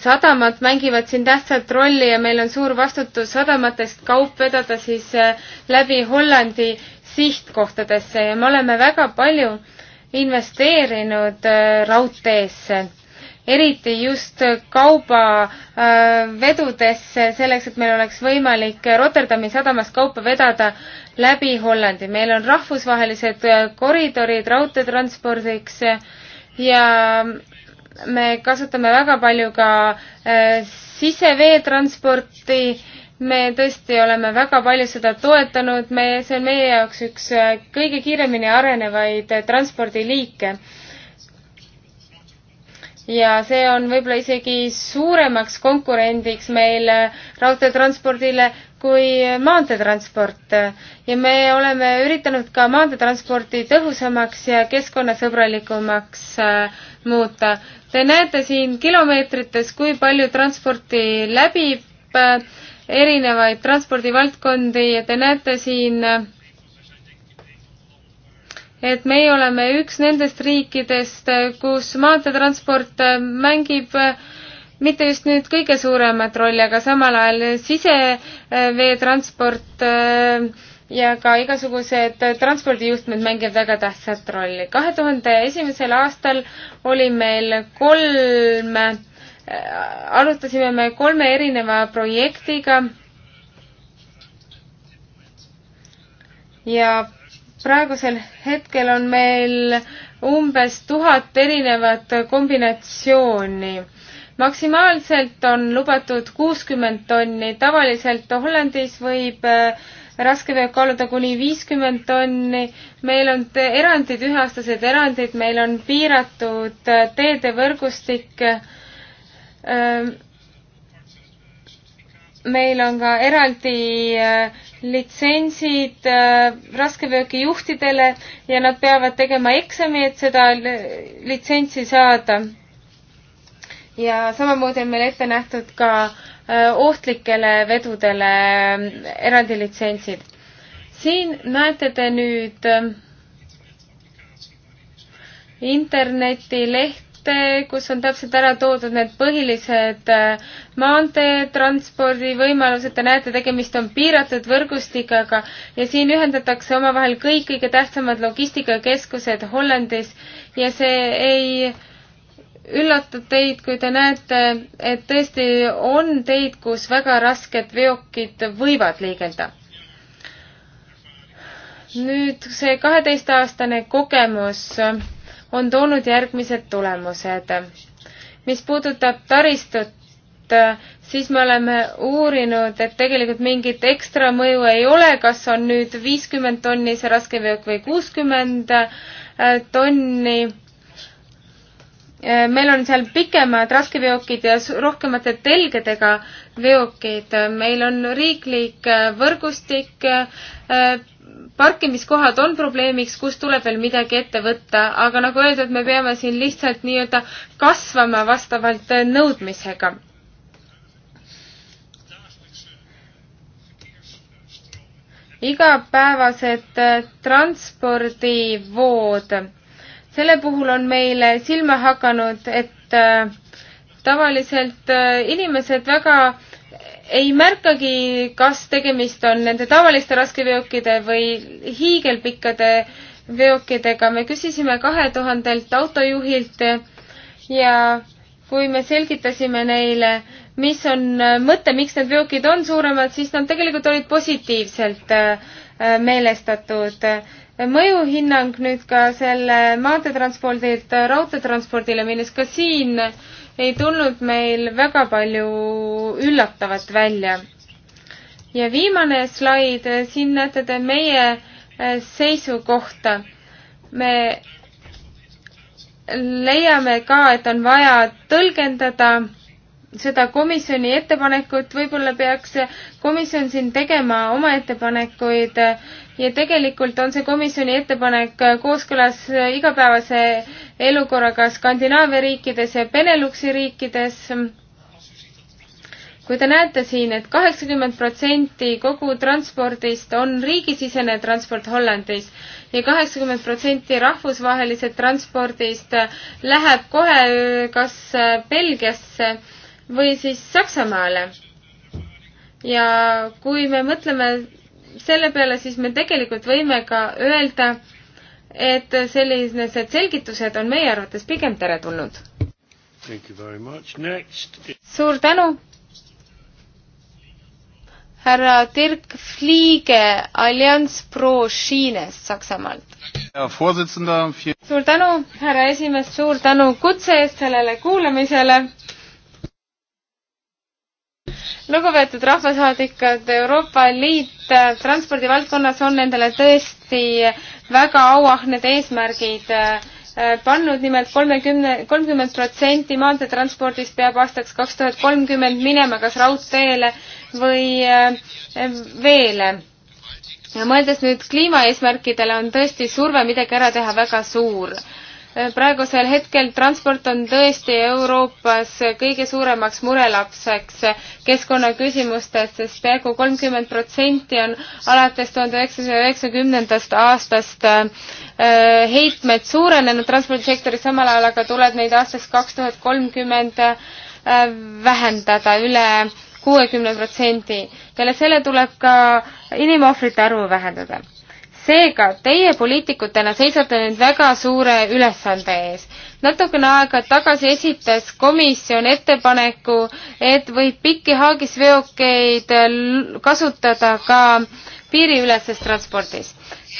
sadamad mängivad siin tähtsat rolli ja meil on suur vastutus sadamatest kaup vedada siis äh, läbi Hollandi sihtkohtadesse ja me oleme väga palju äh, investeerinud äh, raudteesse eriti just kaubavedudesse, äh, selleks et meil oleks võimalik Rotterdami sadamas kaupa vedada läbi Hollandi. meil on rahvusvahelised äh, koridorid raudteetranspordiks ja me kasutame väga palju ka siseveetransporti me tõesti oleme väga palju seda toetanud, me, see on meie jaoks üks äh, kõige kiiremini arenevaid äh, transpordiliike. ja see on võib-olla isegi suuremaks konkurendiks meil raudteetranspordile kui maanteetransport. ja me oleme üritanud ka maanteetransporti tõhusamaks ja keskkonnasõbralikumaks äh, muuta. Te näete siin kilomeetrites, kui palju transporti läbib erinevaid transpordivaldkondi ja te näete siin, et meie oleme üks nendest riikidest, kus maanteetransport mängib mitte just nüüd kõige suuremat rolli, aga samal ajal siseveetransport äh, ja ka igasugused transpordijuhtmed mängivad väga tähtsat rolli. kahe tuhande esimesel aastal oli meil kolm Äh, alustasime me kolme erineva projektiga ja praegusel hetkel on meil umbes tuhat erinevat kombinatsiooni. maksimaalselt on lubatud kuuskümmend tonni, tavaliselt Hollandis võib äh, raskeveok kaaluda kuni viiskümmend tonni, meil on erandid, üheaastased erandid, meil on piiratud äh, teedevõrgustik meil on ka eraldi litsentsid raskeveokijuhtidele ja nad peavad tegema eksami, et seda litsentsi saada. ja samamoodi on meil ette nähtud ka ohtlikele vedudele eraldi litsentsid. siin näete te nüüd internetilehti kaarte, kus on täpselt ära toodud need põhilised äh, maanteetranspordi võimalused, te näete, tegemist on piiratud võrgustikaga ja siin ühendatakse omavahel kõik kõige tähtsamad logistikakeskused Hollandis ja see ei üllatab teid, kui te näete, et tõesti on teid, kus väga rasked veokid võivad liigelda. nüüd see kaheteistaastane kogemus on toonud järgmised tulemused. mis puudutab taristut, siis me oleme uurinud, et tegelikult mingit ekstra mõju ei ole, kas on nüüd viiskümmend tonni see raskeveok või kuuskümmend äh, tonni. Äh, meil on seal pikemad raskeveokid ja rohkemate telgedega veokid. meil on riiklik äh, võrgustik parkimiskohad on probleemiks, kus tuleb veel midagi ette võtta, aga nagu öeldud, me peame siin lihtsalt nii-öelda kasvama vastavalt nõudmisega. igapäevased äh, transpordivood. selle puhul on meile silma hakanud, et äh, tavaliselt äh, inimesed väga äh, ei märkagi, kas tegemist on nende tavaliste raskeveokide või hiigelpikkade veokidega. me küsisime kahe tuhandelt autojuhilt ja kui me selgitasime neile, mis on mõte, miks need veokid on suuremad, siis nad tegelikult olid positiivselt äh, meelestatud. mõjuhinnang nüüd ka selle maanteetranspordilt raudteetranspordile minnes, ka siin äh, ei tulnud meil väga palju üllatavat välja. ja viimane slaid, siin näete te meie äh, seisukohta. me leiame ka, et on vaja tõlgendada seda komisjoni ettepanekut, võib-olla peaks komisjon siin tegema oma ettepanekuid ja tegelikult on see komisjoni ettepanek kooskõlas igapäevase elukorraga Skandinaavia riikides ja Beneluxi riikides. kui te näete siin et, et kaheksakümmend protsenti kogu transpordist on riigisisene transport Hollandis ja kaheksakümmend protsenti rahvusvahelisest transpordist läheb kohe kas Belgiasse või siis Saksamaale. ja kui me mõtleme selle peale siis me tegelikult võime ka öelda, et sellised selgitused on meie arvates pigem teretulnud. suur tänu! härra Dirk Fliege Allianz Pro Chines Saksamaalt. suur tänu, härra esimees, suur tänu kutse eest sellele kuulamisele lugupeetud rahvasaadikud, Euroopa Liit äh, transpordivaldkonnas on endale tõesti väga auahned eesmärgid äh, äh, pannud nimelt kolmekümne, kolmkümmend protsenti maanteetranspordist peab aastaks kaks tuhat kolmkümmend minema kas raudteele või veele. ja mõeldes nüüd kliimaeesmärkidele, on tõesti surve midagi ära teha väga suur Äh, praegusel hetkel transport on tõesti Euroopas kõige suuremaks murelapseks keskkonnaküsimustes, sest peaaegu kolmkümmend protsenti on alates tuhande üheksasaja üheksakümnendast aastast äh, heitmed suurenenud transpordisektoris, samal ajal aga tuleb neid aastast kaks tuhat kolmkümmend äh, vähendada üle kuuekümne protsendi. peale selle tuleb ka inimohvrite arvu vähendada seega teie poliitikutena seisate nüüd väga suure ülesande ees. natukene aega tagasi esitas komisjon ettepaneku, et võib pikki haagisveokeid kasutada ka piiriüleses transpordis.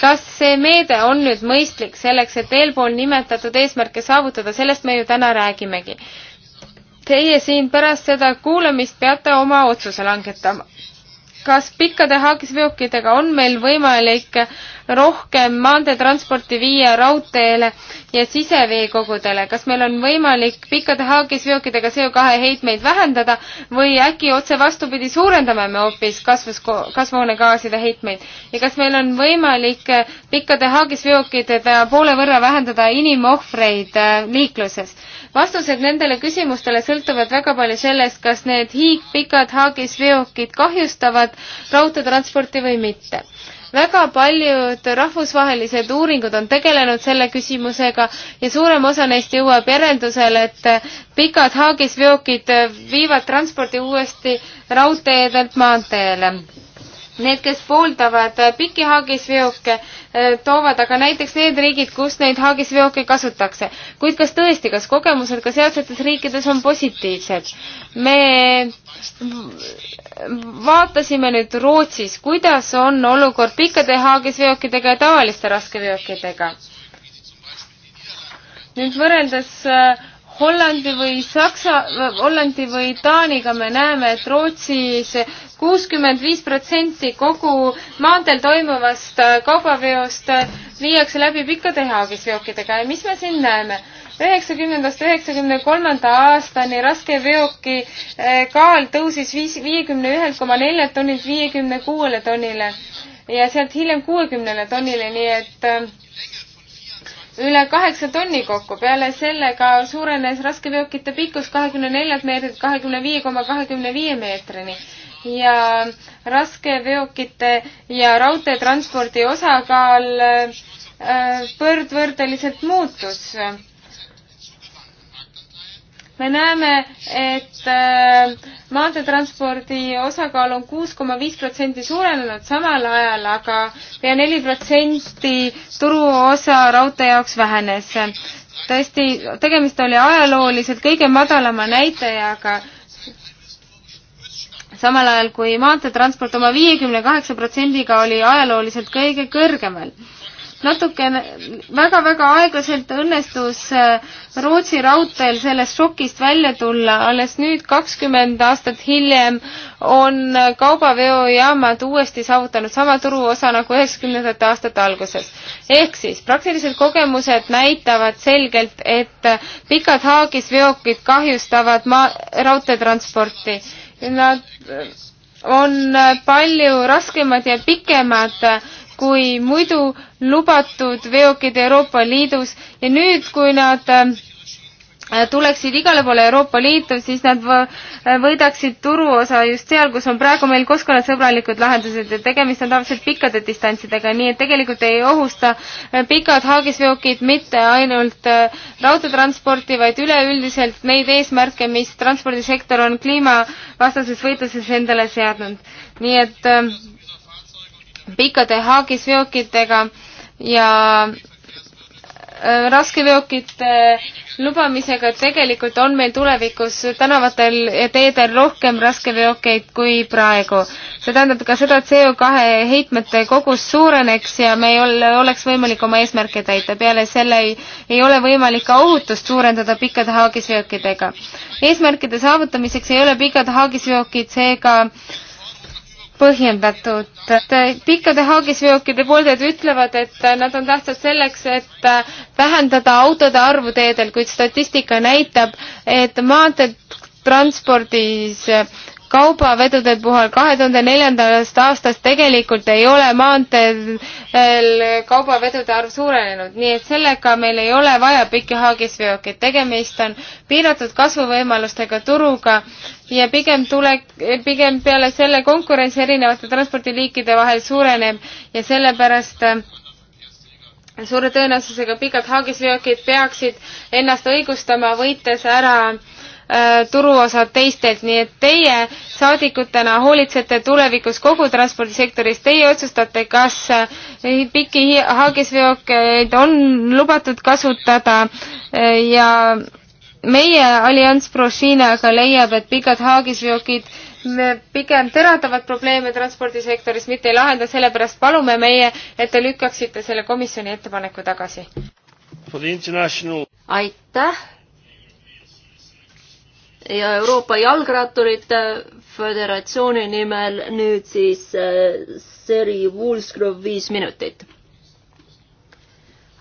kas see meede on nüüd mõistlik selleks, et eelpool nimetatud eesmärke saavutada, sellest me ju täna räägimegi. Teie siin pärast seda kuulamist peate oma otsuse langetama kas pikkade haagisveokitega on meil võimalik rohkem maanteetransporti viia raudteele ja siseveekogudele, kas meil on võimalik pikkade haagisveokidega CO2 heitmeid vähendada või äkki otse vastupidi, suurendame me hoopis kasvus, kasvuhoonegaaside heitmeid ja kas meil on võimalik pikkade haagisveokidega poole võrra vähendada inimohvreid äh, liikluses vastused nendele küsimustele sõltuvad väga palju sellest, kas need hiigpikad haagisveokid kahjustavad raudteetransporti või mitte väga paljud rahvusvahelised uuringud on tegelenud selle küsimusega ja suurem osa neist jõuab järeldusele, et pikad haagisveokid viivad transpordi uuesti raudteedelt maanteele Need, kes pooldavad pikki haagisveoke, eh, toovad aga näiteks need riigid, kus neid haagisveoke kasutatakse. kuid kas tõesti, kas kogemused ka sealsetes riikides on positiivsed? me vaatasime nüüd Rootsis, kuidas on olukord pikkade haagisveokidega ja tavaliste raskeveokidega. nüüd võrreldes eh, Hollandi või Saksa, Hollandi või Taaniga me näeme, et Rootsis kuuskümmend viis protsenti kogu maanteel toimuvast äh, kaubaveost äh, viiakse läbi pikkade haagisveokitega ja mis me siin näeme? üheksakümnendast üheksakümne kolmanda aastani raskeveoki äh, kaal tõusis viis, viiekümne ühelt koma neljalt tonnilt viiekümne kuuele tonnile ja sealt hiljem kuuekümnele tonnile, nii et üle kaheksa tonni kokku. peale selle ka suurenes raskeveokite pikkus kahekümne neljalt meetrilt kahekümne viie koma kahekümne viie meetrini ja raskeveokite ja raudteetranspordi osakaal äh, põrdvõrdeliselt muutus me näeme, et äh, maanteetranspordi osakaal on kuus koma viis protsenti suurenenud samal ajal aga, aga pea neli protsenti turuosa raudtee jaoks vähenes. tõesti, tegemist oli ajalooliselt kõige madalama näitajaga, samal ajal kui maanteetransport oma viiekümne kaheksa protsendiga oli ajalooliselt kõige kõrgemal natukene väga,, väga-väga aeglaselt õnnestus äh, Rootsi raudteel sellest šokist välja tulla, alles nüüd, kakskümmend aastat hiljem, on äh, kaubaveojaamad uuesti saavutanud sama turuosa nagu üheksakümnendate aastate alguses. ehk siis praktilised kogemused näitavad selgelt, et äh, pikad haagis veokid kahjustavad maa, raudteetransporti. Nad on palju raskemad ja pikemad kui muidu lubatud veokid Euroopa Liidus ja nüüd, kui nad äh, tuleksid igale poole Euroopa Liitu, siis nad äh, võidaksid turuosa just seal, kus on praegu meil keskkonnasõbralikud lahendused ja tegemist on tavaliselt pikkade distantsidega, nii et tegelikult ei ohusta äh, pikad haagisveokid mitte ainult raudteetransporti, vaid üleüldiselt neid eesmärke, mis transpordisektor on kliimavastases võitluses endale seadnud. nii et pikkade haagisveokitega ja äh, raskeveokite lubamisega tegelikult on meil tulevikus tänavatel ja teedel rohkem raskeveokeid kui praegu. see tähendab ka seda, et CO2 heitmete kogus suureneks ja me ei ole, oleks võimalik oma eesmärke täita. peale selle ei, ei ole võimalik ka ohutust suurendada pikkade haagisveokidega. eesmärkide saavutamiseks ei ole pikad haagisveokid seega äh, põhjendatud. pikkade haagisveokite pooldajad ütlevad, et nad on tähtsad selleks, et vähendada autode arvu teedel, kuid statistika näitab, et maanteed transpordis kaubavedude puhul kahe tuhande neljandast aastast tegelikult ei ole maanteel äh, kaubavedude arv suurenenud, nii et sellega meil ei ole vaja pikki haagisveokeid, tegemist on piiratud kasvuvõimalustega turuga ja pigem tule, pigem peale selle konkurents erinevate transpordiliikide vahel suureneb ja sellepärast äh, suure tõenäosusega pikad haagisveokid peaksid ennast õigustama, võites ära äh, Äh, turuosad teistelt, nii et teie saadikutena hoolitsete tulevikus kogu transpordisektoris, teie otsustate, kas äh, pikki haagisveokeid on lubatud kasutada äh, ja meie allianss Prošiinaga leiab, et pikad haagisveokid pigem teravdavad probleeme transpordisektoris, mitte ei lahenda, sellepärast palume meie, et te lükkaksite selle komisjoni ettepaneku tagasi. aitäh ja Euroopa Jalgratturite Föderatsiooni nimel nüüd siis äh, Seri Woolsgrove viis minutit.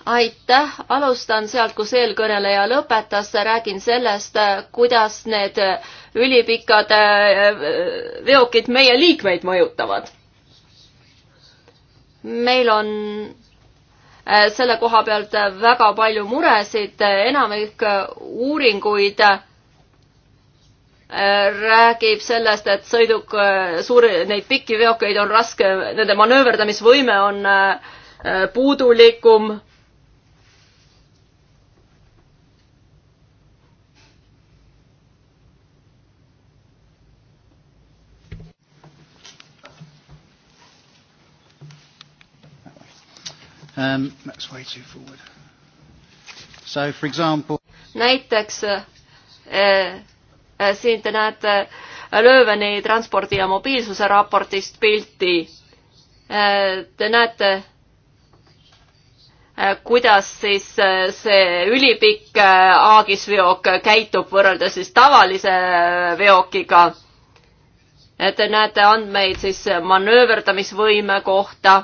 aitäh, alustan sealt, kus eelkõneleja lõpetas, räägin sellest, äh, kuidas need äh, ülipikad veokid meie liikmeid mõjutavad. meil on selle koha pealt väga palju muresid, enamik uuringuid räägib sellest, et sõiduk, suuri, neid pikki veokeid on raske, nende manööverdamisvõime on äh, puudulikum. Um, that's way too forward. So, for example. näiteks eh, Äh, siin te näete äh, Lööveni transpordi ja mobiilsuse raportist pilti. Äh, te näete, kuidas siis see ülipikk aagisveok käitub võrreldes siis tavalise veokiga. Te näete andmeid siis manööverdamisvõime kohta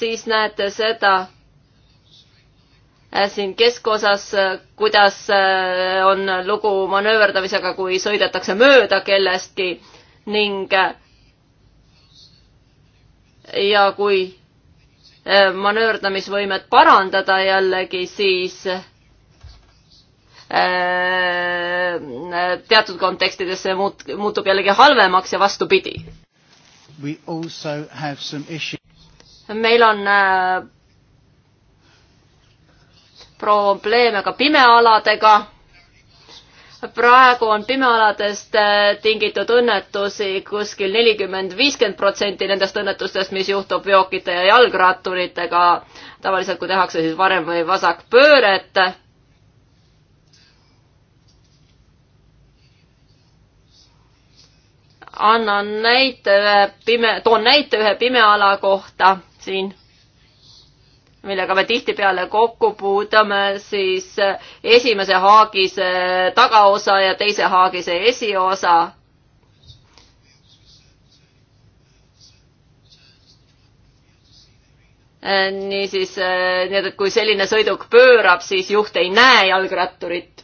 siis näete seda, Äh, siin keskosas, äh, kuidas äh, on lugu manööverdamisega, kui sõidetakse mööda kellestki ning ja kui manööverdamisvõimet parandada jällegi, siis teatud kontekstides see muut-, muutub jällegi halvemaks ja vastupidi. meil on probleeme ka pimealadega. praegu on pimealadest äh, tingitud õnnetusi kuskil nelikümmend, viiskümmend protsenti nendest õnnetustest, mis juhtub veokite ja jalgratturitega. tavaliselt, kui tehakse siis varem või vasakpööret annan näite ühe pime, toon näite ühe pime ala kohta siin millega me tihtipeale kokku puutume, siis eh, esimese haagise tagaosa ja teise haagise esiosa eh, niisiis, eh, nii et kui selline sõiduk pöörab, siis juht ei näe jalgratturit.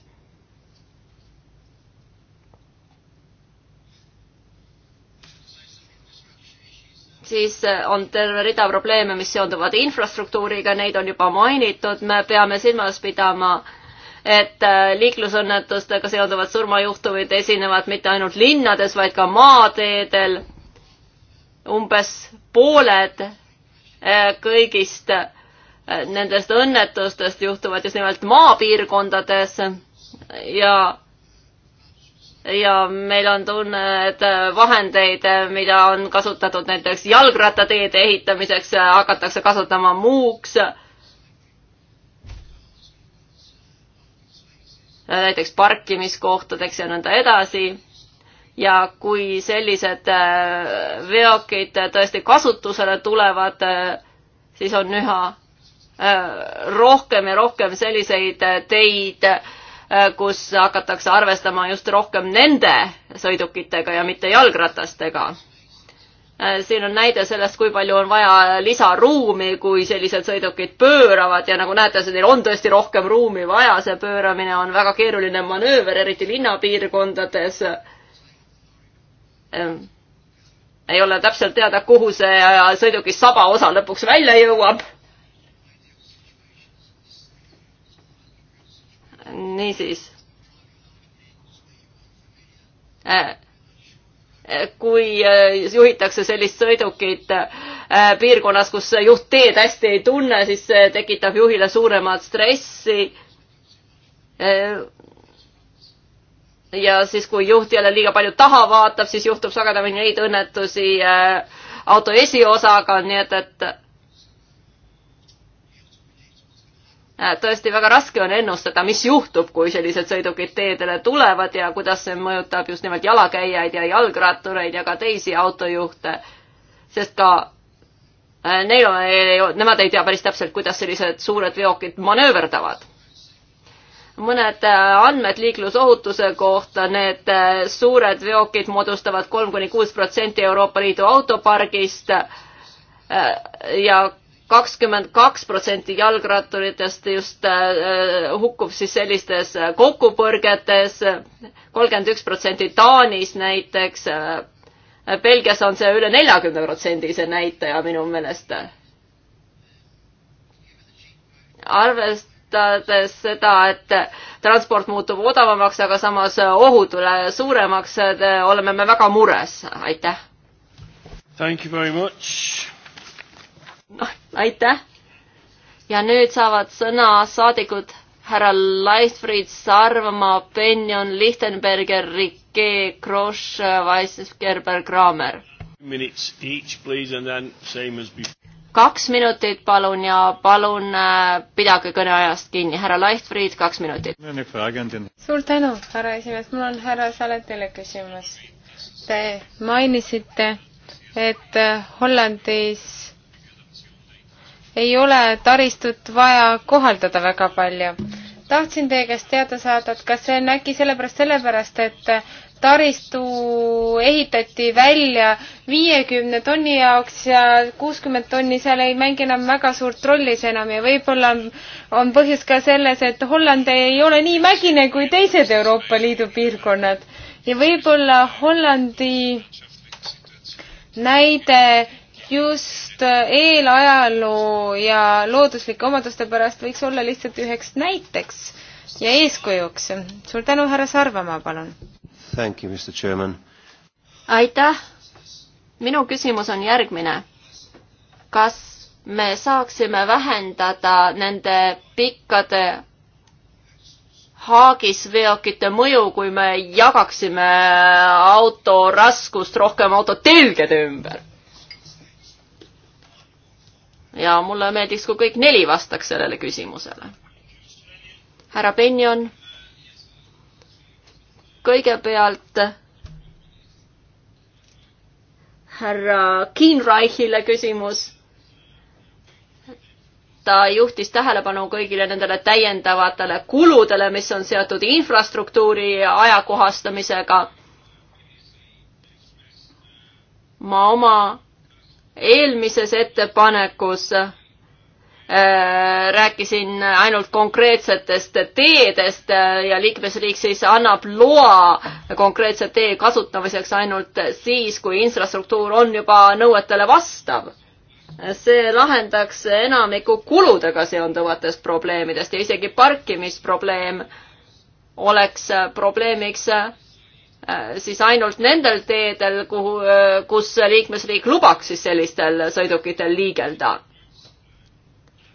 siis eh, on terve rida probleeme, mis seonduvad infrastruktuuriga, neid on juba mainitud, me peame silmas pidama, et eh, liiklusõnnetustega seonduvad surmajuhtumid esinevad mitte ainult linnades, vaid ka maateedel. umbes pooled eh, kõigist nendest õnnetustest juhtuvad just nimelt maapiirkondades ja ja meil on tunne, et äh, vahendeid, äh, mida on kasutatud näiteks jalgrattateede ehitamiseks, äh, hakatakse kasutama muuks. näiteks parkimiskohtadeks ja nõnda edasi ja kui sellised veokid tõesti kasutusele tulevad, siis on üha rohkem ja rohkem selliseid teid, Äh, kus hakatakse arvestama just rohkem nende sõidukitega ja mitte jalgratastega. Äh, siin on näide sellest, kui palju on vaja lisaruumi, kui sellised sõidukid pööravad ja nagu näete, neil on tõesti rohkem ruumi vaja, see pööramine on väga keeruline manööver, eriti linnapiirkondades ähm, ei ole täpselt teada, kuhu see äh, sõiduki saba osa lõpuks välja jõuab niisiis äh, äh, kui äh, juhitakse sellist sõidukit piirkonnas, kus juht teed hästi ei tunne, siis see tekitab juhile suuremat stressi. ja siis, kui juht jälle liiga palju taha vaatab, siis juhtub sagedamini neid õnnetusi auto esiosaga, nii et, et Äh, tõesti väga raske on ennustada, mis juhtub, kui sellised sõidukid teedele tulevad ja kuidas see mõjutab just nimelt jalakäijaid ja jalgrattureid ja ka teisi autojuhte. sest ka äh, neil on, nemad ei tea päris täpselt, kuidas sellised suured veokid manööverdavad. mõned äh, andmed liiklusohutuse kohta, need suured veokid moodustavad kolm kuni kuus protsenti Euroopa Liidu autopargist ja kakskümmend kaks protsenti jalgratturitest just äh, hukkub siis sellistes äh, kokkupõrgetes, kolmkümmend üks protsenti Taanis näiteks. Äh, Belgias on see üle neljakümne protsendi, see näitaja minu meelest. arvestades seda, et transport muutub odavamaks, aga samas ohud suuremaks, oleme me väga mures, aitäh. Thank you very much Ah, aitäh! ja nüüd saavad sõna saadikud härra Leifrid, Sarvamaa, Benjon, Lichtenberger, Rikke, Kross, Weissgerber, Kramer. kaks minutit palun ja palun äh, pidage kõneajast kinni. härra Leifrid, kaks minutit. suur tänu, härra esimees. mul on härra Saletile küsimus. Te mainisite, et Hollandis ei ole taristut vaja kohaldada väga palju. tahtsin teie käest teada saada, et kas see on äkki sellepärast, sellepärast, et taristu ehitati välja viiekümne tonni jaoks ja kuuskümmend tonni seal ei mängi enam väga suurt rolli see enam ja võib-olla on, on põhjus ka selles, et Holland ei ole nii mägine kui teised Euroopa Liidu piirkonnad ja võib-olla Hollandi näide just äh, eelajaloo ja looduslike omaduste pärast võiks olla lihtsalt üheks näiteks ja eeskujuks. suur tänu, härra Sarvamaa, palun! aitäh! minu küsimus on järgmine. kas me saaksime vähendada nende pikkade haagisveokite mõju, kui me jagaksime auto raskust rohkem auto telgede ümber? ja mulle meeldiks, kui kõik neli vastaks sellele küsimusele. härra Benjon, kõigepealt härra Kienreichile küsimus. ta juhtis tähelepanu kõigile nendele täiendavatele kuludele, mis on seotud infrastruktuuri ajakohastamisega. ma oma eelmises ettepanekus äh, rääkisin ainult konkreetsetest teedest äh, ja liikmesriik siis annab loa konkreetse tee kasutamiseks ainult siis, kui infrastruktuur on juba nõuetele vastav. see lahendaks enamiku kuludega seonduvatest probleemidest ja isegi parkimisprobleem oleks probleemiks Äh, siis ainult nendel teedel, kuhu, äh, kus liikmesriik lubaks siis sellistel sõidukitel liigelda.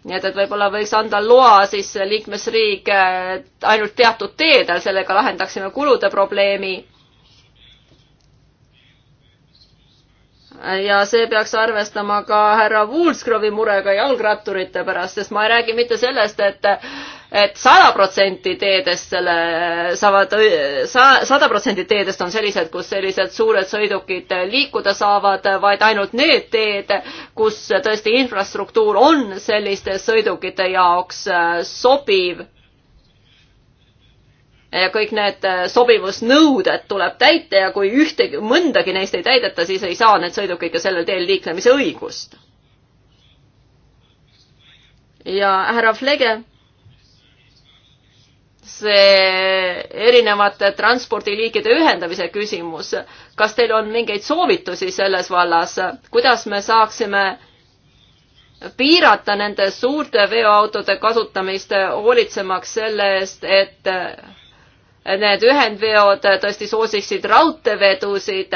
nii et, et võib-olla võiks anda loa siis liikmesriik äh, ainult teatud teedel, sellega lahendaksime kulude probleemi ja see peaks arvestama ka härra Woolscrovi murega jalgratturite pärast, sest ma ei räägi mitte sellest, et et sada protsenti teedest selle saavad, sada protsenti teedest on sellised, kus sellised suured sõidukid liikuda saavad, vaid ainult need teed, kus tõesti infrastruktuur on selliste sõidukite jaoks äh, sobiv. ja kõik need äh, sobivusnõuded tuleb täita ja kui ühtegi, mõndagi neist ei täideta, siis ei saa need sõidukid ka sellel teel liiklemise õigust. ja härra Flege see erinevate transpordiliikide ühendamise küsimus. kas teil on mingeid soovitusi selles vallas, kuidas me saaksime piirata nende suurte veoautode kasutamist, hoolitsemaks selle eest, et need ühendveod tõesti soosiksid raudteevedusid.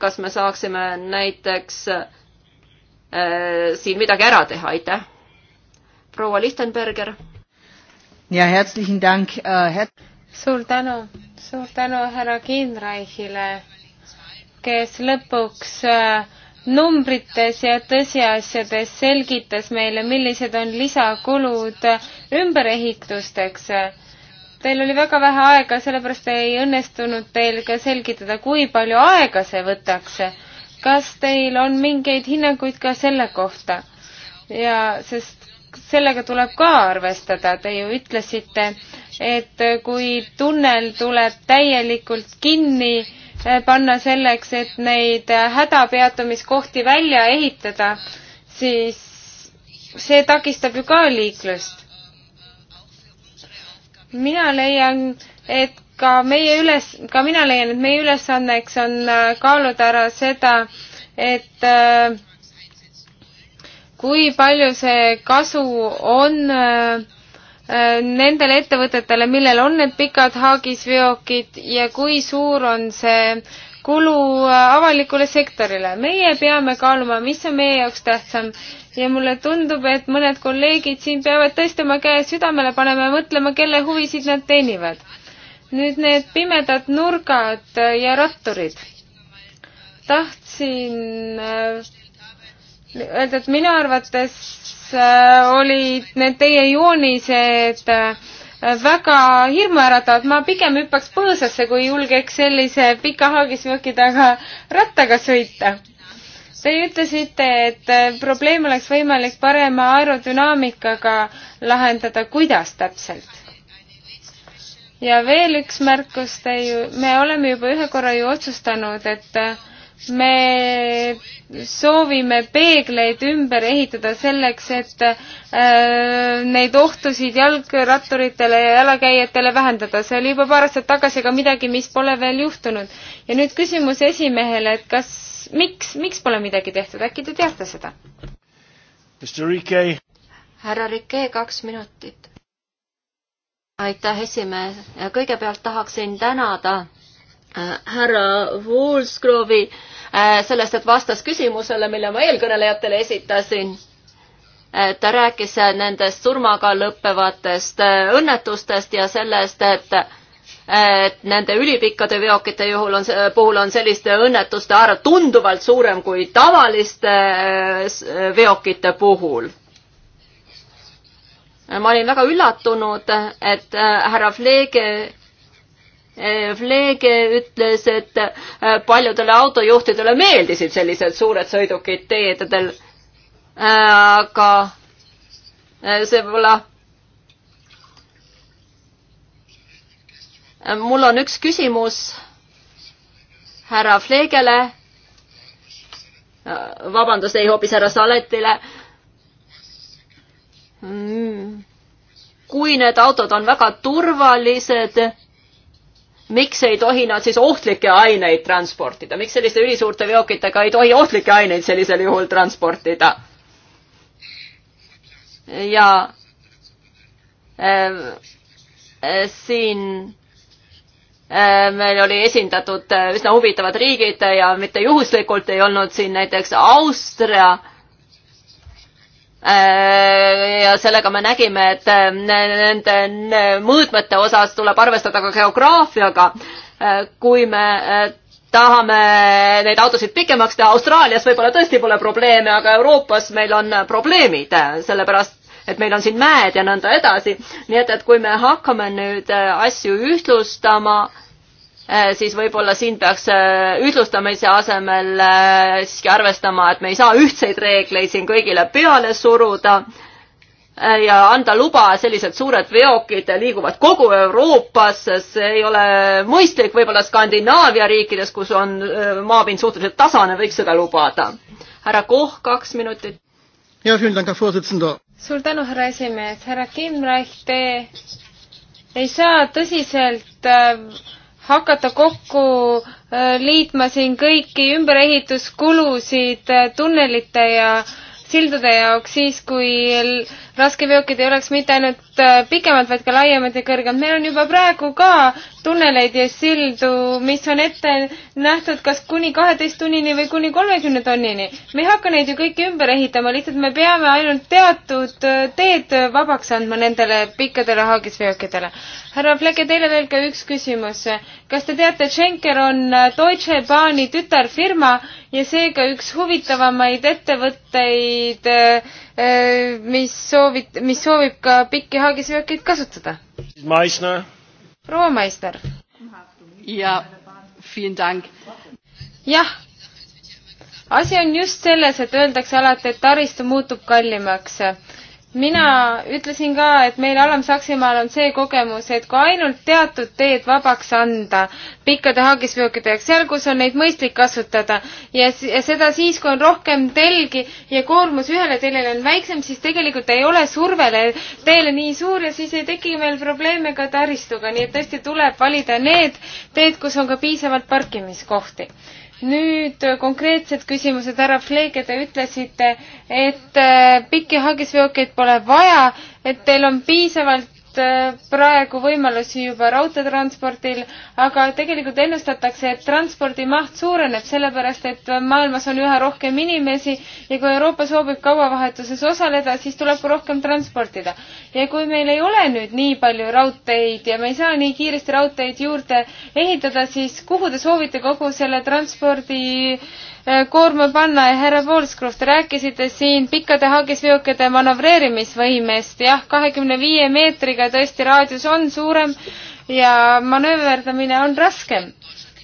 kas me saaksime näiteks eh, siin midagi ära teha, aitäh? proua Lichtenberger. ja herzlichen Dank äh,. suur tänu, suur tänu härra Kinreichile, kes lõpuks äh, numbrites ja tõsiasjades selgitas meile, millised on lisakulud äh, ümberehitusteks. Teil oli väga vähe aega, sellepärast ei õnnestunud teil ka selgitada, kui palju aega see võtaks. kas teil on mingeid hinnanguid ka selle kohta? ja sest sellega tuleb ka arvestada, te ju ütlesite, et kui tunnel tuleb täielikult kinni eh, panna selleks, et neid hädapeatumiskohti välja ehitada, siis see takistab ju ka liiklust. mina leian, et ka meie üles, ka mina leian, et meie ülesanneks on äh, kaaluda ära seda, et äh, kui palju see kasu on äh, äh, nendele ettevõtetele, millel on need pikad haagisveokid ja kui suur on see kulu äh, avalikule sektorile. meie peame kaaluma, mis on meie jaoks tähtsam ja mulle tundub, et mõned kolleegid siin peavad tõesti oma käe südamele panema ja mõtlema, kelle huvisid nad teenivad. nüüd need pimedad nurgad ja ratturid. tahtsin öelda, et minu arvates äh, olid need teie joonised äh, väga hirmuäratavad, ma pigem hüppaks põõsasse, kui julgeks sellise pika haagismõki taga rattaga sõita. Te ütlesite, et äh, probleem oleks võimalik parema aerodünaamikaga lahendada, kuidas täpselt? ja veel üks märkus, te ju, me oleme juba ühe korra ju otsustanud, et me soovime peegleid ümber ehitada selleks, et äh, neid ohtusid jalgratturitele ja jalakäijatele vähendada. see oli juba paar aastat tagasi aga midagi, mis pole veel juhtunud. ja nüüd küsimus esimehele, et kas, miks, miks pole midagi tehtud, äkki te teate seda? härra Rike, kaks minutit. aitäh, esimees. kõigepealt tahaksin tänada Äh, härra Woolscrove'i äh, sellest, et vastas küsimusele, mille ma eelkõnelejatele esitasin. Äh, ta rääkis nendest surmaga lõppevatest õnnetustest ja sellest, et et nende ülipikkade veokite juhul on, puhul on selliste õnnetuste arv tunduvalt suurem kui tavaliste veokite puhul. ma olin väga üllatunud, et härra Flege Flege ütles, et äh, paljudele autojuhtidele meeldisid sellised suured sõidukid teedel. Äh, aga äh, see võib-olla. mul on üks küsimus härra Flegele. vabandust, ei hoopis härra Saletile mm.. kui need autod on väga turvalised miks ei tohi nad siis ohtlikke aineid transportida, miks selliste ülisuurte veokitega ei tohi ohtlikke aineid sellisel juhul transportida? ja äh, äh, siin äh, meil oli esindatud äh, üsna huvitavad riigid ja mitte juhuslikult ei olnud siin näiteks Austria Äh, ja sellega me nägime, et äh, nende äh, mõõtmete osas tuleb arvestada ka geograafiaga. kui me tahame neid autosid pikemaks teha, Austraalias võib-olla tõesti pole probleeme, aga Euroopas meil on probleemid, sellepärast et meil on siin mäed ja nõnda edasi. nii et, et kui me hakkame nüüd asju ühtlustama äh, Eh, siis võib-olla siin peaks eh, ühtlustamise asemel eh, siiski arvestama, et me ei saa ühtseid reegleid siin kõigile peale suruda ja anda luba, sellised suured veokid liiguvad kogu Euroopas, see ei ole mõistlik, võib-olla Skandinaavia riikides, kus on maapind suhteliselt tasane, võiks seda lubada. härra Koh, kaks minutit. suur tänu, härra esimees, härra Kimreich, te ei saa tõsiselt äh, hakata kokku äh, liitma siin kõiki ümberehituskulusid äh, tunnelite ja sildade jaoks siis, kui raskeveokid ei oleks mitte ainult äh, pikemad, vaid ka laiemad ja kõrgemad. meil on juba praegu ka tunneleid ja sildu, mis on ette nähtud kas kuni kaheteist tunnini või kuni kolmekümne tonnini. me ei hakka neid ju kõiki ümber ehitama, lihtsalt me peame ainult teatud äh, teed vabaks andma nendele pikkadele haagisveokitele. härra Fleke, teile veel ka üks küsimus. kas te teate, et Schenker on äh, Deutsche Bahni tütarfirma ja seega üks huvitavamaid ettevõtteid äh, Äh, mis soovib, mis soovib ka pikki haagisöökeid kasutada. proua Maisner. ja, jah, asi on just selles, et öeldakse alati, et taristu muutub kallimaks mina ütlesin ka, et meil Alam-Saksimaal on see kogemus, et kui ainult teatud teed vabaks anda pikkade haagisveokiteks, seal, kus on neid mõistlik kasutada ja, ja seda siis, kui on rohkem telgi ja koormus ühele teljele on väiksem, siis tegelikult ei ole survele teele nii suur ja siis ei teki meil probleeme ka taristuga, nii et tõesti tuleb valida need teed, kus on ka piisavalt parkimiskohti nüüd äh, konkreetsed küsimused, härra Fleege, te ütlesite, et äh, pikki haagisveokeid pole vaja, et teil on piisavalt Äh, praegu võimalusi juba raudteetranspordil, aga tegelikult ennustatakse, et transpordi maht suureneb, sellepärast et maailmas on üha rohkem inimesi ja kui Euroopa soovib kaubavahetuses osaleda, siis tuleb ka rohkem transportida. ja kui meil ei ole nüüd nii palju raudteid ja me ei saa nii kiiresti raudteid juurde ehitada, siis kuhu te soovite kogu selle transpordi äh, Äh, koorma panna ja härra Poolskrov, te rääkisite siin pikkade haagisveokite manövreerimisvõimest, jah, kahekümne viie meetriga tõesti raadius on suurem ja manööverdamine on raskem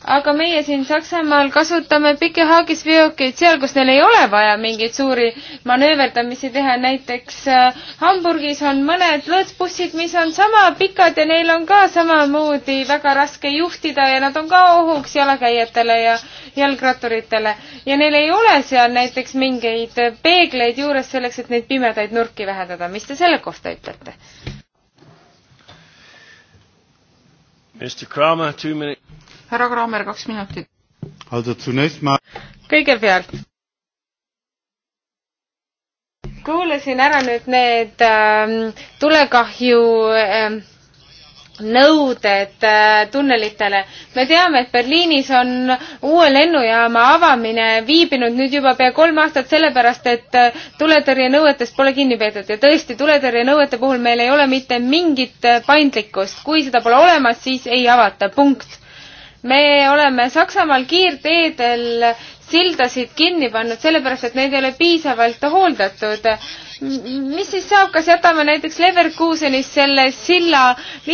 aga meie siin Saksamaal kasutame pikki haagisveokeid seal, kus neil ei ole vaja mingeid suuri manööverdamisi teha, näiteks äh, Hamburgis on mõned lõõtsbussid, mis on sama pikad ja neil on ka samamoodi väga raske juhtida ja nad on ka ohuks jalakäijatele ja jalgratturitele. ja neil ei ole seal näiteks mingeid peegleid juures selleks, et neid pimedaid nurki vähendada. mis te selle kohta ütlete? Mr Kramer, two minutes härra Kraamer, kaks minutit. kõigepealt kuulasin ära nüüd need äh, tulekahju äh, nõuded äh, tunnelitele. me teame, et Berliinis on uue lennujaama avamine viibinud nüüd juba pea kolm aastat, sellepärast et äh, tuletõrjenõuetest pole kinni peetud ja tõesti, tuletõrjenõuete puhul meil ei ole mitte mingit äh, paindlikkust. kui seda pole olemas, siis ei avata, punkt me oleme Saksamaal kiirteedel sildasid kinni pannud, sellepärast et neid ei ole piisavalt hooldatud. mis siis saab, kas jätame näiteks Leverkusenis selle silla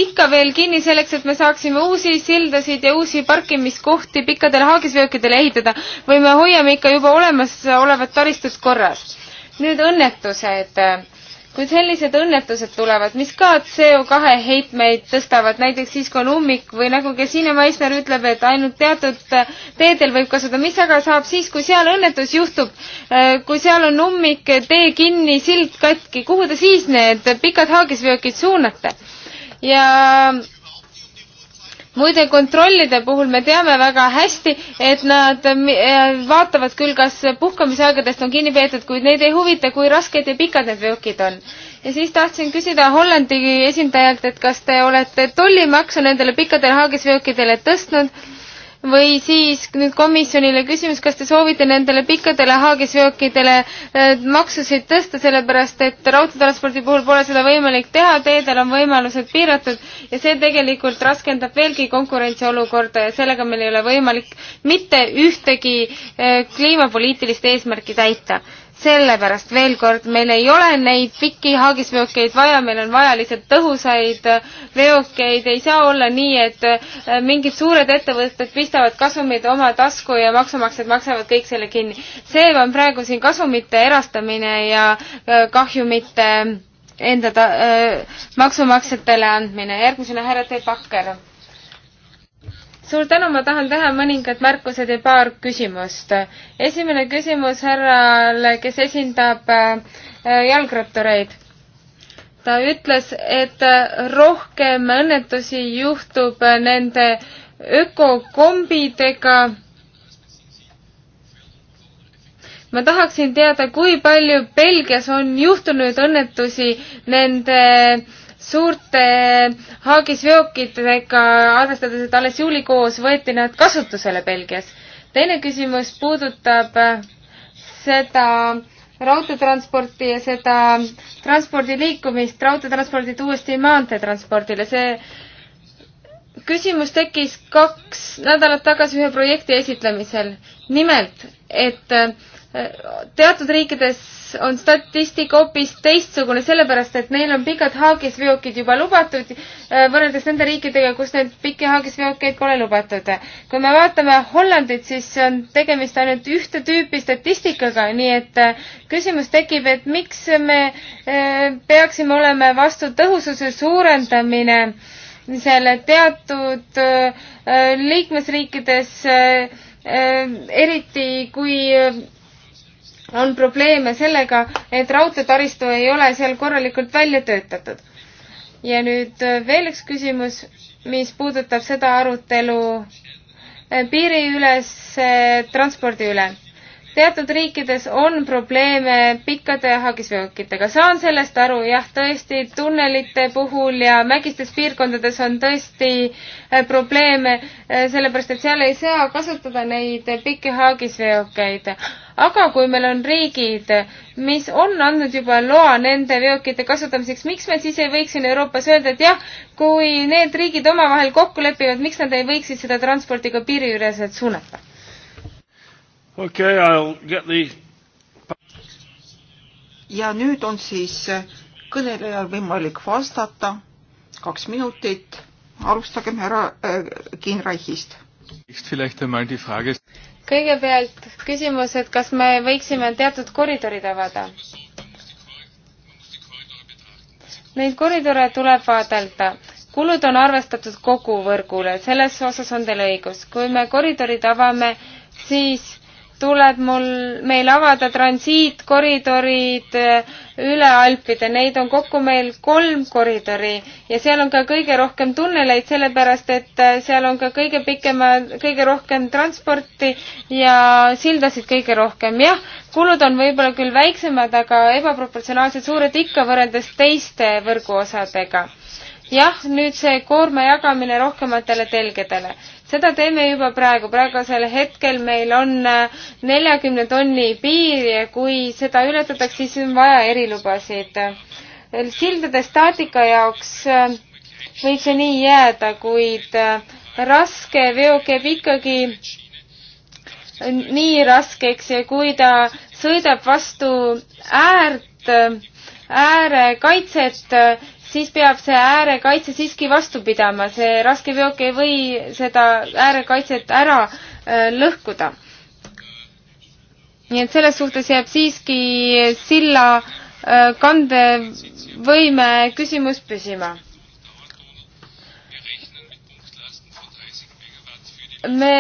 ikka veel kinni selleks, et me saaksime uusi sildasid ja uusi parkimiskohti pikkadele haagisveokidele ehitada või me hoiame ikka juba olemasolevat taristut korras? nüüd õnnetused kui sellised õnnetused tulevad, mis ka CO2 heitmeid tõstavad, näiteks siis, kui on ummik või nagu Gesine Meissner ütleb, et ainult teatud äh, teedel võib kasutada, mis aga saab siis, kui seal õnnetus juhtub, äh, kui seal on ummik, tee kinni, sild katki, kuhu te siis need pikad haagisvöökid suunate? ja muide, kontrollide puhul me teame väga hästi, et nad eh, vaatavad küll, kas puhkamisaegadest on kinni peetud, kuid neid ei huvita, kui rasked ja pikad need veokid on. ja siis tahtsin küsida Hollandi esindajalt, et kas te olete tollimaksu nendele pikkadele haagisveokidele tõstnud või siis nüüd komisjonile küsimus, kas te soovite nendele pikkadele haagisveokitele äh, maksusid tõsta, sellepärast et raudteetranspordi puhul pole seda võimalik teha, teedel on võimalused piiratud ja see tegelikult raskendab veelgi konkurentsiolukorda ja sellega meil ei ole võimalik mitte ühtegi äh, kliimapoliitilist eesmärki täita sellepärast veel kord, meil ei ole neid pikki haagisveokeid vaja, meil on vaja lihtsalt tõhusaid veokeid, ei saa olla nii, et äh, mingid suured ettevõtted pistavad kasumid oma tasku ja maksumaksjad maksavad kõik selle kinni. see on praegu siin kasumite erastamine ja äh, kahjumite enda ta-, äh, maksumaksjatele andmine. järgmisena härra Teet Pakker suur tänu, ma tahan teha mõningad märkused ja paar küsimust. esimene küsimus härrale, kes esindab äh, jalgrattureid. ta ütles, et rohkem õnnetusi juhtub nende ökokombidega ma tahaksin teada, kui palju Belgias on juhtunud õnnetusi nende suurte haagisveokitega, arvestades, et alles juulikuus võeti nad kasutusele Belgias. teine küsimus puudutab äh, seda raudteetransporti ja seda transpordi liikumist raudteetranspordilt uuesti maanteetranspordile. see küsimus tekkis kaks nädalat tagasi ühe projekti esitlemisel. nimelt, et äh, teatud riikides on statistika hoopis teistsugune, sellepärast et neil on pikad haagisveokid juba lubatud äh, võrreldes nende riikidega, kus neid pikki haagisveokeid pole lubatud. kui me vaatame Hollandit, siis on tegemist ainult ühte tüüpi statistikaga, nii et äh, küsimus tekib, et miks me äh, peaksime olema vastu tõhususe suurendamine selle teatud liikmesriikides, eriti kui on probleeme sellega, et raudteetaristu ei ole seal korralikult välja töötatud. ja nüüd äh, veel üks küsimus, mis puudutab seda arutelu äh, piiriülese transpordi üle teatud riikides on probleeme pikkade haagisveokitega, saan sellest aru, jah, tõesti, tunnelite puhul ja mägistes piirkondades on tõesti eh, probleeme, eh, sellepärast et seal ei saa kasutada neid pikki haagisveokeid. aga kui meil on riigid, mis on andnud juba loa nende veokite kasutamiseks, miks me siis ei võiks siin Euroopas öelda, et jah, kui need riigid omavahel kokku lepivad, miks nad ei võiks siis seda transporti ka piiriüleselt suunata? Okay, I'll get the... ja nüüd on siis kõnelejal võimalik vastata. kaks minutit. alustagem härra äh, kindralist. kõigepealt küsimus, et kas me võiksime teatud koridorid avada? Neid koridore tuleb vaadelda. kulud on arvestatud kogu võrgule, selles osas on teil õigus. kui me koridorid avame, siis tuleb mul, meil avada transiitkoridorid üle Alpide, neid on kokku meil kolm koridori ja seal on ka kõige rohkem tunneleid, sellepärast et äh, seal on ka kõige pikema, kõige rohkem transporti ja sildasid kõige rohkem. jah, kulud on võib-olla küll väiksemad, aga ebaproportsionaalselt suured ikka võrreldes teiste võrguosadega jah, nüüd see koorma jagamine rohkematele telgedele seda teeme juba praegu, praegusel hetkel meil on äh, neljakümne tonni piir ja kui seda ületatakse, siis on vaja erilubasid. Äh, sildade staatika jaoks äh, võib see nii jääda, kuid raske veo käib ikkagi nii raskeks ja kui ta sõidab vastu äärt, äärekaitset, siis peab see äärekaitse siiski vastu pidama, see raskeveok ei või seda äärekaitset ära äh, lõhkuda. nii et selles suhtes jääb siiski silla äh, kandevõime küsimus püsima. me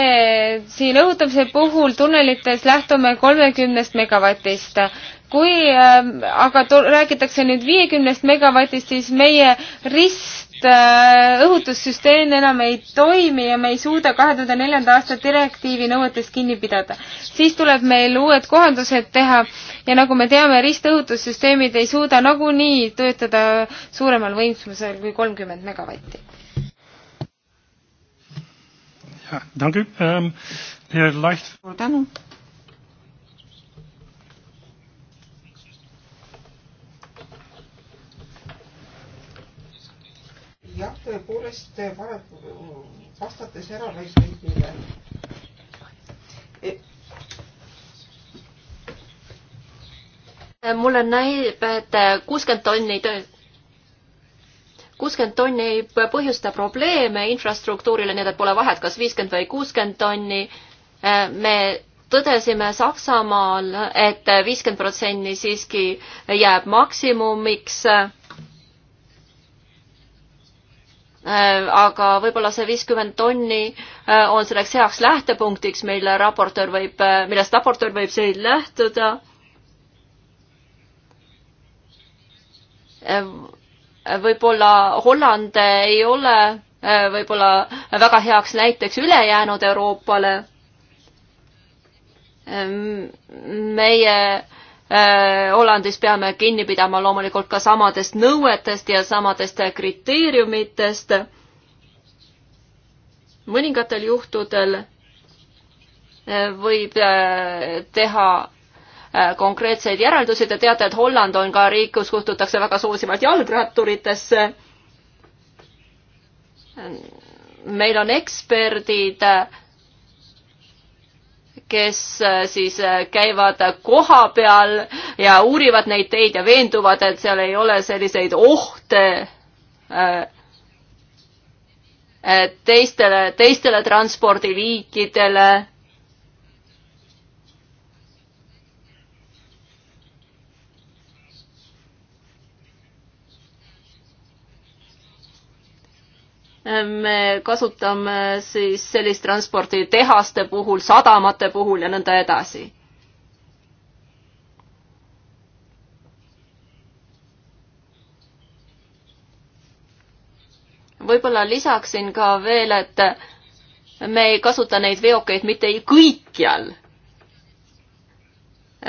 siin õhutamise puhul tunnelites lähtume kolmekümnest megavatist kui ähm, aga räägitakse nüüd viiekümnest megavatist, siis meie rist äh, õhutussüsteem enam ei toimi ja me ei suuda kahe tuhande neljanda aasta direktiivi nõuetest kinni pidada. siis tuleb meil uued kohandused teha ja nagu me teame, ristõhutussüsteemid ei suuda nagunii töötada suuremal võimsusel kui kolmkümmend megavatti. Ähm, suur tänu. jah, tõepoolest parem eh, eh, vastates ära Reisendile. Eh, mulle näib, et kuuskümmend tonni töö, kuuskümmend tonni ei põhjusta probleeme infrastruktuurile, nii et pole vahet, kas viiskümmend või kuuskümmend tonni. me tõdesime Saksamaal et, et viiskümmend protsenti siiski jääb maksimumiks Äh, aga võib-olla see viiskümmend tonni äh, on selleks heaks lähtepunktiks, mille raportöör võib, äh, millest raportöör võib siin lähtuda. võib-olla Holland ei ole võib-olla väga heaks näiteks ülejäänud Euroopale. meie Äh, Hollandis peame kinni pidama loomulikult ka samadest nõuetest ja samadest kriteeriumitest. mõningatel juhtudel äh, võib äh, teha konkreetseid järeldusi, te teate, et Holland on ka riik, kus kohtutakse väga soosivalt jalgratturitesse. meil on eksperdid äh, kes äh, siis äh, käivad koha peal ja uurivad neid teid ja veenduvad, et seal ei ole selliseid ohte äh, teistele, teistele transpordiliikidele me kasutame siis sellist transporti tehaste puhul, sadamate puhul ja nõnda edasi. võib-olla lisaksin ka veel, et me ei kasuta neid veokeid mitte kõikjal.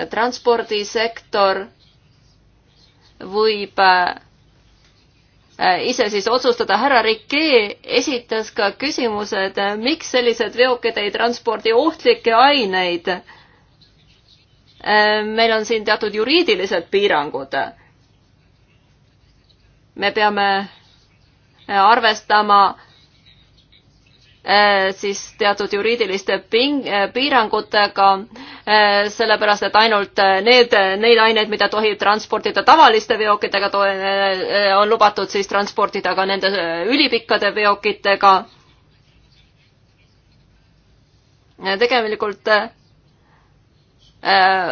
transpordisektor võib äh, Äh, ise siis otsustada. härra Rikee esitas ka küsimuse, et äh, miks sellised veokid ei transpordi ohtlikke aineid. Äh, meil on siin teatud juriidilised piirangud. me peame arvestama Äh, siis teatud juriidiliste ping-, äh, piirangutega, äh, sellepärast et ainult need, neid aineid, mida tohib transportida tavaliste veokitega, on lubatud siis transportida ka nende ülipikkade veokitega. tegelikult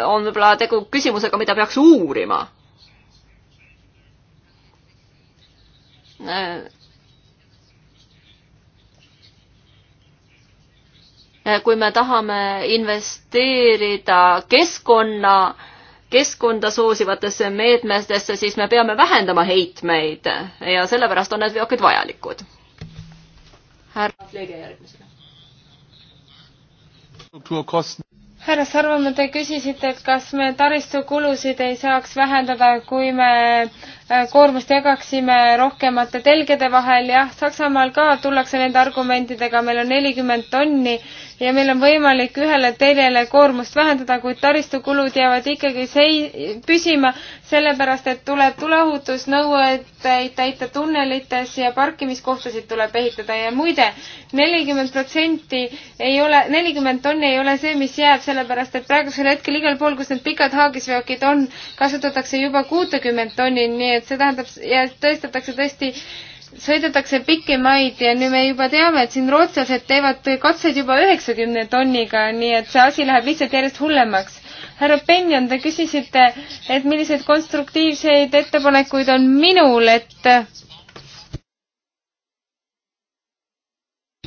on võib-olla tegu küsimusega, mida peaks uurima Eh, kui me tahame investeerida keskkonna, keskkonda soosivatesse meetmetesse, siis me peame vähendama heitmeid ja sellepärast on need veokid vajalikud. härra Flege järgmisena. härra Sarvamaa, te küsisite, et kas me taristukulusid ei saaks vähendada, kui me Äh, koormust jagaksime rohkemate telgede vahel, jah, Saksamaal ka tullakse nende argumentidega, meil on nelikümmend tonni ja meil on võimalik ühele teljele koormust vähendada, kuid taristukulud jäävad ikkagi sei-, püsima, sellepärast et tuleb tuleohutusnõueid täita tunnelites ja parkimiskohtasid tuleb ehitada ja muide, nelikümmend protsenti ei ole, nelikümmend tonni ei ole see, mis jääb, sellepärast et praegusel hetkel igal pool, kus need pikad haagisveokid on, kasutatakse juba kuutekümmet tonni, nii et et see tähendab ja tõestatakse tõesti sõidetakse pikki maid ja nüüd me juba teame, et siin rootslased teevad katseid juba üheksakümne tonniga, nii et see asi läheb lihtsalt järjest hullemaks. härra Penjon, te küsisite, et milliseid konstruktiivseid ettepanekuid on minul, et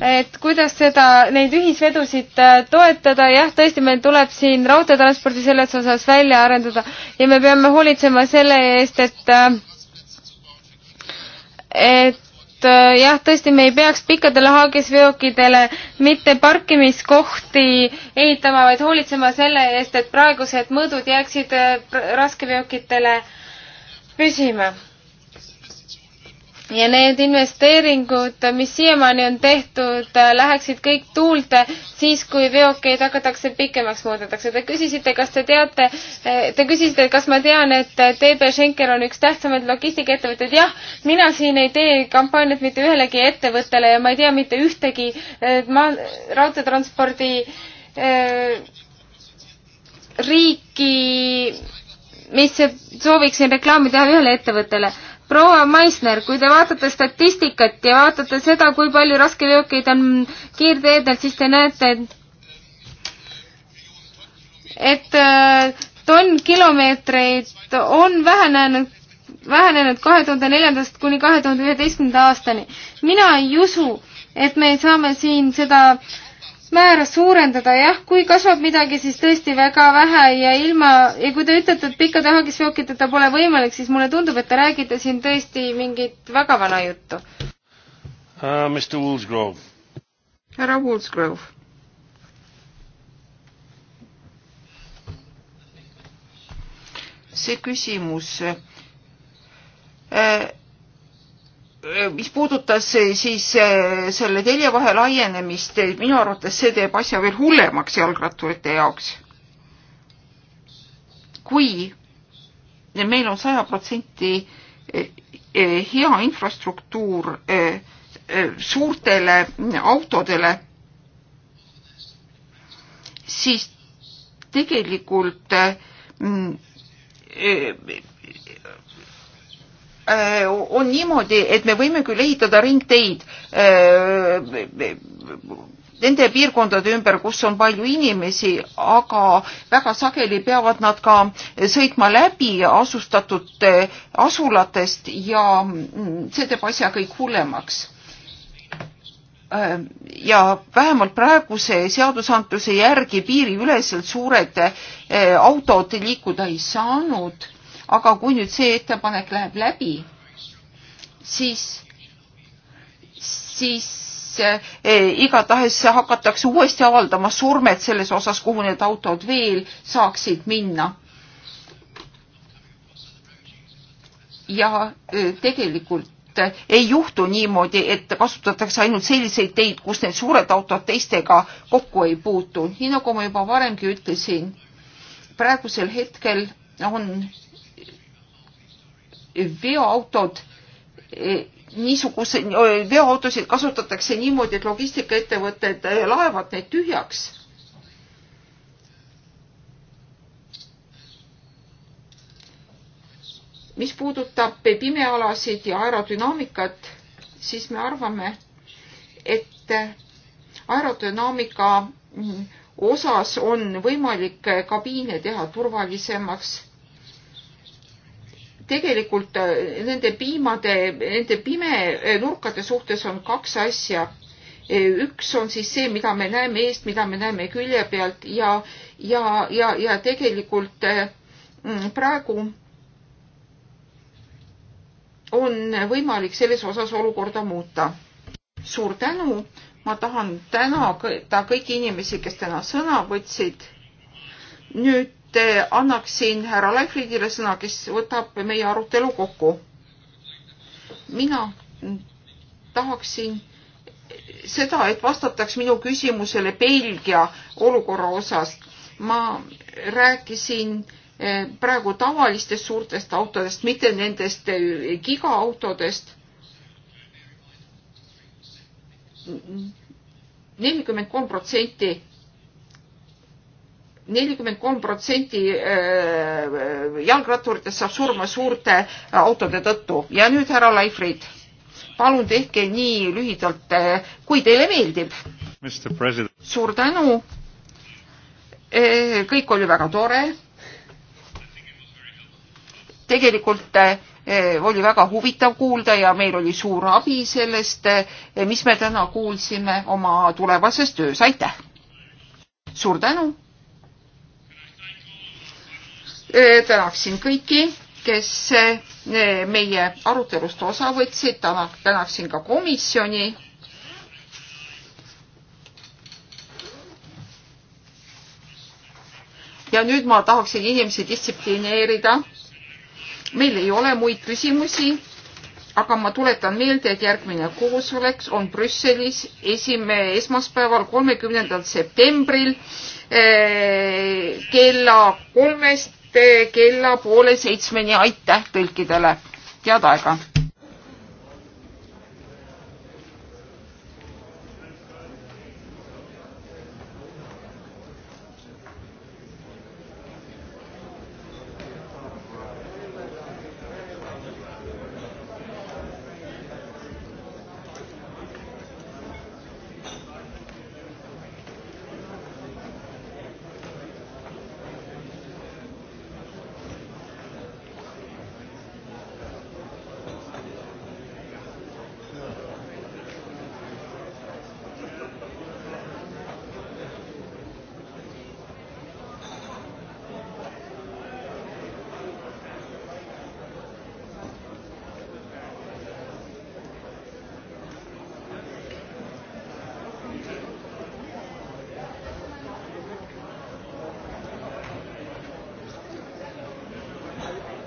et kuidas seda, neid ühisvedusid äh, toetada, jah, tõesti, meil tuleb siin raudteetranspordi selles osas välja arendada ja me peame hoolitsema selle eest, et äh, et äh, jah, tõesti, me ei peaks pikkadele haagisveokidele mitte parkimiskohti ehitama, vaid hoolitsema selle eest, et praegused mõõdud jääksid raskeveokitele püsima ja need investeeringud, mis siiamaani on tehtud, läheksid kõik tuulde siis, kui veokeid hakatakse pikemaks muudetakse. Te küsisite, kas te teate, te küsisite, kas ma tean, et TB Schenker on üks tähtsamaid logistikaettevõtteid. jah, mina siin ei tee kampaaniat mitte ühelegi ettevõttele ja ma ei tea mitte ühtegi ma, raudteetranspordi äh, riiki, mis sooviksin reklaami teha ühele ettevõttele proua Maisner, kui te vaatate statistikat ja vaatate seda, kui palju raskeveokeid on kiirteedel, siis te näete, et äh, tonn kilomeetreid on vähenenud, vähenenud kahe tuhande neljandast kuni kahe tuhande üheteistkümnenda aastani. mina ei usu, et me saame siin seda äh, määra suurendada, jah, kui kasvab midagi, siis tõesti väga vähe ja ilma, ja kui te ütlete, et pikkade haagisveokiteta pole võimalik, siis mulle tundub, et te räägite siin tõesti mingit väga vana juttu uh,. Äh, Mr Woolsgrove. härra Woolsgrove. see küsimus äh, mis puudutas eh, siis eh, selle teljevahe laienemist, eh, minu arvates see teeb asja veel hullemaks jalgratturite jaoks. kui meil on saja protsenti hea infrastruktuur suurtele autodele, siis tegelikult mm, Äh, on niimoodi, et me võime küll ehitada ringteid äh, nende piirkondade ümber, kus on palju inimesi, aga väga sageli peavad nad ka sõitma läbi asustatud asulatest ja mm, see teeb asja kõik hullemaks. Äh, ja vähemalt praeguse seadusandluse järgi piiriüleselt suured autod liikuda ei saanud aga kui nüüd see ettepanek läheb läbi, siis, siis eh, igatahes hakatakse uuesti avaldama surmet selles osas, kuhu need autod veel saaksid minna ja eh, tegelikult eh, ei juhtu niimoodi, et kasutatakse ainult selliseid teid, kus need suured autod teistega kokku ei puutu. nii nagu ma juba varemgi ütlesin, praegusel hetkel on veoautod e, niisuguse, veoautosid kasutatakse niimoodi, et logistikaettevõtted e, laevad neid tühjaks. mis puudutab e, pimealasid ja aerodünaamikat, siis me arvame, et aerodünaamika mm, osas on võimalik kabiine teha turvalisemaks tegelikult äh, nende piimade, nende pimenurkade äh, suhtes on kaks asja. Äh, üks on siis see, mida me näeme eest, mida me näeme külje pealt ja, ja, ja, ja tegelikult mm, praegu on võimalik selles osas olukorda muuta. suur tänu, ma tahan tänada kõiki inimesi, kes täna sõna võtsid. nüüd Eh, annaksin härra Leifridile sõna, kes võtab meie arutelu kokku. mina tahaksin seda, et vastataks minu küsimusele Belgia olukorra osas. ma rääkisin eh, praegu tavalistest suurtest autodest, mitte nendest eh, gigaautodest. nelikümmend kolm protsenti nelikümmend kolm protsenti äh, jalgratturitest saab surma suurte äh, autode tõttu ja nüüd härra Laifrid, palun tehke nii lühidalt, äh, kui teile meeldib. suur tänu. kõik oli väga tore. tegelikult oli väga huvitav kuulda ja meil oli suur abi sellest, mis me täna kuulsime oma tulevases töös, aitäh! suur tänu! tänaksin kõiki, kes meie arutelust osa võtsid, tänaksin ka komisjoni. ja nüüd ma tahaksin inimesi distsiplineerida. meil ei ole muid küsimusi, aga ma tuletan meelde, et järgmine koosolek on Brüsselis esime-, esmaspäeval, kolmekümnendal septembril kella kolmest kella poole seitsmeni, aitäh tõlkidele, head aega!